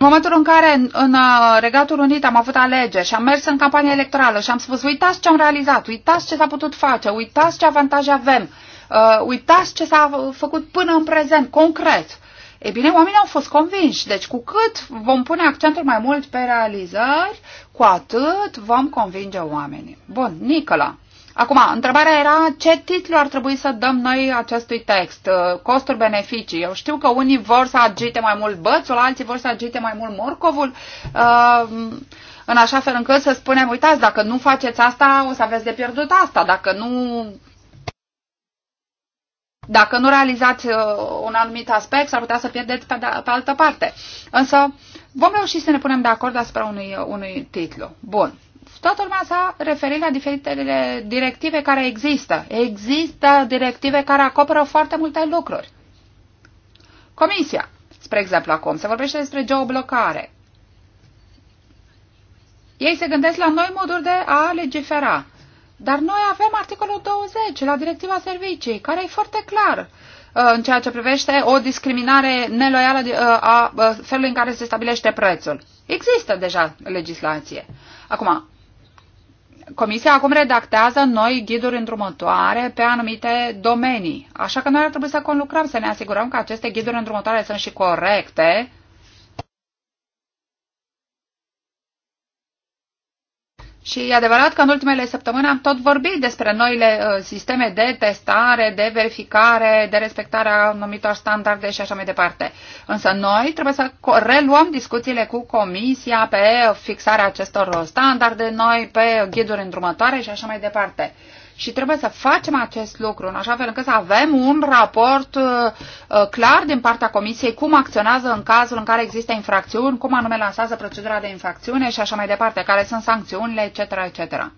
În momentul în care în, în uh, Regatul Unit am avut alegeri și am mers în campanie electorală și am spus uitați ce am realizat, uitați ce s-a putut face, uitați ce avantaje avem, uh, uitați ce s-a făcut până în prezent, concret. E bine, oamenii au fost convinși. Deci cu cât vom pune accentul mai mult pe realizări, cu atât vom convinge oamenii. Bun, Nicola. Acum, întrebarea era ce titlu ar trebui să dăm noi acestui text, uh, costuri-beneficii. Eu știu că unii vor să agite mai mult bățul, alții vor să agite mai mult morcovul, uh, în așa fel încât să spunem, uitați, dacă nu faceți asta, o să aveți de pierdut asta, dacă nu dacă nu realizați uh, un anumit aspect, s-ar putea să pierdeți pe, pe altă parte. Însă vom reuși să ne punem de acord asupra unui, unui titlu. Bun. Toată lumea s-a referit la diferitele directive care există. Există directive care acoperă foarte multe lucruri. Comisia, spre exemplu, acum se vorbește despre geoblocare. Ei se gândesc la noi moduri de a legifera. Dar noi avem articolul 20 la Directiva Servicii, care e foarte clar uh, în ceea ce privește o discriminare neloială uh, a uh, felului în care se stabilește prețul. Există deja legislație. Acum, Comisia acum redactează noi ghiduri îndrumătoare pe anumite domenii. Așa că noi ar trebui să conlucrăm, să ne asigurăm că aceste ghiduri îndrumătoare sunt și corecte Și e adevărat că în ultimele săptămâni am tot vorbit despre noile uh, sisteme de testare, de verificare, de respectarea anumitor standarde și așa mai departe. Însă noi trebuie să reluăm discuțiile cu Comisia pe fixarea acestor standarde noi, pe ghiduri îndrumătoare și așa mai departe și trebuie să facem acest lucru în așa fel încât să avem un raport uh, uh, clar din partea Comisiei cum acționează în cazul în care există infracțiuni, cum anume lansează procedura de infracțiune și așa mai departe, care sunt sancțiunile, etc. etc.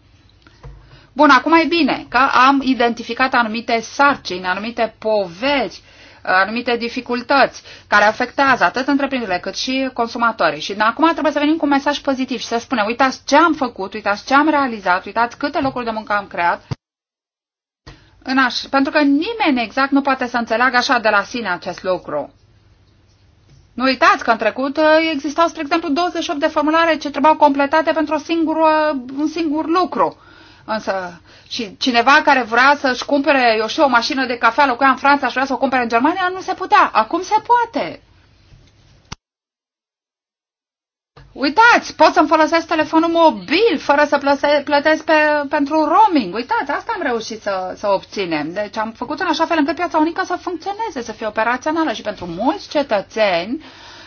Bun, acum e bine că am identificat anumite sarcini, anumite poveri, uh, anumite dificultăți care afectează atât întreprinderile cât și consumatorii. Și acum trebuie să venim cu un mesaj pozitiv și să spunem, uitați ce am făcut, uitați ce am realizat, uitați câte locuri de muncă am creat în aș... pentru că nimeni exact nu poate să înțeleagă așa de la sine acest lucru. Nu uitați că în trecut uh, existau, spre exemplu, 28 de formulare ce trebuiau completate pentru o singură, un singur lucru. Însă, și cineva care vrea să-și cumpere, eu știu, o mașină de cafea locuia în Franța și vrea să o cumpere în Germania, nu se putea. Acum se poate. Uitați, pot să-mi folosesc telefonul mobil fără să plătesc pe, pentru roaming. Uitați, asta am reușit să, să obținem. Deci am făcut în așa fel încât piața unică să funcționeze, să fie operațională și pentru mulți cetățeni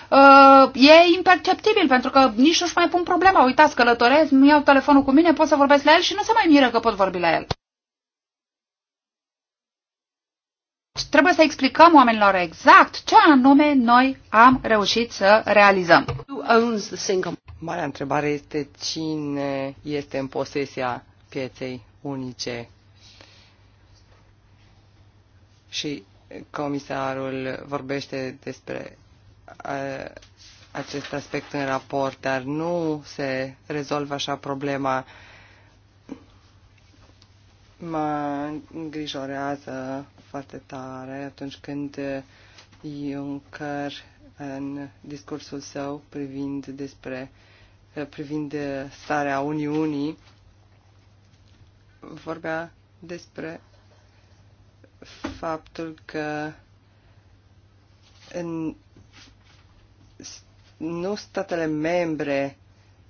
uh, e imperceptibil pentru că nici nu-și mai pun problema. Uitați, călătoresc, îmi iau telefonul cu mine, pot să vorbesc la el și nu se mai miră că pot vorbi la el. Trebuie să explicăm oamenilor exact ce anume noi am reușit să realizăm. Marea întrebare este cine este în posesia pieței unice. Și comisarul vorbește despre acest aspect în raport, dar nu se rezolvă așa problema. Mă îngrijorează foarte tare atunci când eh, Juncker în discursul său privind despre eh, privind eh, starea Uniunii vorbea despre faptul că în, nu statele membre,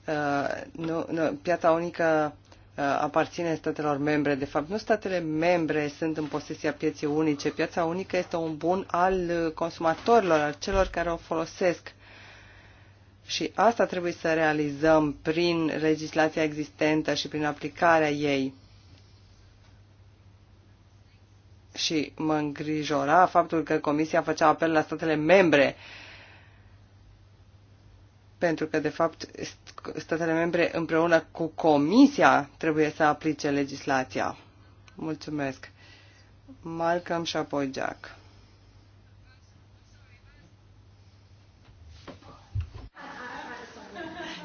uh, nu, nu, piața unică aparține statelor membre. De fapt, nu statele membre sunt în posesia pieței unice. Piața unică este un bun al consumatorilor, al celor care o folosesc. Și asta trebuie să realizăm prin legislația existentă și prin aplicarea ei. Și mă îngrijora faptul că Comisia făcea apel la statele membre uh, pentru că, de fapt, statele membre împreună cu Comisia trebuie să aplice legislația. Mulțumesc. Malcolm și apoi Jack.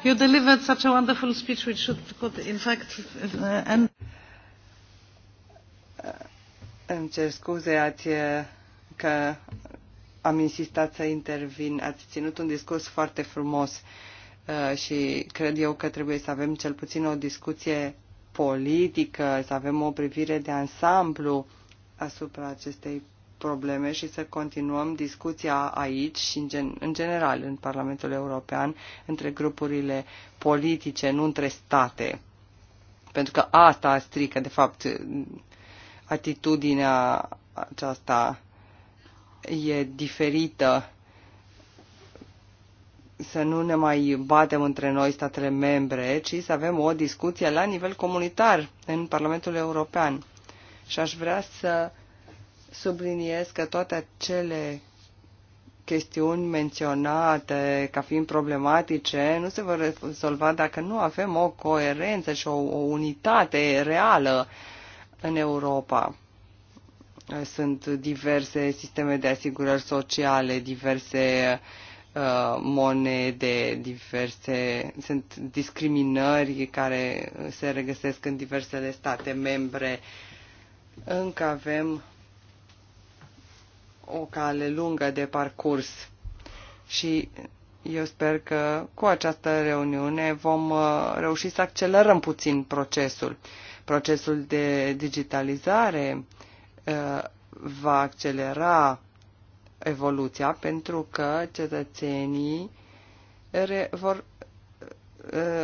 You delivered such a wonderful speech which should could in fact and uh, end Îmi cer scuze ați, că am insistat să intervin. Ați ținut un discurs foarte frumos uh, și cred eu că trebuie să avem cel puțin o discuție politică, să avem o privire de ansamblu asupra acestei probleme și să continuăm discuția aici și în, gen, în general în Parlamentul European între grupurile politice, nu între state. Pentru că asta strică, de fapt, atitudinea aceasta e diferită. Să nu ne mai batem între noi statele membre, ci să avem o discuție la nivel comunitar în Parlamentul European. Și aș vrea să subliniez că toate acele chestiuni menționate ca fiind problematice nu se vor rezolva dacă nu avem o coerență și o, o unitate reală în Europa. Sunt diverse sisteme de asigurări sociale, diverse uh, monede, diverse, sunt discriminări care se regăsesc în diversele state membre. Încă avem o cale lungă de parcurs și eu sper că cu această reuniune vom uh, reuși să accelerăm puțin procesul. Procesul de digitalizare va accelera evoluția pentru că cetățenii re, vor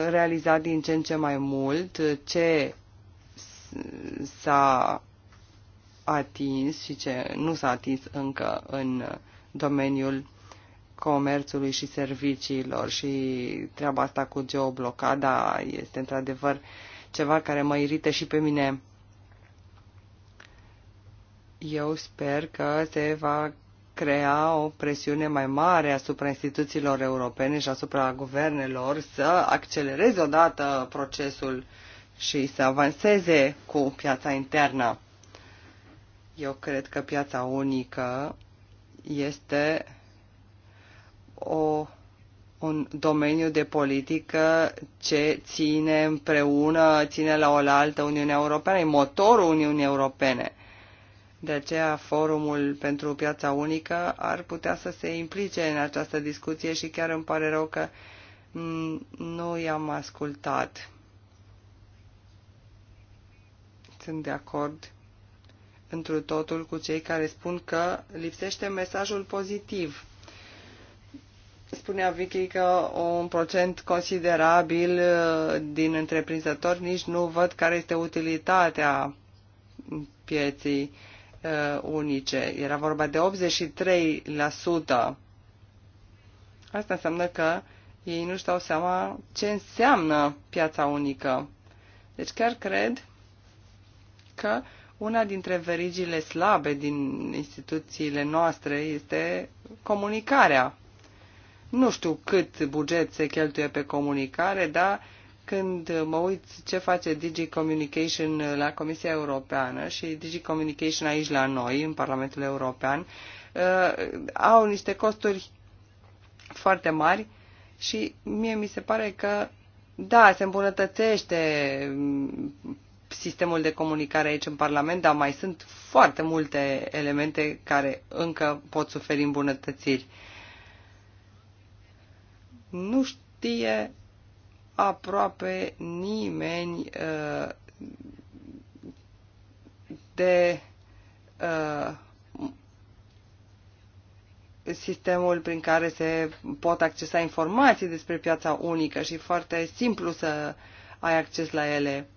realiza din ce în ce mai mult ce s-a atins și ce nu s-a atins încă în domeniul comerțului și serviciilor și treaba asta cu geoblocada este într-adevăr ceva care mă irită și pe mine eu sper că se va crea o presiune mai mare asupra instituțiilor europene și asupra guvernelor să accelereze odată procesul și să avanseze cu piața internă. Eu cred că piața unică este o, un domeniu de politică ce ține împreună, ține la oaltă Uniunea Europeană, e motorul Uniunii Europene. De aceea, forumul pentru piața unică ar putea să se implice în această discuție și chiar îmi pare rău că nu i-am ascultat. Sunt de acord întru totul cu cei care spun că lipsește mesajul pozitiv. Spunea Vicky că un procent considerabil uh, din întreprinzători nici nu văd care este utilitatea pieții uh, unice. Era vorba de 83%. Asta înseamnă că ei nu știau dau seama ce înseamnă piața unică. Deci chiar cred că una dintre verigile slabe din instituțiile noastre este comunicarea. Nu știu cât buget se cheltuie pe comunicare, dar când mă uit ce face Digi Communication la Comisia Europeană și Digi Communication aici la noi, în Parlamentul European, uh, au niște costuri foarte mari și mie mi se pare că, da, se îmbunătățește mm, sistemul de comunicare aici în Parlament, dar mai sunt foarte multe elemente care încă pot suferi îmbunătățiri. Nu știe aproape nimeni uh, de uh, sistemul prin care se pot accesa informații despre piața unică și foarte simplu să ai acces la ele.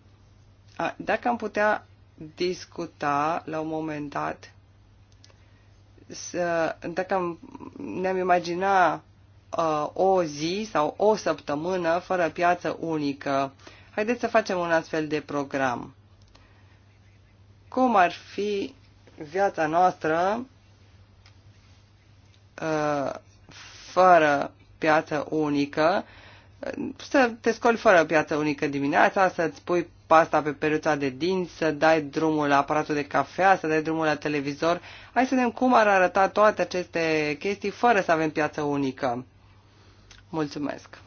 Dacă am putea discuta la un moment dat, să, dacă am, ne-am imagina Uh, o zi sau o săptămână fără piață unică. Haideți să facem un astfel de program. Cum ar fi viața noastră uh, fără piață unică? Să te scoli fără piață unică dimineața, să-ți pui pasta pe peruța de dinți, să dai drumul la aparatul de cafea, să dai drumul la televizor. Hai să vedem cum ar arăta toate aceste chestii fără să avem piață unică. Mulțumesc!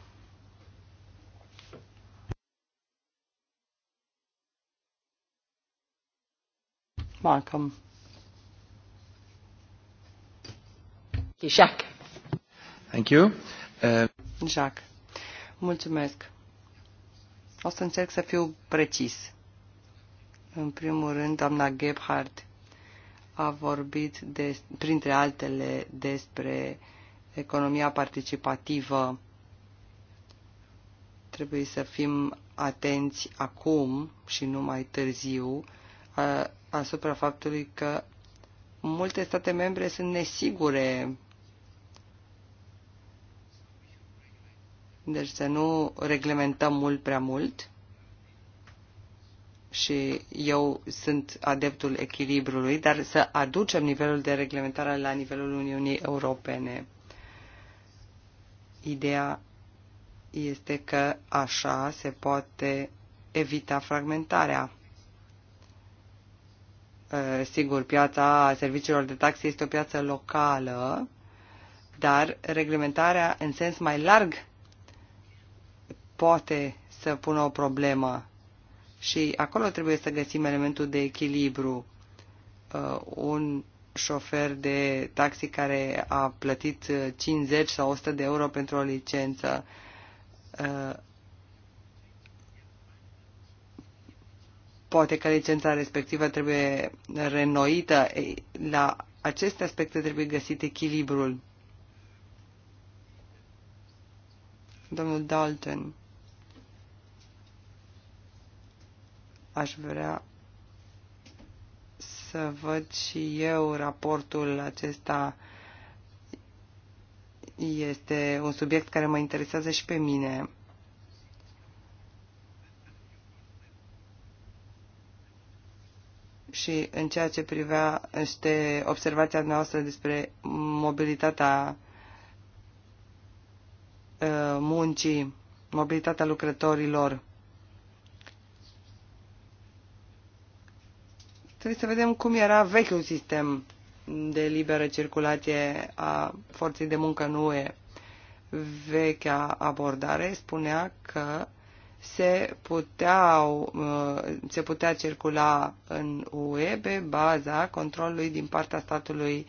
Malcolm. Jacques. Thank you. Uh... Jacques. Mulțumesc. O să încerc să fiu precis. În primul rând, doamna Gebhardt a vorbit, de, printre altele, despre uh, economia participativă. Trebuie să fim atenți acum și nu mai târziu asupra faptului că multe state membre sunt nesigure. Deci să nu reglementăm mult prea mult. Și eu sunt adeptul echilibrului, dar să aducem nivelul de reglementare la nivelul Uniunii Europene. Ideea este că așa se poate evita fragmentarea. Ă, sigur, piața serviciilor de taxi este o piață locală, dar reglementarea în sens mai larg poate să pună o problemă și acolo trebuie să găsim elementul de echilibru, ă, un șofer de taxi care a plătit 50 uh, sau 100 de euro pentru o licență. Uh, poate că licența respectivă trebuie renoită. La aceste aspecte trebuie găsit echilibrul. Domnul Dalton. Aș vrea să văd și eu raportul acesta. Este un subiect care mă interesează și pe mine. și în ceea ce privea este observația noastră despre mobilitatea uh, muncii, mobilitatea lucrătorilor. Trebuie să vedem cum era vechiul sistem de liberă circulație a forței de muncă în UE. Vechea abordare spunea că se, puteau, uh, se putea circula în UE pe baza controlului din partea statului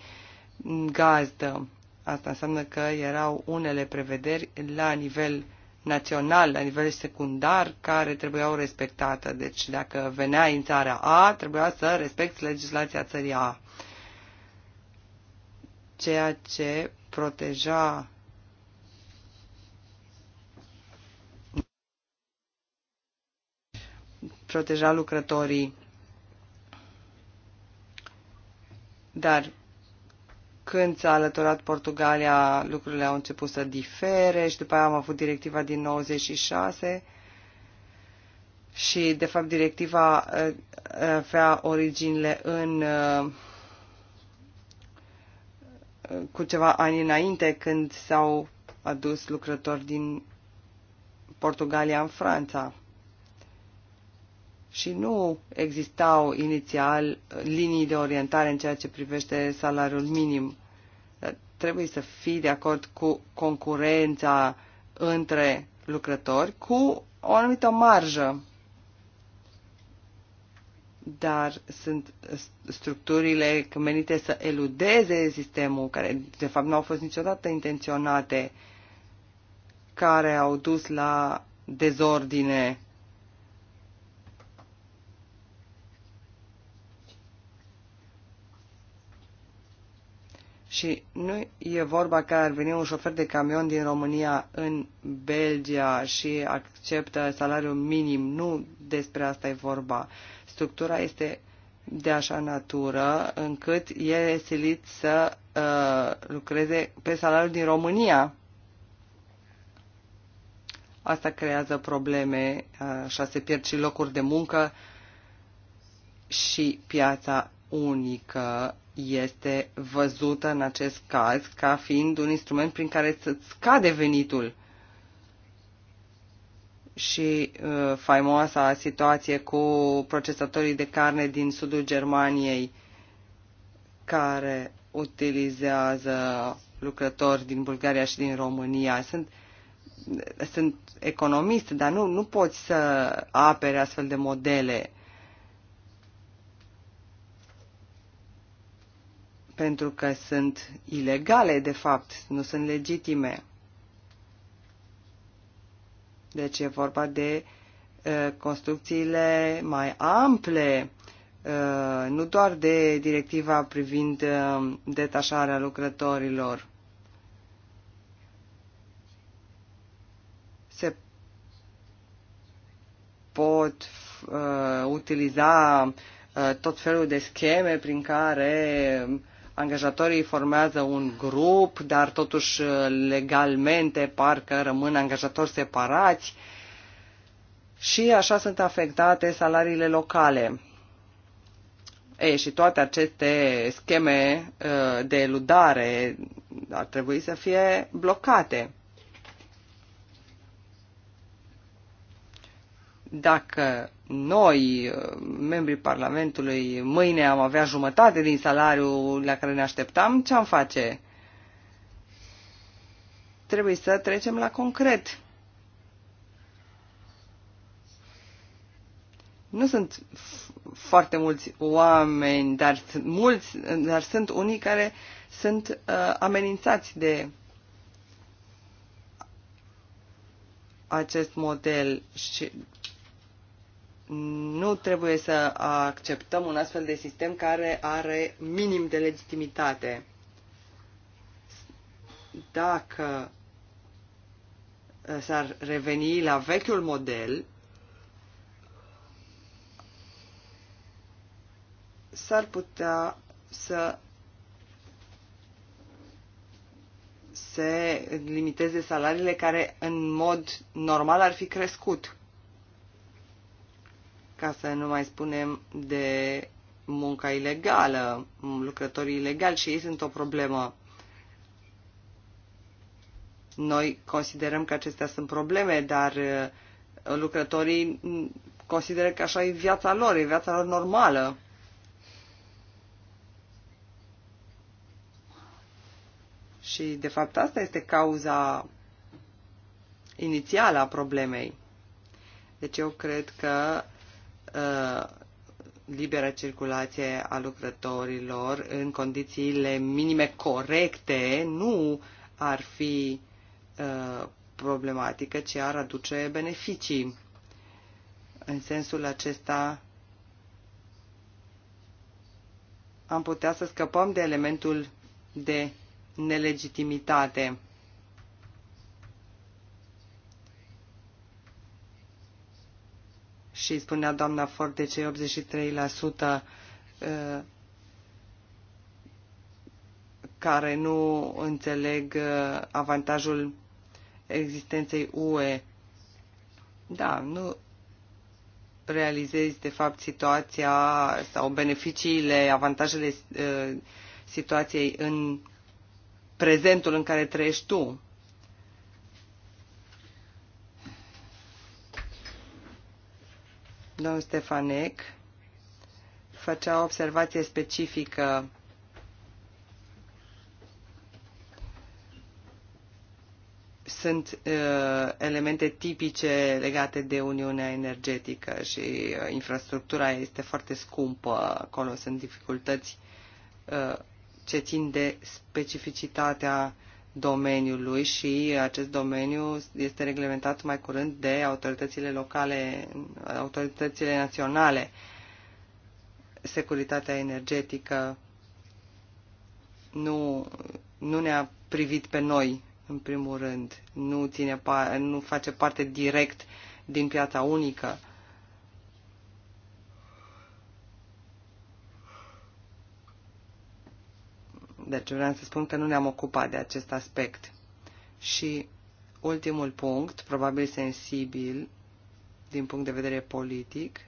gazdă. Asta înseamnă că erau unele prevederi la nivel național, la nivel secundar, care trebuiau respectate. Deci dacă veneai în țara A, trebuia să respecti legislația țării A. Ceea ce proteja proteja lucrătorii. Dar când s-a alăturat Portugalia, lucrurile au început să difere și după aia am avut directiva din 96 și, de fapt, directiva uh, uh, avea originile în uh, cu ceva ani înainte când s-au adus lucrători din Portugalia în Franța. Și nu existau inițial linii de orientare în ceea ce privește salariul minim trebuie să fii de acord cu concurența între lucrători cu o anumită marjă. Dar sunt structurile menite să eludeze sistemul, care de fapt nu au fost niciodată intenționate, care au dus la dezordine Și nu e vorba că ar veni un șofer de camion din România în Belgia și acceptă salariul minim. Nu despre asta e vorba. Structura este de așa natură încât e silit să uh, lucreze pe salariul din România. Asta creează probleme, uh, așa se pierd și locuri de muncă și piața unică este văzută în acest caz ca fiind un instrument prin care să-ți scade venitul. Și uh, faimoasa situație cu procesatorii de carne din sudul Germaniei care utilizează lucrători din Bulgaria și din România. Sunt, sunt economist, dar nu, nu poți să apere astfel de modele pentru că sunt ilegale, de fapt, nu sunt legitime. Deci e vorba de uh, construcțiile mai ample, uh, nu doar de directiva privind uh, detașarea lucrătorilor. Se pot uh, utiliza uh, tot felul de scheme prin care uh, angajatorii formează un grup, dar totuși uh, legalmente parcă rămân angajatori separați și așa sunt afectate salariile locale. Ei, și toate aceste scheme uh, de eludare ar trebui să fie blocate. Dacă noi, membrii Parlamentului, mâine am avea jumătate din salariul la care ne așteptam, ce am face? Trebuie să trecem la concret. Nu sunt foarte mulți oameni, dar, mulți, dar sunt unii care sunt uh, amenințați de acest model și nu trebuie să acceptăm un astfel de sistem care are minim de legitimitate. Dacă s-ar reveni la vechiul model, s-ar putea să se limiteze salariile care în mod normal ar fi crescut ca să nu mai spunem de munca ilegală, lucrătorii ilegali și ei sunt o problemă. Noi considerăm că acestea sunt probleme, dar uh, lucrătorii consideră că așa e viața lor, e viața lor normală. Și, de fapt, asta este cauza inițială a problemei. Deci eu cred că Uh, liberă circulație a lucrătorilor în condițiile minime corecte nu ar fi uh, problematică, ci ar aduce beneficii. În sensul acesta am putea să scăpăm de elementul de nelegitimitate. și spunea doamna Ford de cei 83% uh, care nu înțeleg uh, avantajul existenței UE. Da, nu realizezi de fapt situația sau beneficiile, avantajele uh, situației în prezentul în care trăiești tu. Domnul Stefanec făcea o observație specifică sunt uh, elemente tipice legate de Uniunea Energetică și uh, infrastructura este foarte scumpă. Acolo sunt dificultăți uh, ce țin de specificitatea uh, domeniului și acest domeniu este reglementat mai curând de autoritățile locale, autoritățile naționale. Securitatea energetică nu, nu ne-a privit pe noi, în primul rând, nu, ține, nu face parte direct din piața unică Deci vreau să spun că nu ne-am ocupat de acest aspect. Și ultimul punct, probabil sensibil din punct de vedere politic,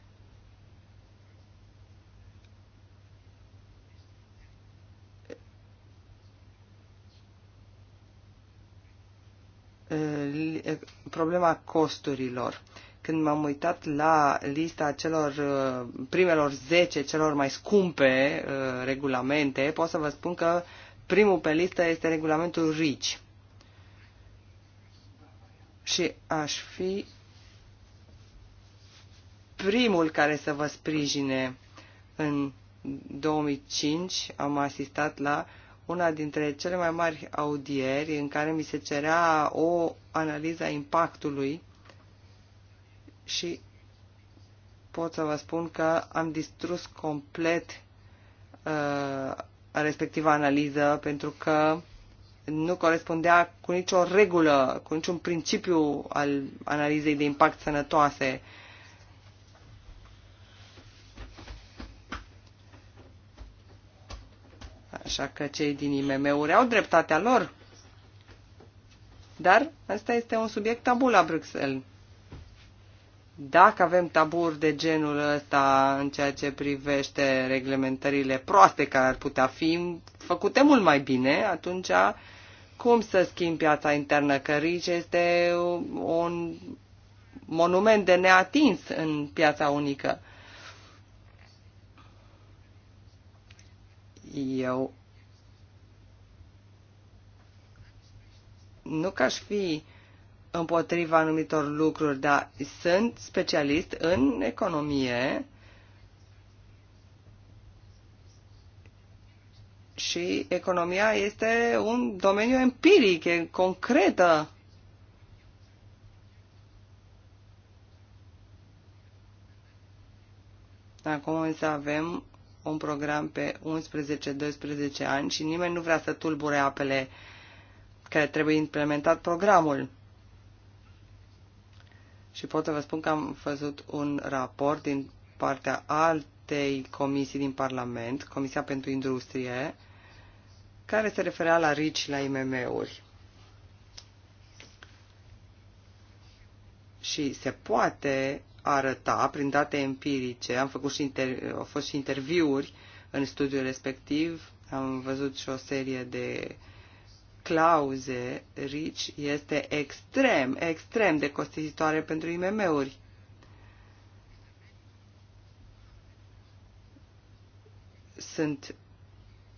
problema costurilor când m-am uitat la lista celor uh, primelor 10 celor mai scumpe uh, regulamente, pot să vă spun că primul pe listă este regulamentul RICI. Și aș fi primul care să vă sprijine în 2005 am asistat la una dintre cele mai mari audieri în care mi se cerea o analiză a impactului și pot să vă spun că am distrus complet uh, respectiva analiză pentru că nu corespundea cu nicio regulă, cu niciun principiu al analizei de impact sănătoase. Așa că cei din IMM-uri au dreptatea lor. Dar asta este un subiect tabu la Bruxelles. Dacă avem taburi de genul ăsta în ceea ce privește reglementările proaste care ar putea fi făcute mult mai bine, atunci cum să schimbi piața internă? Că RICE este un monument de neatins în piața unică. Eu nu ca aș fi împotriva anumitor lucruri, dar sunt specialist în economie și economia este un domeniu empiric, e concretă. Acum însă avem un program pe 11-12 ani și nimeni nu vrea să tulbure apele care trebuie implementat programul și pot să vă spun că am văzut un raport din partea altei comisii din Parlament, Comisia pentru Industrie, care se referea la RICI la IMM-uri. Și se poate arăta prin date empirice, am făcut și inter- au fost și interviuri în studiul respectiv, am văzut și o serie de uh, clauze RICI este extrem, extrem de costisitoare pentru IMM-uri. Sunt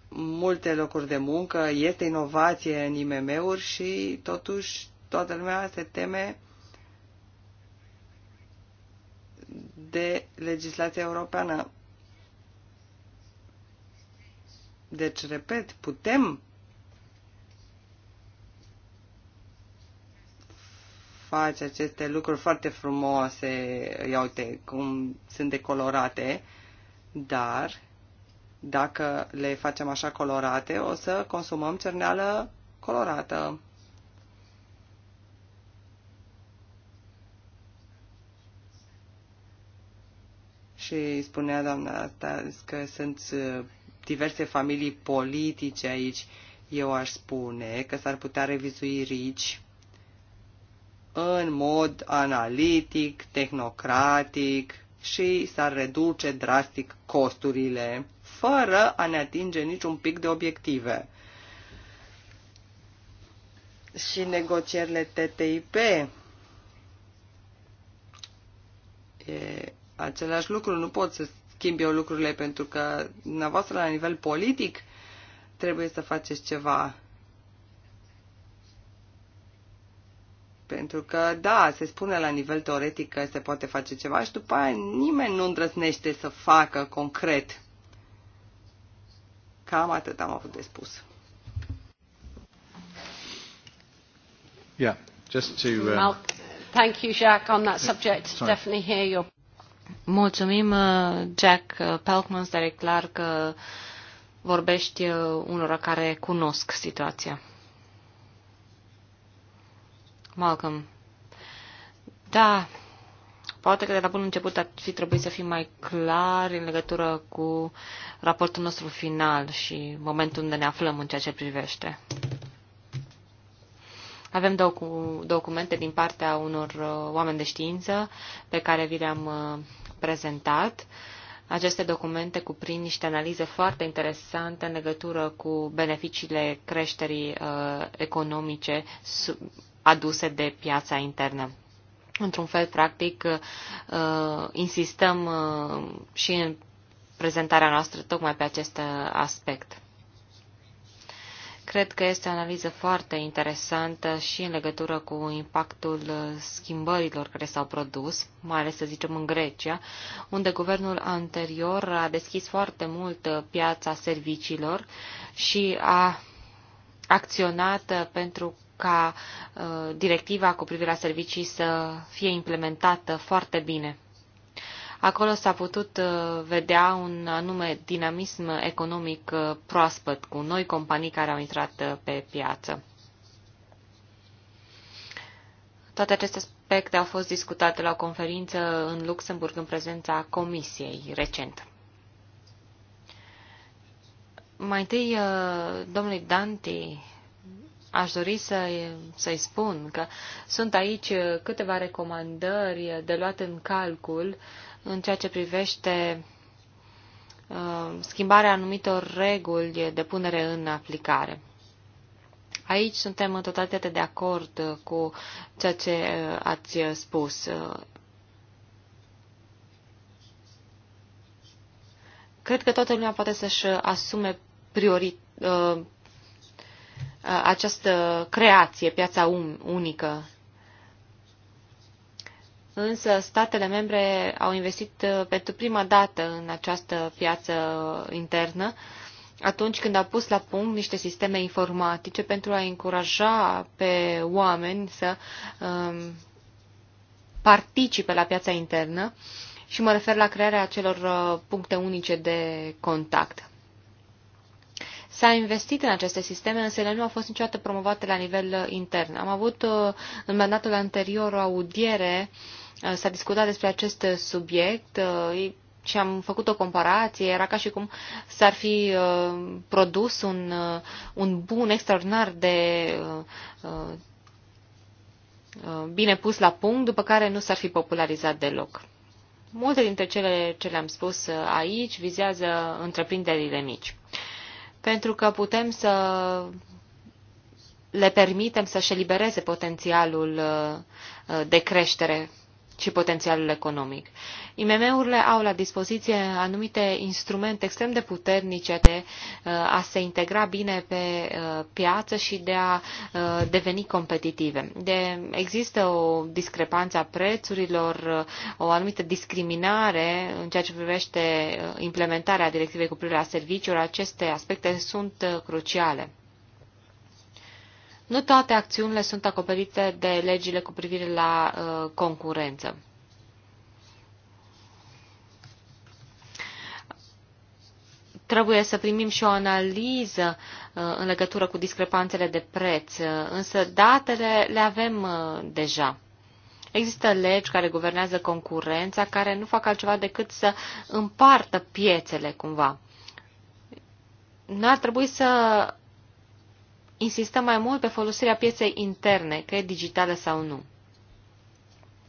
multe locuri de muncă, este inovație în IMM-uri și totuși toată lumea se teme de legislația europeană. Deci, repet, putem faci aceste lucruri foarte frumoase, ia uite cum sunt decolorate, dar dacă le facem așa colorate, o să consumăm cerneală colorată. Și spunea doamna asta că sunt uh, diverse familii politice aici. Eu aș spune că s-ar putea revizui RICI în mod analitic, tehnocratic și s-ar reduce drastic costurile, fără a ne atinge niciun pic de obiective. Și negocierile TTIP e același lucru, nu pot să schimb eu lucrurile pentru că dumneavoastră la nivel politic trebuie să faceți ceva Pentru că, da, se spune la nivel teoretic că se poate face ceva și după aia nimeni nu îndrăznește să facă concret. Cam atât am avut de spus. Yeah, just to, uh... Well, thank you, Jacques, on that subject. Sorry. Definitely hear your... Mulțumim, uh, Jack uh, Pelkmans, dar e clar că vorbești uh, unora care cunosc situația. Malcolm. Da, poate că de la bun început ar fi trebuit să fim mai clar în legătură cu raportul nostru final și momentul unde ne aflăm în ceea ce privește. Avem două documente din partea unor uh, oameni de știință pe care vi le-am uh, prezentat. Aceste documente cuprind niște analize foarte interesante în legătură cu beneficiile creșterii uh, economice sub, aduse de piața internă. Într-un fel, practic, uh, insistăm uh, și în prezentarea noastră tocmai pe acest uh, aspect. Cred că este o analiză foarte interesantă și în legătură cu impactul schimbărilor care s-au produs, mai ales să zicem în Grecia, unde guvernul anterior a deschis foarte mult piața serviciilor și a acționat pentru ca uh, directiva cu privire la servicii să fie implementată foarte bine. Acolo s-a putut uh, vedea un anume dinamism economic uh, proaspăt cu noi companii care au intrat uh, pe piață. Toate aceste aspecte au fost discutate la o conferință în Luxemburg în prezența Comisiei recent. Mai întâi, domnului Danti, Aș dori să, să-i spun că sunt aici câteva recomandări de luat în calcul în ceea ce privește uh, schimbarea anumitor reguli de punere în aplicare. Aici suntem în totalitate de acord cu ceea ce uh, ați spus. Cred că toată lumea poate să-și asume priori, uh, Uh, această creație, piața unică. Însă statele membre au investit uh, pentru prima dată în această piață internă atunci când au pus la punct niște sisteme informatice pentru a încuraja pe oameni să um, participe la piața internă și mă refer la crearea acelor uh, puncte unice de contact. S-a investit în aceste sisteme, însă ele nu au fost niciodată promovate la nivel uh, intern. Am avut uh, în mandatul anterior o audiere, uh, s-a discutat despre acest subiect și am făcut o comparație, era ca și cum s-ar fi produs un, un bun extraordinar de bine pus la punct, după care nu s-ar fi popularizat deloc. Multe dintre cele ce le-am spus aici vizează întreprinderile mici pentru că putem să le permitem să-și elibereze potențialul uh, de creștere și potențialul economic. IMM-urile au la dispoziție anumite instrumente extrem de puternice de uh, a se integra bine pe uh, piață și de a uh, deveni competitive. De, există o discrepanță a prețurilor, o anumită discriminare în ceea ce privește implementarea directivei cu privire la serviciuri. Aceste aspecte sunt cruciale. Nu toate acțiunile sunt acoperite de legile cu privire la uh, concurență. Trebuie să primim și o analiză uh, în legătură cu discrepanțele de preț, uh, însă datele le avem uh, deja. Există legi care guvernează concurența, care nu fac altceva decât să împartă piețele cumva. Nu ar trebui să insistăm mai mult pe folosirea pieței interne, că e digitală sau nu.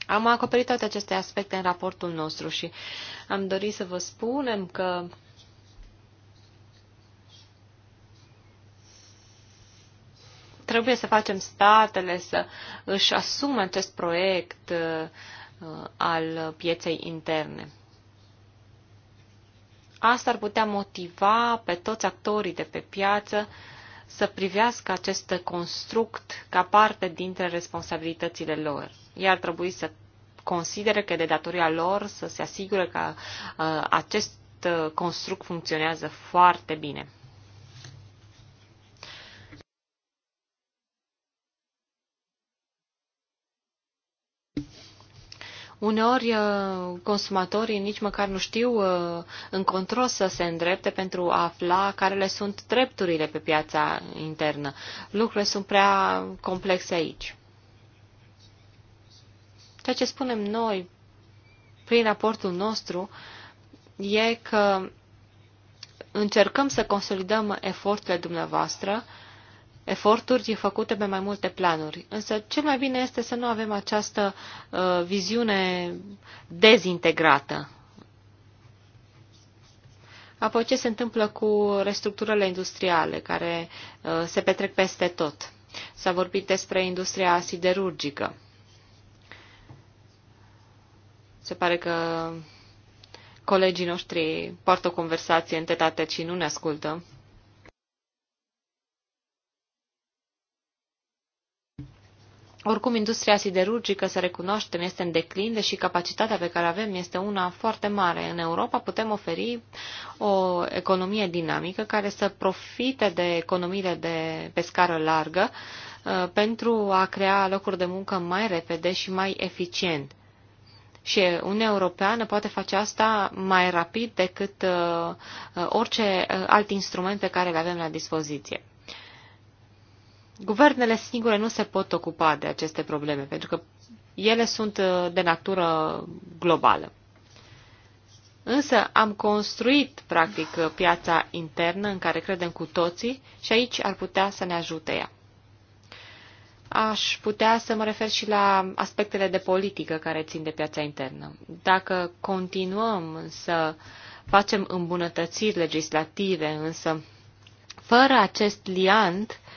Am acoperit toate aceste aspecte în raportul nostru și am dorit să vă spunem că trebuie să facem statele să își asume acest proiect uh, al pieței interne. Asta ar putea motiva pe toți actorii de pe piață uh, să privească acest construct ca parte dintre responsabilitățile lor. Ei ar trebui să consideră că de datoria lor să se asigure că uh, acest uh, construct funcționează foarte bine. Uneori uh, consumatorii nici măcar nu știu uh, în control să se îndrepte pentru a afla care le sunt drepturile pe piața internă. Lucrurile sunt prea complexe aici. Ceea ce spunem noi prin raportul nostru e că încercăm să consolidăm eforturile dumneavoastră eforturi făcute pe mai multe planuri. Însă cel mai bine este să nu avem această uh, viziune dezintegrată. Apoi ce se întâmplă cu restructurile industriale care uh, se petrec peste tot? S-a vorbit despre industria siderurgică. Se pare că colegii noștri poartă o conversație în tetate și nu ne ascultă. Oricum, industria siderurgică, să recunoaștem, este în declin, deși capacitatea pe care avem este una foarte mare. În Europa putem oferi o economie dinamică care să profite de economiile de pe scară largă uh, pentru a crea locuri de muncă mai repede și mai eficient. Și Uniunea Europeană poate face asta mai rapid decât uh, uh, orice alt instrument pe care le avem la dispoziție. Guvernele singure nu se pot ocupa de aceste probleme, pentru că ele sunt uh, de natură globală. Însă am construit, practic, uh, piața internă în care credem cu toții și aici ar putea să ne ajute ea. Aș putea să mă refer și la aspectele de politică care țin de piața internă. Dacă continuăm să facem îmbunătățiri legislative, însă fără acest liant, uh,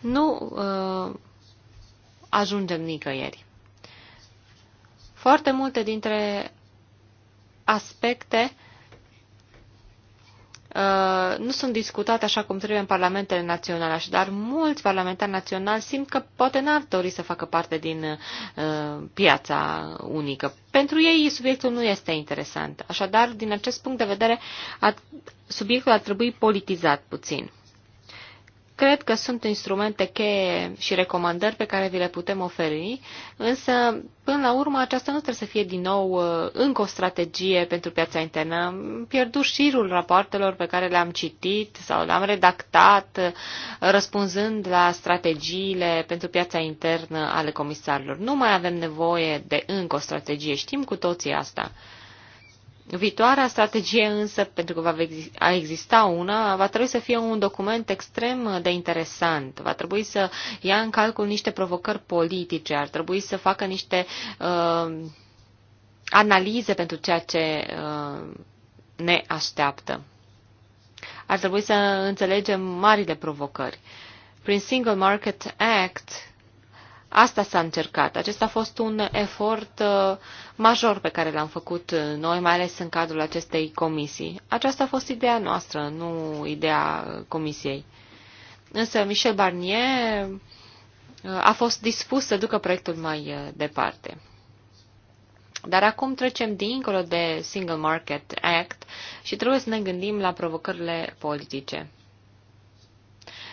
nu uh, ajungem nicăieri. Foarte multe dintre aspecte uh, nu sunt discutate așa cum trebuie în parlamentele naționale, dar mulți parlamentari naționali simt că poate n-ar dori să facă parte din uh, piața unică. Pentru ei subiectul nu este interesant. Așadar, din acest punct de vedere, ar, subiectul ar trebui politizat puțin. Cred că sunt instrumente cheie și recomandări pe care vi le putem oferi, însă, până la urmă, aceasta nu trebuie să fie din nou uh, încă o strategie pentru piața internă. Am pierdut șirul rapoartelor pe care le-am citit sau le-am redactat uh, răspunzând la strategiile pentru piața internă ale comisarilor. Nu mai avem nevoie de încă o strategie, știm cu toții asta. Viitoarea strategie însă, pentru că va exista una, va trebui să fie un document extrem de interesant. Va trebui să ia în calcul niște provocări politice, ar trebui să facă niște uh, analize pentru ceea ce uh, ne așteaptă. Ar trebui să înțelegem marile provocări. Prin Single Market Act, Asta s-a încercat. Acesta a fost un efort uh, major pe care l-am făcut uh, noi, mai ales în cadrul acestei comisii. Aceasta a fost ideea noastră, nu ideea uh, comisiei. Însă Michel Barnier a fost dispus să ducă proiectul mai departe. Dar acum trecem dincolo de Single Market Act și trebuie să ne gândim la provocările politice.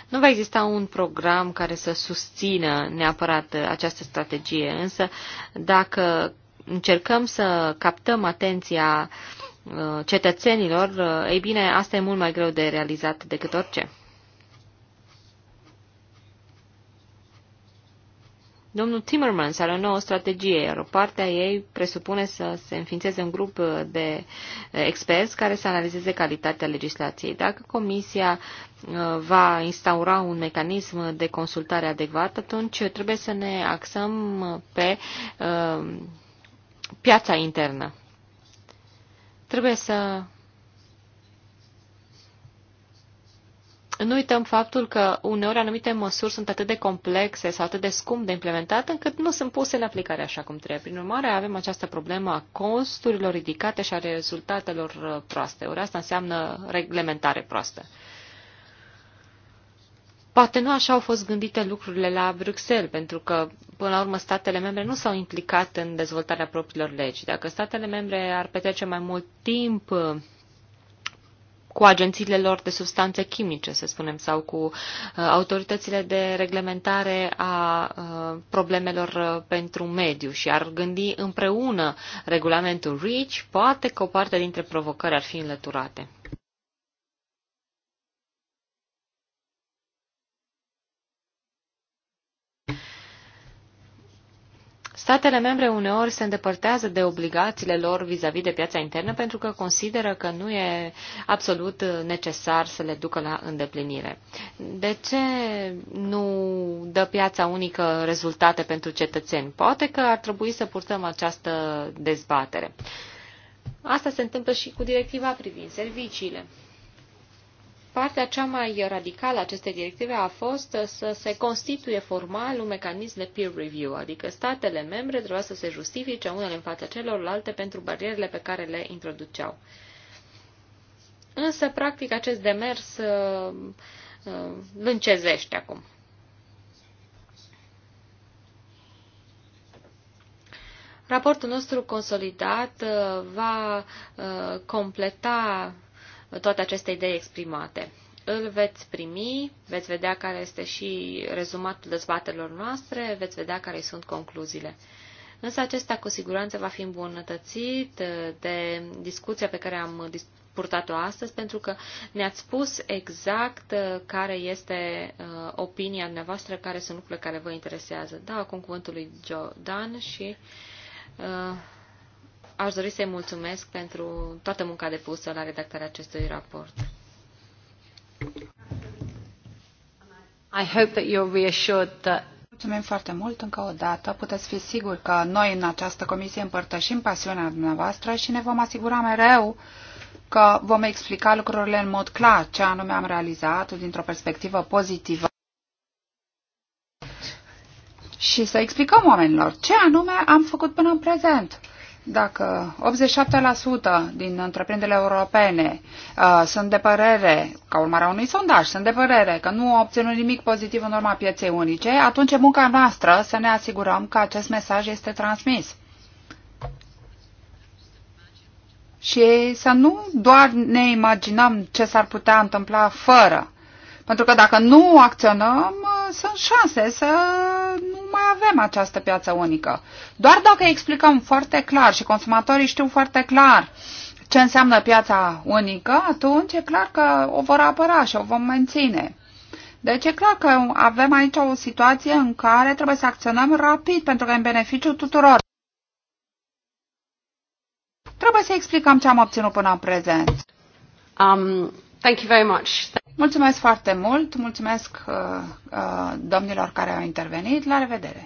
Nu va exista un program care să susțină neapărat această strategie, însă dacă încercăm să captăm atenția uh, cetățenilor, uh, ei bine, asta e mult mai greu de realizat decât orice. Domnul Timmermans are o nouă strategie, iar o parte a ei presupune să se înființeze un grup de eh, experți care să analizeze calitatea legislației. Dacă Comisia eh, va instaura un mecanism de consultare adecvat, atunci trebuie să ne axăm pe eh, piața internă. Trebuie să nu uităm faptul că uneori anumite măsuri sunt atât de complexe sau atât de scump de implementat încât nu sunt puse în aplicare așa cum trebuie. Prin urmare, avem această problemă a costurilor ridicate și a rezultatelor uh, proaste. Ori asta înseamnă reglementare proastă. Poate nu așa au fost gândite lucrurile la Bruxelles, pentru că, până la urmă, statele membre nu s-au implicat în dezvoltarea propriilor legi. Dacă statele membre ar petrece mai mult timp uh, cu agențiile lor de substanțe chimice, să spunem, sau cu uh, autoritățile de reglementare a uh, problemelor uh, pentru mediu și ar gândi împreună regulamentul REACH, poate că o parte dintre provocări ar fi înlăturate. Statele membre uneori se îndepărtează de obligațiile lor vis-a-vis -vis de piața internă pentru că consideră că nu e absolut necesar să le ducă la îndeplinire. De ce nu dă piața unică rezultate pentru cetățeni? Poate că ar trebui să purtăm această dezbatere. Asta se întâmplă și cu directiva privind serviciile. Partea cea mai radicală a acestei directive a fost să se constituie formal un mecanism de peer review, adică statele membre trebuia să se justifice unele în fața celorlalte pentru barierele pe care le introduceau. Însă, practic, acest demers îl uh, uh, încezește acum. Raportul nostru consolidat uh, va completa toate aceste idei exprimate. Îl veți primi, veți vedea care este și rezumatul dezbaterilor noastre, veți vedea care sunt concluziile. Însă acesta cu siguranță va fi îmbunătățit de discuția pe care am purtat-o astăzi, pentru că ne-ați spus exact uh, care este uh, opinia dumneavoastră, care sunt lucrurile care vă interesează. Da, acum cuvântul lui Joe Dan și uh, Aș dori să-i mulțumesc pentru toată munca depusă la redactarea acestui raport. I hope that you're reassured that Mulțumim foarte mult încă o dată. Puteți fi siguri că noi în această comisie împărtășim pasiunea dumneavoastră și ne vom asigura mereu că vom explica lucrurile în mod clar, ce anume am realizat dintr-o perspectivă pozitivă și să explicăm oamenilor ce anume am făcut până în prezent. Dacă 87% din întreprinderile europene uh, sunt de părere, ca urmare a unui sondaj, sunt de părere că nu au obținut nimic pozitiv în urma pieței unice, atunci e munca noastră să ne asigurăm că acest mesaj este transmis. Și să nu doar ne imaginăm ce s-ar putea întâmpla fără pentru că dacă nu acționăm, sunt șanse să nu mai avem această piață unică. Doar dacă explicăm foarte clar și consumatorii știu foarte clar ce înseamnă piața unică, atunci e clar că o vor apăra și o vom menține. Deci e clar că avem aici o situație în care trebuie să acționăm rapid pentru că e în beneficiu tuturor. Trebuie să explicăm ce am obținut până în prezent. Um, thank you very much. Mulțumesc foarte mult, mulțumesc uh, uh, domnilor care au intervenit. La revedere!